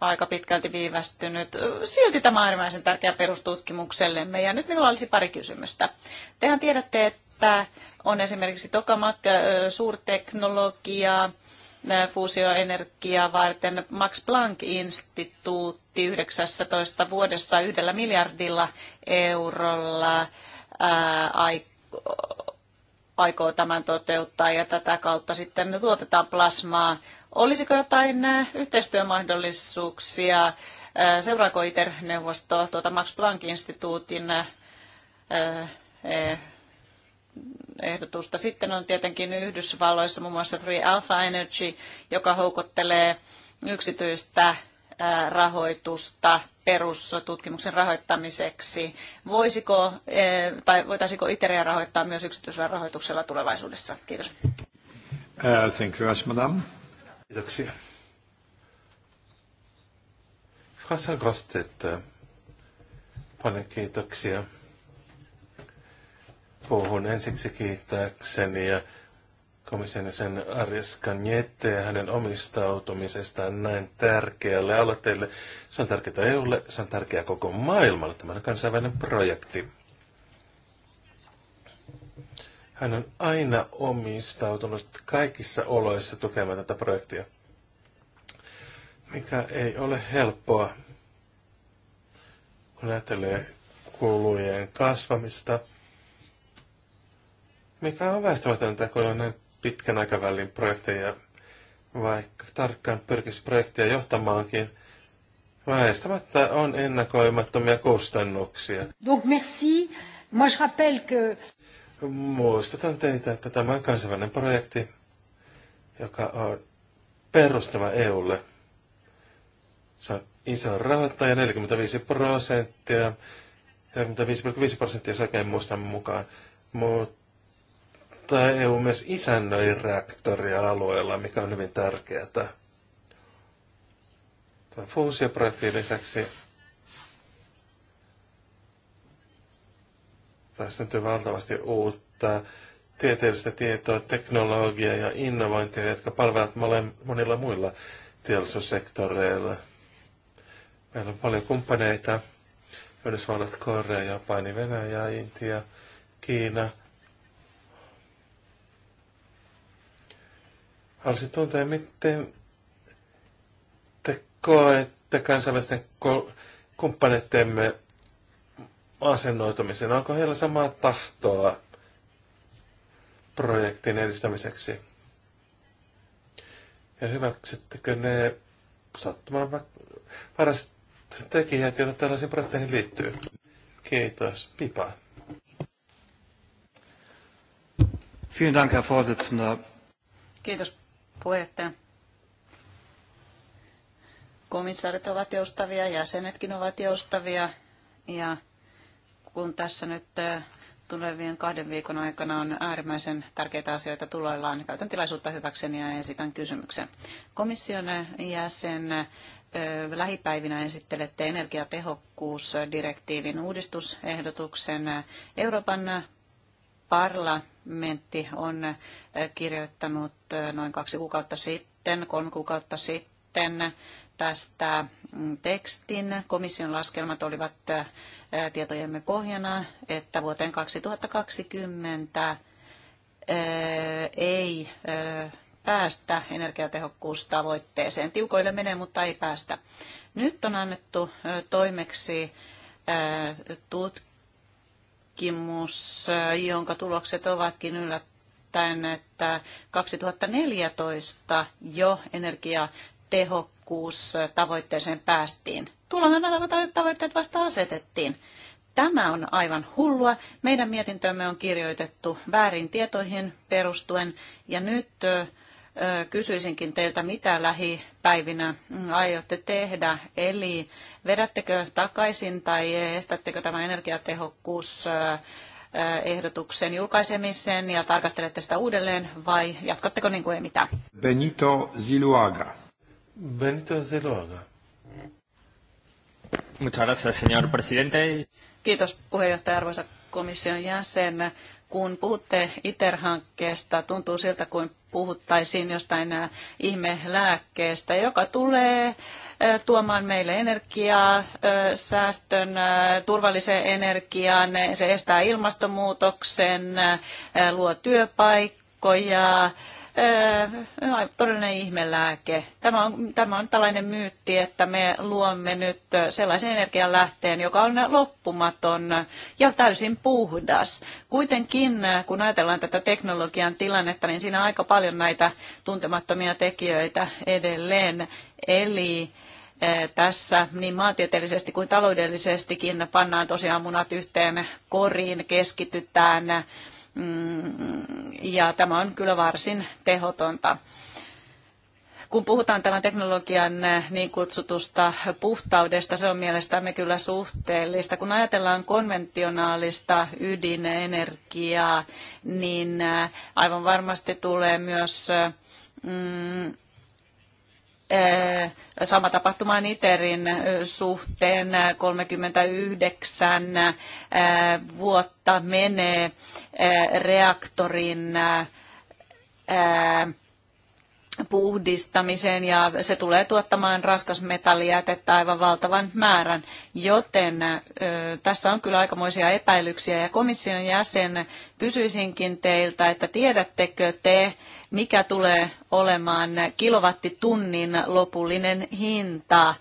aika pitkälti viivästynyt. Silti tämä on äärimmäisen tärkeä perustutkimuksellemme. Ja nyt minulla olisi pari kysymystä. Tehän tiedätte, että on esimerkiksi tokamak, suurteknologia, fuusioenergiaa varten Max Planck-instituutti 19 vuodessa yhdellä miljardilla eurolla aikoo tämän toteuttaa ja tätä kautta sitten tuotetaan plasmaa. Olisiko jotain yhteistyömahdollisuuksia? Seuraako ITER-neuvosto tuota Max Planck-instituutin ehdotusta. Sitten on tietenkin Yhdysvalloissa muun muassa Free Alpha Energy, joka houkuttelee yksityistä rahoitusta perustutkimuksen rahoittamiseksi. Voisiko, tai voitaisiko iteria rahoittaa myös yksityisellä rahoituksella tulevaisuudessa? Kiitos. Uh, thank you, madam. Kiitoksia. François Gostet, paljon kiitoksia. Puhun ensiksi kiittääkseni ja komission sen Ariskan Jette ja hänen omistautumisestaan näin tärkeälle aloitteelle. Se on tärkeää EUlle, se on tärkeää koko maailmalle, tämä kansainvälinen projekti. Hän on aina omistautunut kaikissa oloissa tukemaan tätä projektia, mikä ei ole helppoa, kun ajattelee kulujen kasvamista – mikä on väistämätöntä, kun on näin pitkän aikavälin projekteja, vaikka tarkkaan pyrkisi projekteja johtamaankin, väistämättä on ennakoimattomia kustannuksia. Donc merci. Moi je rappelle que... Muistutan teitä, että tämä on kansainvälinen projekti, joka on perustava EUlle. Se on iso rahoittaja, 45 prosenttia, 45,5 prosenttia säkeen muistan mukaan, mutta mutta EU myös isännöi reaktoria alueella, mikä on hyvin tärkeää. Tämän fuusioprojektin lisäksi tässä syntyy valtavasti uutta tieteellistä tietoa, teknologiaa ja innovointia, jotka palvelevat monilla muilla teollisuussektoreilla. Meillä on paljon kumppaneita, Yhdysvallat, Korea, Japani, Venäjä, Intia, Kiina – Haluaisin tuntea, miten te koette kansainvälisten kumppaneittemme asennoitumisen. Onko heillä samaa tahtoa projektin edistämiseksi? Ja hyväksyttekö ne sattumaan varaiset tekijät, joita tällaisiin projekteihin liittyy? Kiitos. Pipa. Vielen Dank, Herr Vorsitzender. Kiitos puheenjohtaja. Komissaarit ovat joustavia, jäsenetkin ovat joustavia ja kun tässä nyt tulevien kahden viikon aikana on äärimmäisen tärkeitä asioita tuloillaan. Niin käytän tilaisuutta hyväkseni ja esitän kysymyksen. Komission jäsen lähipäivinä esittelette energiatehokkuusdirektiivin uudistusehdotuksen. Euroopan parlamentti on äh, kirjoittanut äh, noin kaksi kuukautta sitten, kolme kuukautta sitten tästä mm, tekstin. Komission laskelmat olivat äh, tietojemme pohjana, että vuoteen 2020 ei päästä energiatehokkuustavoitteeseen. Tiukoille menee, mutta ei päästä. Nyt on annettu toimeksi tutkia tutkimus, äh, jonka tulokset ovatkin yllättäen, että 2014 jo energiatehokkuus äh, tavoitteeseen päästiin. Tuolla nämä tavoitteet vasta asetettiin. Tämä on aivan hullua. Meidän mietintömme on kirjoitettu väärin tietoihin perustuen ja nyt äh, kysyisinkin teiltä, mitä lähipäivinä mm, aiotte tehdä? Eli vedättekö takaisin tai estättekö tämä energiatehokkuus ehdotuksen julkaisemisen ja tarkastelette sitä uudelleen vai jatkatteko niin kuin ei mitään? Benito Ziluaga. Benito Ziluaga. Muchas gracias, señor presidente. Kiitos puheenjohtaja, arvoisa komission jäsen. Kun puhutte ITER-hankkeesta, tuntuu siltä kuin puhuttaisiin jostain äh, ihme lääkkeestä, joka tulee äh, tuomaan meille energiaa, äh, säästön, turvallisen energian, se estää ilmastonmuutoksen, luo työpaikkoja, todellinen ihmelääke. Tämä on, tämä on tällainen myytti, että me luomme nyt sellaisen energianlähteen, joka on loppumaton ja täysin puhdas. Kuitenkin, kun ajatellaan tätä teknologian tilannetta, niin siinä on aika paljon näitä tuntemattomia tekijöitä edelleen. Eli tässä niin maantieteellisesti kuin taloudellisestikin pannaan tosiaan munat yhteen koriin, keskitytään Mm, ja tämä on kyllä varsin tehotonta. Kun puhutaan tämän teknologian eh, niin kutsutusta puhtaudesta, se on mielestämme kyllä suhteellista. Kun ajatellaan konventionaalista ydinenergiaa, niin eh, aivan varmasti tulee myös eh, mm, Eh, sama tapahtuma Niterin eh, suhteen 39 eh, vuotta menee reaktorin puhdistamiseen ja se tulee tuottamaan raskasmetallijätettä aivan valtavan määrän, joten ö, tässä on kyllä aikamoisia epäilyksiä ja komission jäsen kysyisinkin teiltä, että tiedättekö te, mikä tulee olemaan kilowattitunnin lopullinen hinta,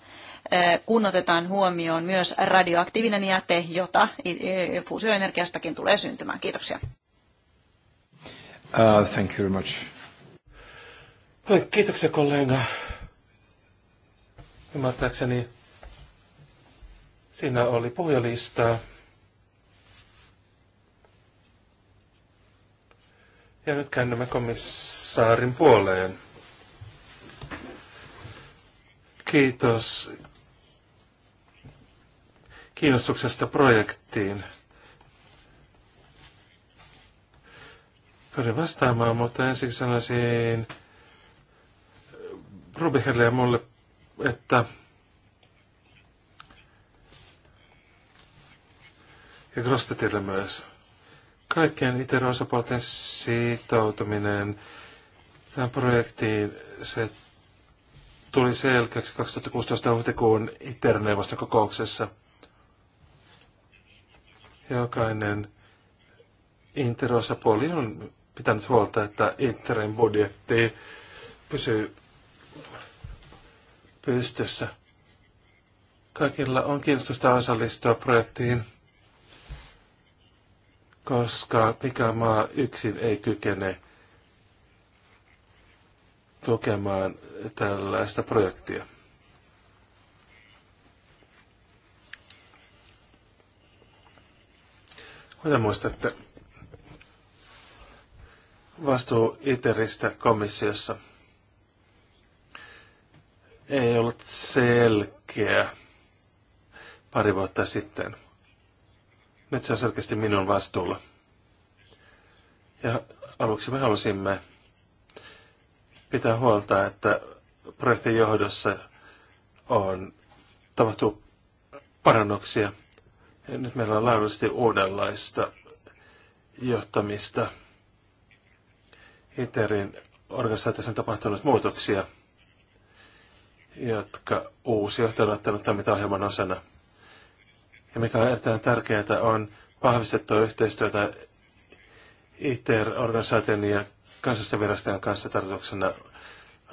kun otetaan huomioon myös radioaktiivinen jäte, jota fuusioenergiastakin tulee syntymään. Kiitoksia. Uh, thank you very much. Oi, kiitoksia kollega. Ymmärtääkseni siinä oli puhujalistaa. Ja nyt käännymme komissaarin puoleen. Kiitos kiinnostuksesta projektiin. Pyrin vastaamaan, mutta ensin sanoisin, Rubikerille ja mulle, että ja Grostetille myös. Kaikkien iter sitoutuminen tähän projektiin, se tuli selkeäksi 2016 huhtikuun iter kokouksessa. Jokainen iter on pitänyt huolta, että ITERin budjetti pysyy pystyssä. Kaikilla on kiinnostusta osallistua projektiin, koska mikä maa yksin ei kykene tukemaan tällaista projektia. Kuten muistatte, vastuu ITERistä komissiossa – ei ollut selkeä pari vuotta sitten. Nyt se on selkeästi minun vastuulla. Ja aluksi me halusimme pitää huolta, että projektin johdossa on tapahtunut parannuksia. Ja nyt meillä on laadullisesti uudenlaista johtamista. ITERin organisaatiossa on tapahtunut muutoksia – jotka uusi johtaja on ottanut ohjelman osana. Ja mikä on erittäin tärkeää, on vahvistettua yhteistyötä ITER-organisaation ja kansallisten virastojen kanssa tarkoituksena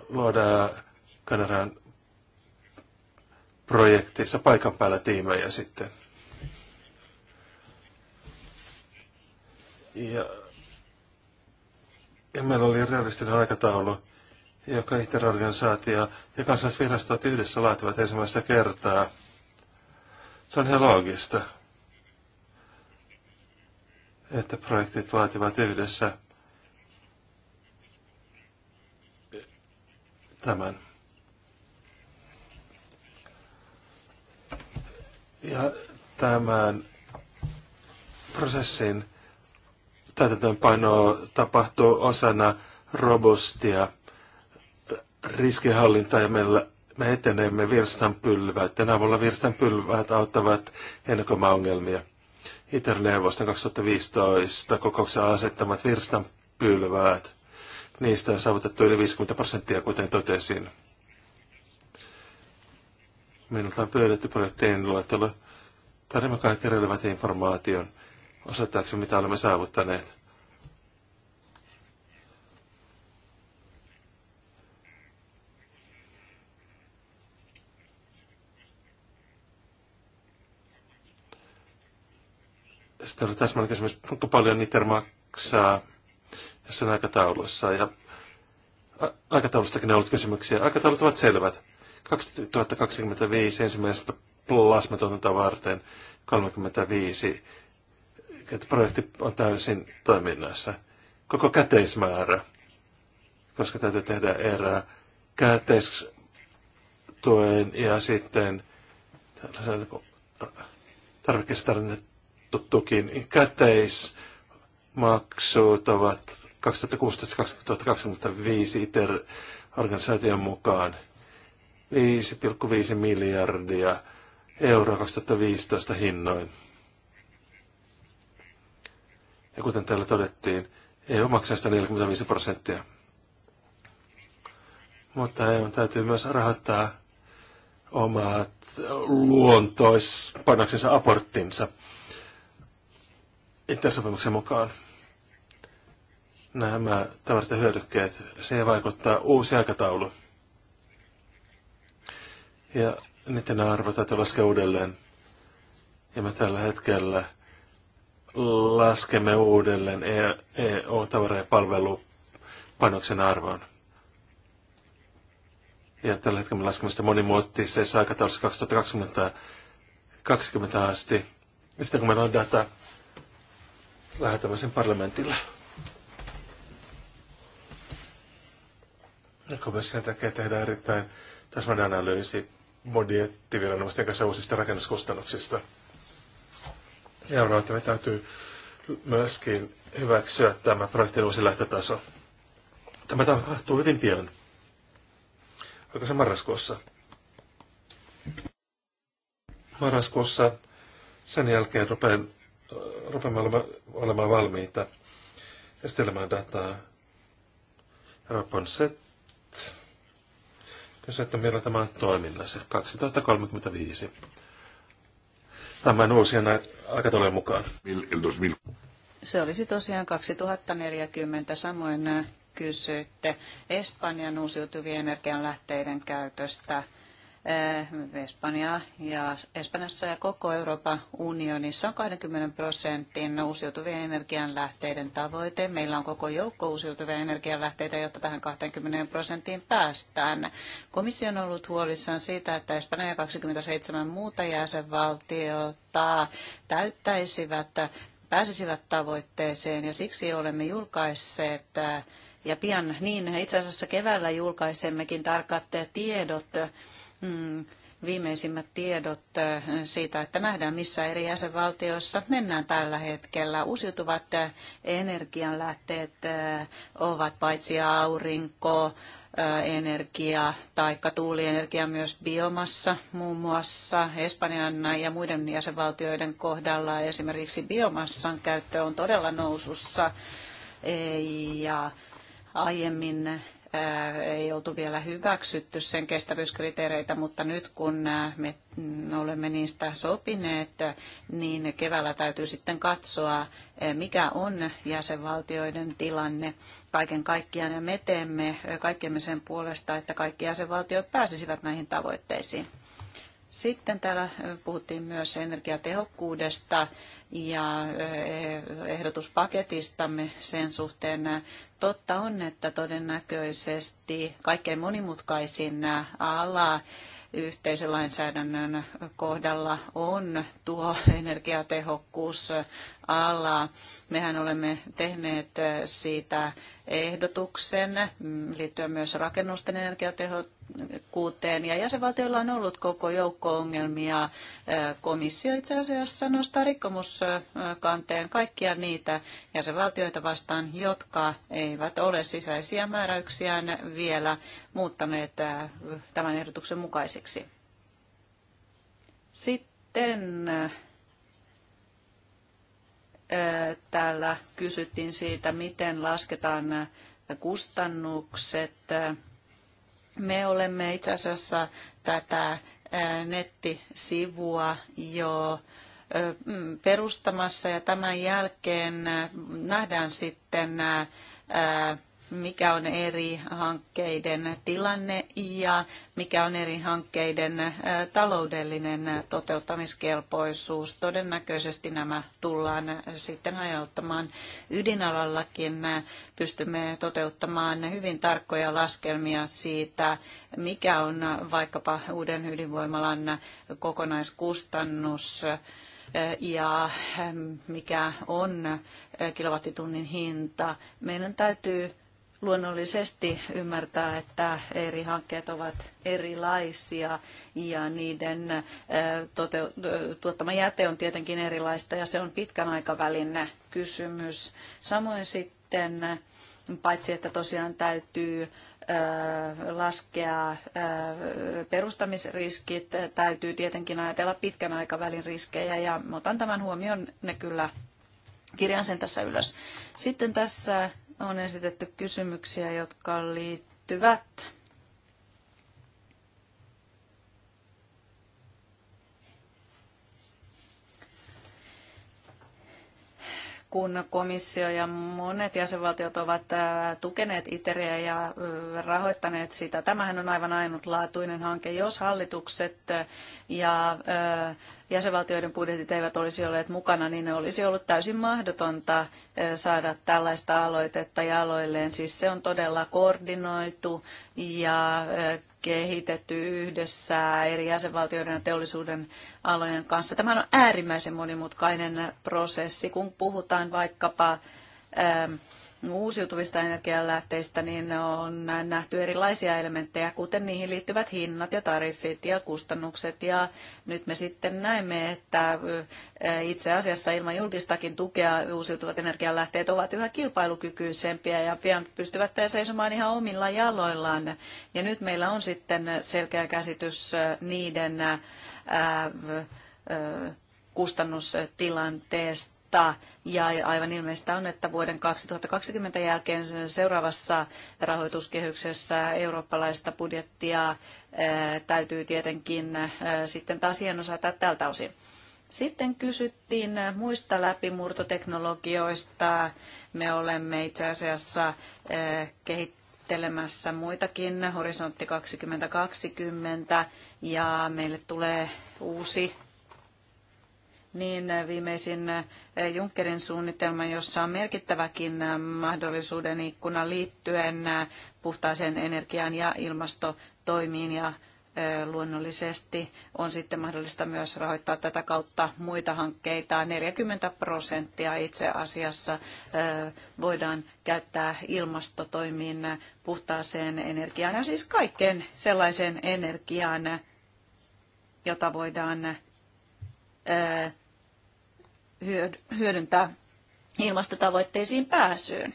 luoda Kanadan projektissa paikan päällä tiimejä sitten. Ja, ja meillä oli realistinen aikataulu joka iter ja kansallisvirastot yhdessä laativat ensimmäistä kertaa. Se on ihan loogista, että projektit laativat yhdessä tämän. Ja tämän prosessin täytäntöönpano tapahtuu osana robustia riskihallinta ja meillä me etenemme virstanpylväät. Tänä avulla virstanpylväät auttavat ennakoimaan ongelmia. Itäneuvoston 2015 kokouksen asettamat virstanpylväät. Niistä on saavutettu yli 50 prosenttia, kuten totesin. Minulta on pyydetty projektiin luettelu. Tarjoamme kaikki relevantin informaation, osoittaakseni mitä olemme saavuttaneet. Sitten oli täsmälleen kysymys, kuinka paljon niitä maksaa jossain aikataulussa. Ja aikataulustakin on ollut kysymyksiä. Aikataulut ovat selvät. 2025 ensimmäistä plasmatuotantoa varten 35, että projekti on täysin toiminnassa. Koko käteismäärä, koska täytyy tehdä erää käteistuen ja sitten niin tarvikkeessa tarvinnut tukin niin käteismaksut ovat 2016-2025 ITER-organisaation mukaan 5,5 miljardia euroa 2015 hinnoin. Ja kuten täällä todettiin, EU maksaa sitä 45 prosenttia. Mutta EU täytyy myös rahoittaa omat luontoispanoksensa aporttinsa – Itä-sopimuksen mukaan nämä tavarat ja hyödykkeet, se vaikuttaa uusi aikataulu. Ja niiden arvo täytyy laskea uudelleen. Ja me tällä hetkellä laskemme uudelleen EU-tavara- ja palvelupanoksen arvon. Ja tällä hetkellä me laskemme sitä monimuottisessa aikataulussa 2020 20 asti. Ja sitten kun meillä on data lähetämme sen parlamentille. Komission takia tehdään erittäin täsmäinen analyysi budjettiviranomaisten kanssa uusista rakennuskustannuksista. Euroa, että me täytyy myöskin hyväksyä tämä projektin uusi lähtötaso. Tämä tapahtuu hyvin pian. Oliko se marraskuussa? Marraskuussa sen jälkeen rupeaa rupeamme olemaan valmiita estelemään dataa. Rapon set. Kysy, että meillä tämä on toiminnassa. 2035. Tämän uusien aikataulujen mukaan. Se olisi tosiaan 2040. Samoin kysyitte Espanjan uusiutuvien energian lähteiden käytöstä Eh, Espanjaa ja Espanjassa ja koko Euroopan unionissa on 20 prosentin uusiutuvien energianlähteiden tavoite. Meillä on koko joukko uusiutuvia energianlähteitä, jotta tähän 20 prosenttiin päästään. Komissio on ollut huolissaan siitä, että Espanja ja 27 muuta jäsenvaltiota täyttäisivät, pääsisivät tavoitteeseen ja siksi olemme julkaisseet ja pian niin itse asiassa keväällä julkaisemmekin tarkat tiedot Mm, viimeisimmät tiedot äh, siitä, että nähdään missä eri jäsenvaltioissa mennään tällä hetkellä. Uusiutuvat äh, energianlähteet äh, ovat paitsi aurinko, energia tai tuulienergia myös biomassa muun muassa. Espanjan ja muiden jäsenvaltioiden kohdalla esimerkiksi biomassan käyttö on todella nousussa ja aiemmin ei oltu vielä hyväksytty sen kestävyyskriteereitä, mutta nyt kun me olemme niistä sopineet, niin keväällä täytyy sitten katsoa, mikä on jäsenvaltioiden tilanne kaiken kaikkiaan. Ja me teemme kaikkemme sen puolesta, että kaikki jäsenvaltiot pääsisivät näihin tavoitteisiin. Sitten täällä puhuttiin myös energiatehokkuudesta ja e, ehdotuspaketistamme sen suhteen. Totta on, että todennäköisesti kaikkein monimutkaisin ala yhteisölainsäädännön kohdalla on tuo energiatehokkuus alaa. Mehän olemme tehneet eh, siitä ehdotuksen mm, liittyen myös rakennusten energiatehokkuuteen. Ja jäsenvaltioilla on ollut koko joukko ongelmia. Eh, komissio itse asiassa nostaa rikkomuskanteen kaikkia niitä jäsenvaltioita vastaan, jotka eivät ole sisäisiä määräyksiään vielä muuttaneet eh, tämän ehdotuksen mukaisiksi. Sitten Täällä kysyttiin siitä, miten lasketaan kustannukset. Me olemme itse asiassa tätä nettisivua jo perustamassa ja tämän jälkeen nähdään sitten mikä on eri hankkeiden tilanne ja mikä on eri hankkeiden taloudellinen toteuttamiskelpoisuus. Todennäköisesti nämä tullaan sitten hajauttamaan ydinalallakin. Pystymme toteuttamaan hyvin tarkkoja laskelmia siitä, mikä on vaikkapa uuden ydinvoimalan kokonaiskustannus ja mikä on kilowattitunnin hinta. Meidän täytyy luonnollisesti ymmärtää, että eri hankkeet ovat erilaisia ja niiden tuottama jäte on tietenkin erilaista ja se on pitkän aikavälin kysymys. Samoin sitten paitsi että tosiaan täytyy laskea perustamisriskit, täytyy tietenkin ajatella pitkän aikavälin riskejä ja otan tämän huomioon, ne kyllä kirjan sen tässä ylös. Sitten tässä on esitetty kysymyksiä, jotka liittyvät kun komissio ja monet jäsenvaltiot ovat äh, tukeneet ITERiä ja äh, rahoittaneet sitä. Tämähän on aivan ainutlaatuinen hanke, jos hallitukset äh, ja jäsenvaltioiden budjetit eivät olisi olleet mukana, niin ne olisi ollut täysin mahdotonta eh, saada tällaista aloitetta jaloilleen. Siis se on todella koordinoitu ja eh, kehitetty yhdessä eri jäsenvaltioiden ja teollisuuden alojen kanssa. Tämä on äärimmäisen monimutkainen prosessi, kun puhutaan vaikkapa eh, uusiutuvista energianlähteistä, niin on nähty erilaisia elementtejä, kuten niihin liittyvät hinnat ja tariffit ja kustannukset. Ja nyt me sitten näemme, että eh, itse asiassa ilman julkistakin tukea uusiutuvat energianlähteet ovat yhä kilpailukykyisempiä ja pian pystyvät seisomaan ihan omilla jaloillaan. Ja nyt meillä on sitten selkeä käsitys eh, niiden eh, kustannustilanteesta ja aivan ilmeistä on, että vuoden 2020 jälkeen seuraavassa rahoituskehyksessä eurooppalaista budjettia täytyy tietenkin sitten taas hienosata tältä osin. Sitten kysyttiin muista läpimurtoteknologioista. Me olemme itse asiassa kehittelemässä muitakin, Horisontti 2020, ja meille tulee uusi niin viimeisin eh, Junckerin suunnitelma, jossa on merkittäväkin eh, mahdollisuuden ikkuna liittyen eh, puhtaaseen energiaan ja ilmastotoimiin ja luonnollisesti on sitten mahdollista myös rahoittaa tätä kautta muita hankkeita. 40 prosenttia itse asiassa voidaan käyttää ilmastotoimiin puhtaaseen energiaan ja siis kaikkeen sellaiseen energiaan, jota voidaan hyödyntää ilmastotavoitteisiin pääsyyn.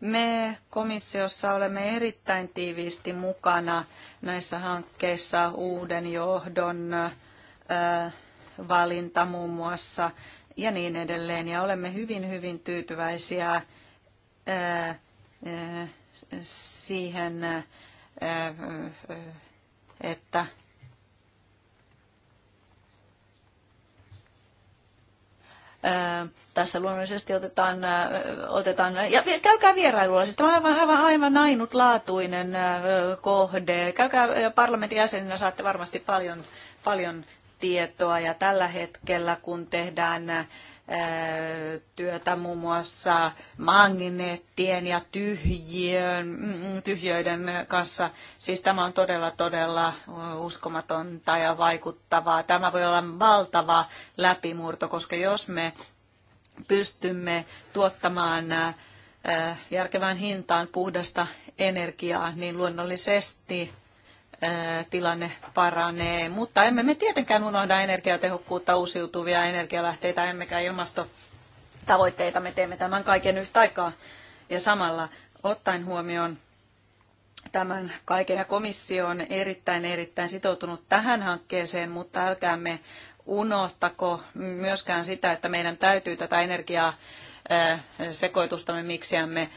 Me komissiossa olemme erittäin tiiviisti mukana näissä hankkeissa uuden johdon valinta muun muassa ja niin edelleen. Ja olemme hyvin, hyvin tyytyväisiä siihen, että tässä luonnollisesti otetaan, otetaan ja käykää vierailulla, siis tämä on aivan, aivan, aivan ainutlaatuinen kohde. Käykää parlamentin jäseninä, saatte varmasti paljon, paljon tietoa ja tällä hetkellä kun tehdään työtä muun muassa magneettien ja tyhjiön, mm, mm, tyhjöiden kanssa. Siis tämä on todella, todella uskomatonta ja vaikuttavaa. Tämä voi olla valtava läpimurto, koska jos me pystymme tuottamaan järkevään hintaan puhdasta energiaa, niin luonnollisesti – tilanne paranee, mutta emme me tietenkään unohda energiatehokkuutta, uusiutuvia energialähteitä, emmekä ilmastotavoitteita. Me teemme tämän kaiken yhtä aikaa ja samalla ottaen huomioon tämän kaiken ja komissio on erittäin erittäin sitoutunut tähän hankkeeseen, mutta älkäämme unohtako myöskään sitä, että meidän täytyy tätä energiaa sekoitustamme miksiämme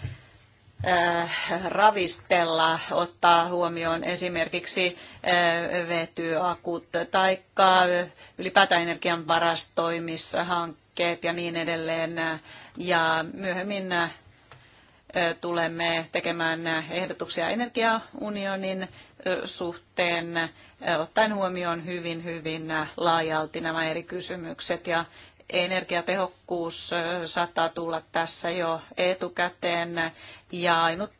Äh, ravistella, ottaa huomioon esimerkiksi äh, vetyakut tai äh, ylipäätään energian varastoimissa hankkeet ja niin edelleen. Ja myöhemmin tulemme tekemään ehdotuksia energiaunionin suhteen ottaen huomioon hyvin, hyvin laajalti nämä eri kysymykset. Ja energiatehokkuus saattaa tulla tässä jo etukäteen ja ainut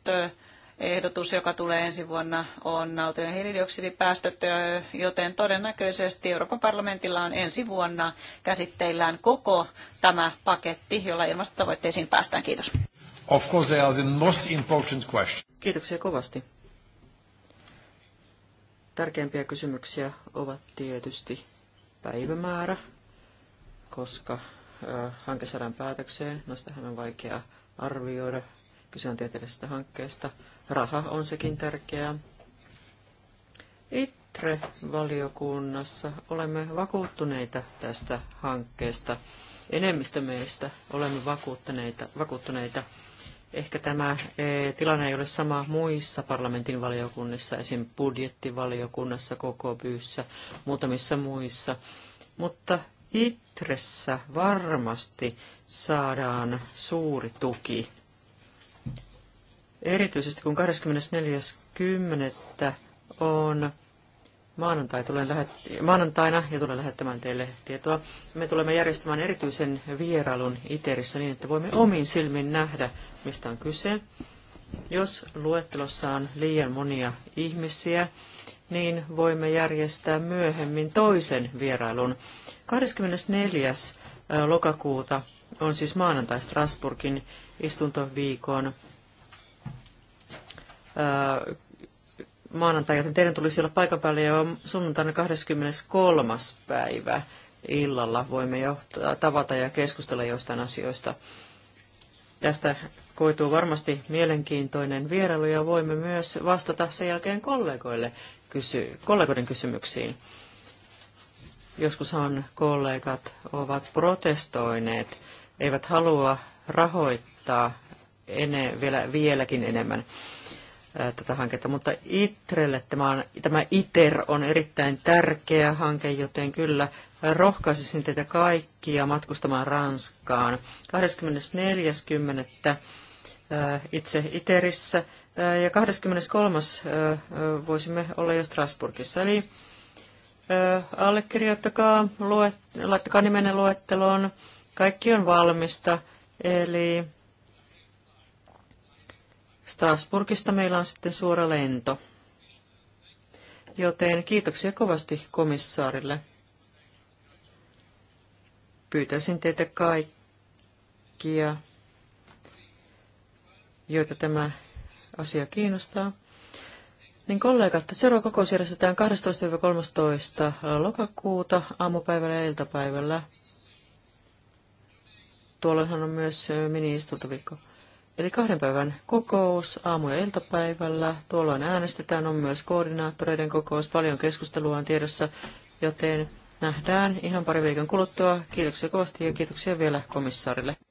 ehdotus, joka tulee ensi vuonna, on autojen hiilidioksidipäästöt, joten todennäköisesti Euroopan parlamentilla on ensi vuonna käsitteillään koko tämä paketti, jolla ilmastotavoitteisiin päästään. Kiitos. Of course they are the most important question. Kiitoksia kovasti. Tärkeimpiä kysymyksiä ovat tietysti päivämäärä, koska hanke saadaan päätökseen. No sitähän on vaikea arvioida. Kyse on tieteellisestä hankkeesta. Raha on sekin tärkeää. ITRE-valiokunnassa olemme vakuuttuneita tästä hankkeesta. Enemmistö meistä olemme vakuuttuneita. vakuuttuneita. Ehkä tämä e, tilanne ei ole sama muissa parlamentin valiokunnissa, esim. budjettivaliokunnassa, KKBYssä, muutamissa muissa. Mutta Itressä varmasti saadaan suuri tuki. Erityisesti kun 24.10. on maanantai, tulen lähet- maanantaina ja tulen lähettämään teille tietoa. Me tulemme järjestämään erityisen vierailun Iterissä niin, että voimme omiin silmin nähdä, mistä on kyse. Jos luettelossa on liian monia ihmisiä, niin voimme järjestää myöhemmin toisen vierailun. 24. lokakuuta on siis maanantai Strasburgin istuntoviikon maanantai, joten teidän tulisi olla paikan päällä jo sunnuntaina 23. päivä illalla. Voimme jo tavata ja keskustella joistain asioista. Tästä koituu varmasti mielenkiintoinen vierailu ja voimme myös vastata sen jälkeen kollegoille, kysy, kollegoiden kysymyksiin. Joskushan kollegat ovat protestoineet, eivät halua rahoittaa ene, vielä, vieläkin enemmän tätä hanketta, mutta ITRElle tämä, on, tämä ITER on erittäin tärkeä hanke, joten kyllä rohkaisisin teitä kaikkia matkustamaan Ranskaan 24.10. itse ITERissä ja 23. voisimme olla jo Strasburgissa. Eli allekirjoittakaa, luet, laittakaa nimenne luetteloon. Kaikki on valmista. Eli Strasburgista meillä on sitten suora lento. Joten kiitoksia kovasti komissaarille. Pyytäisin teitä kaikkia, joita tämä asia kiinnostaa. Niin kollegat, seuraava kokous järjestetään 12-13. lokakuuta aamupäivällä ja iltapäivällä. Tuollahan on myös mini-istuntoviikko. Eli kahden päivän kokous aamu- ja iltapäivällä. Tuolloin äänestetään, on myös koordinaattoreiden kokous, paljon keskustelua on tiedossa, joten nähdään ihan pari viikon kuluttua. Kiitoksia kovasti ja kiitoksia vielä komissaarille.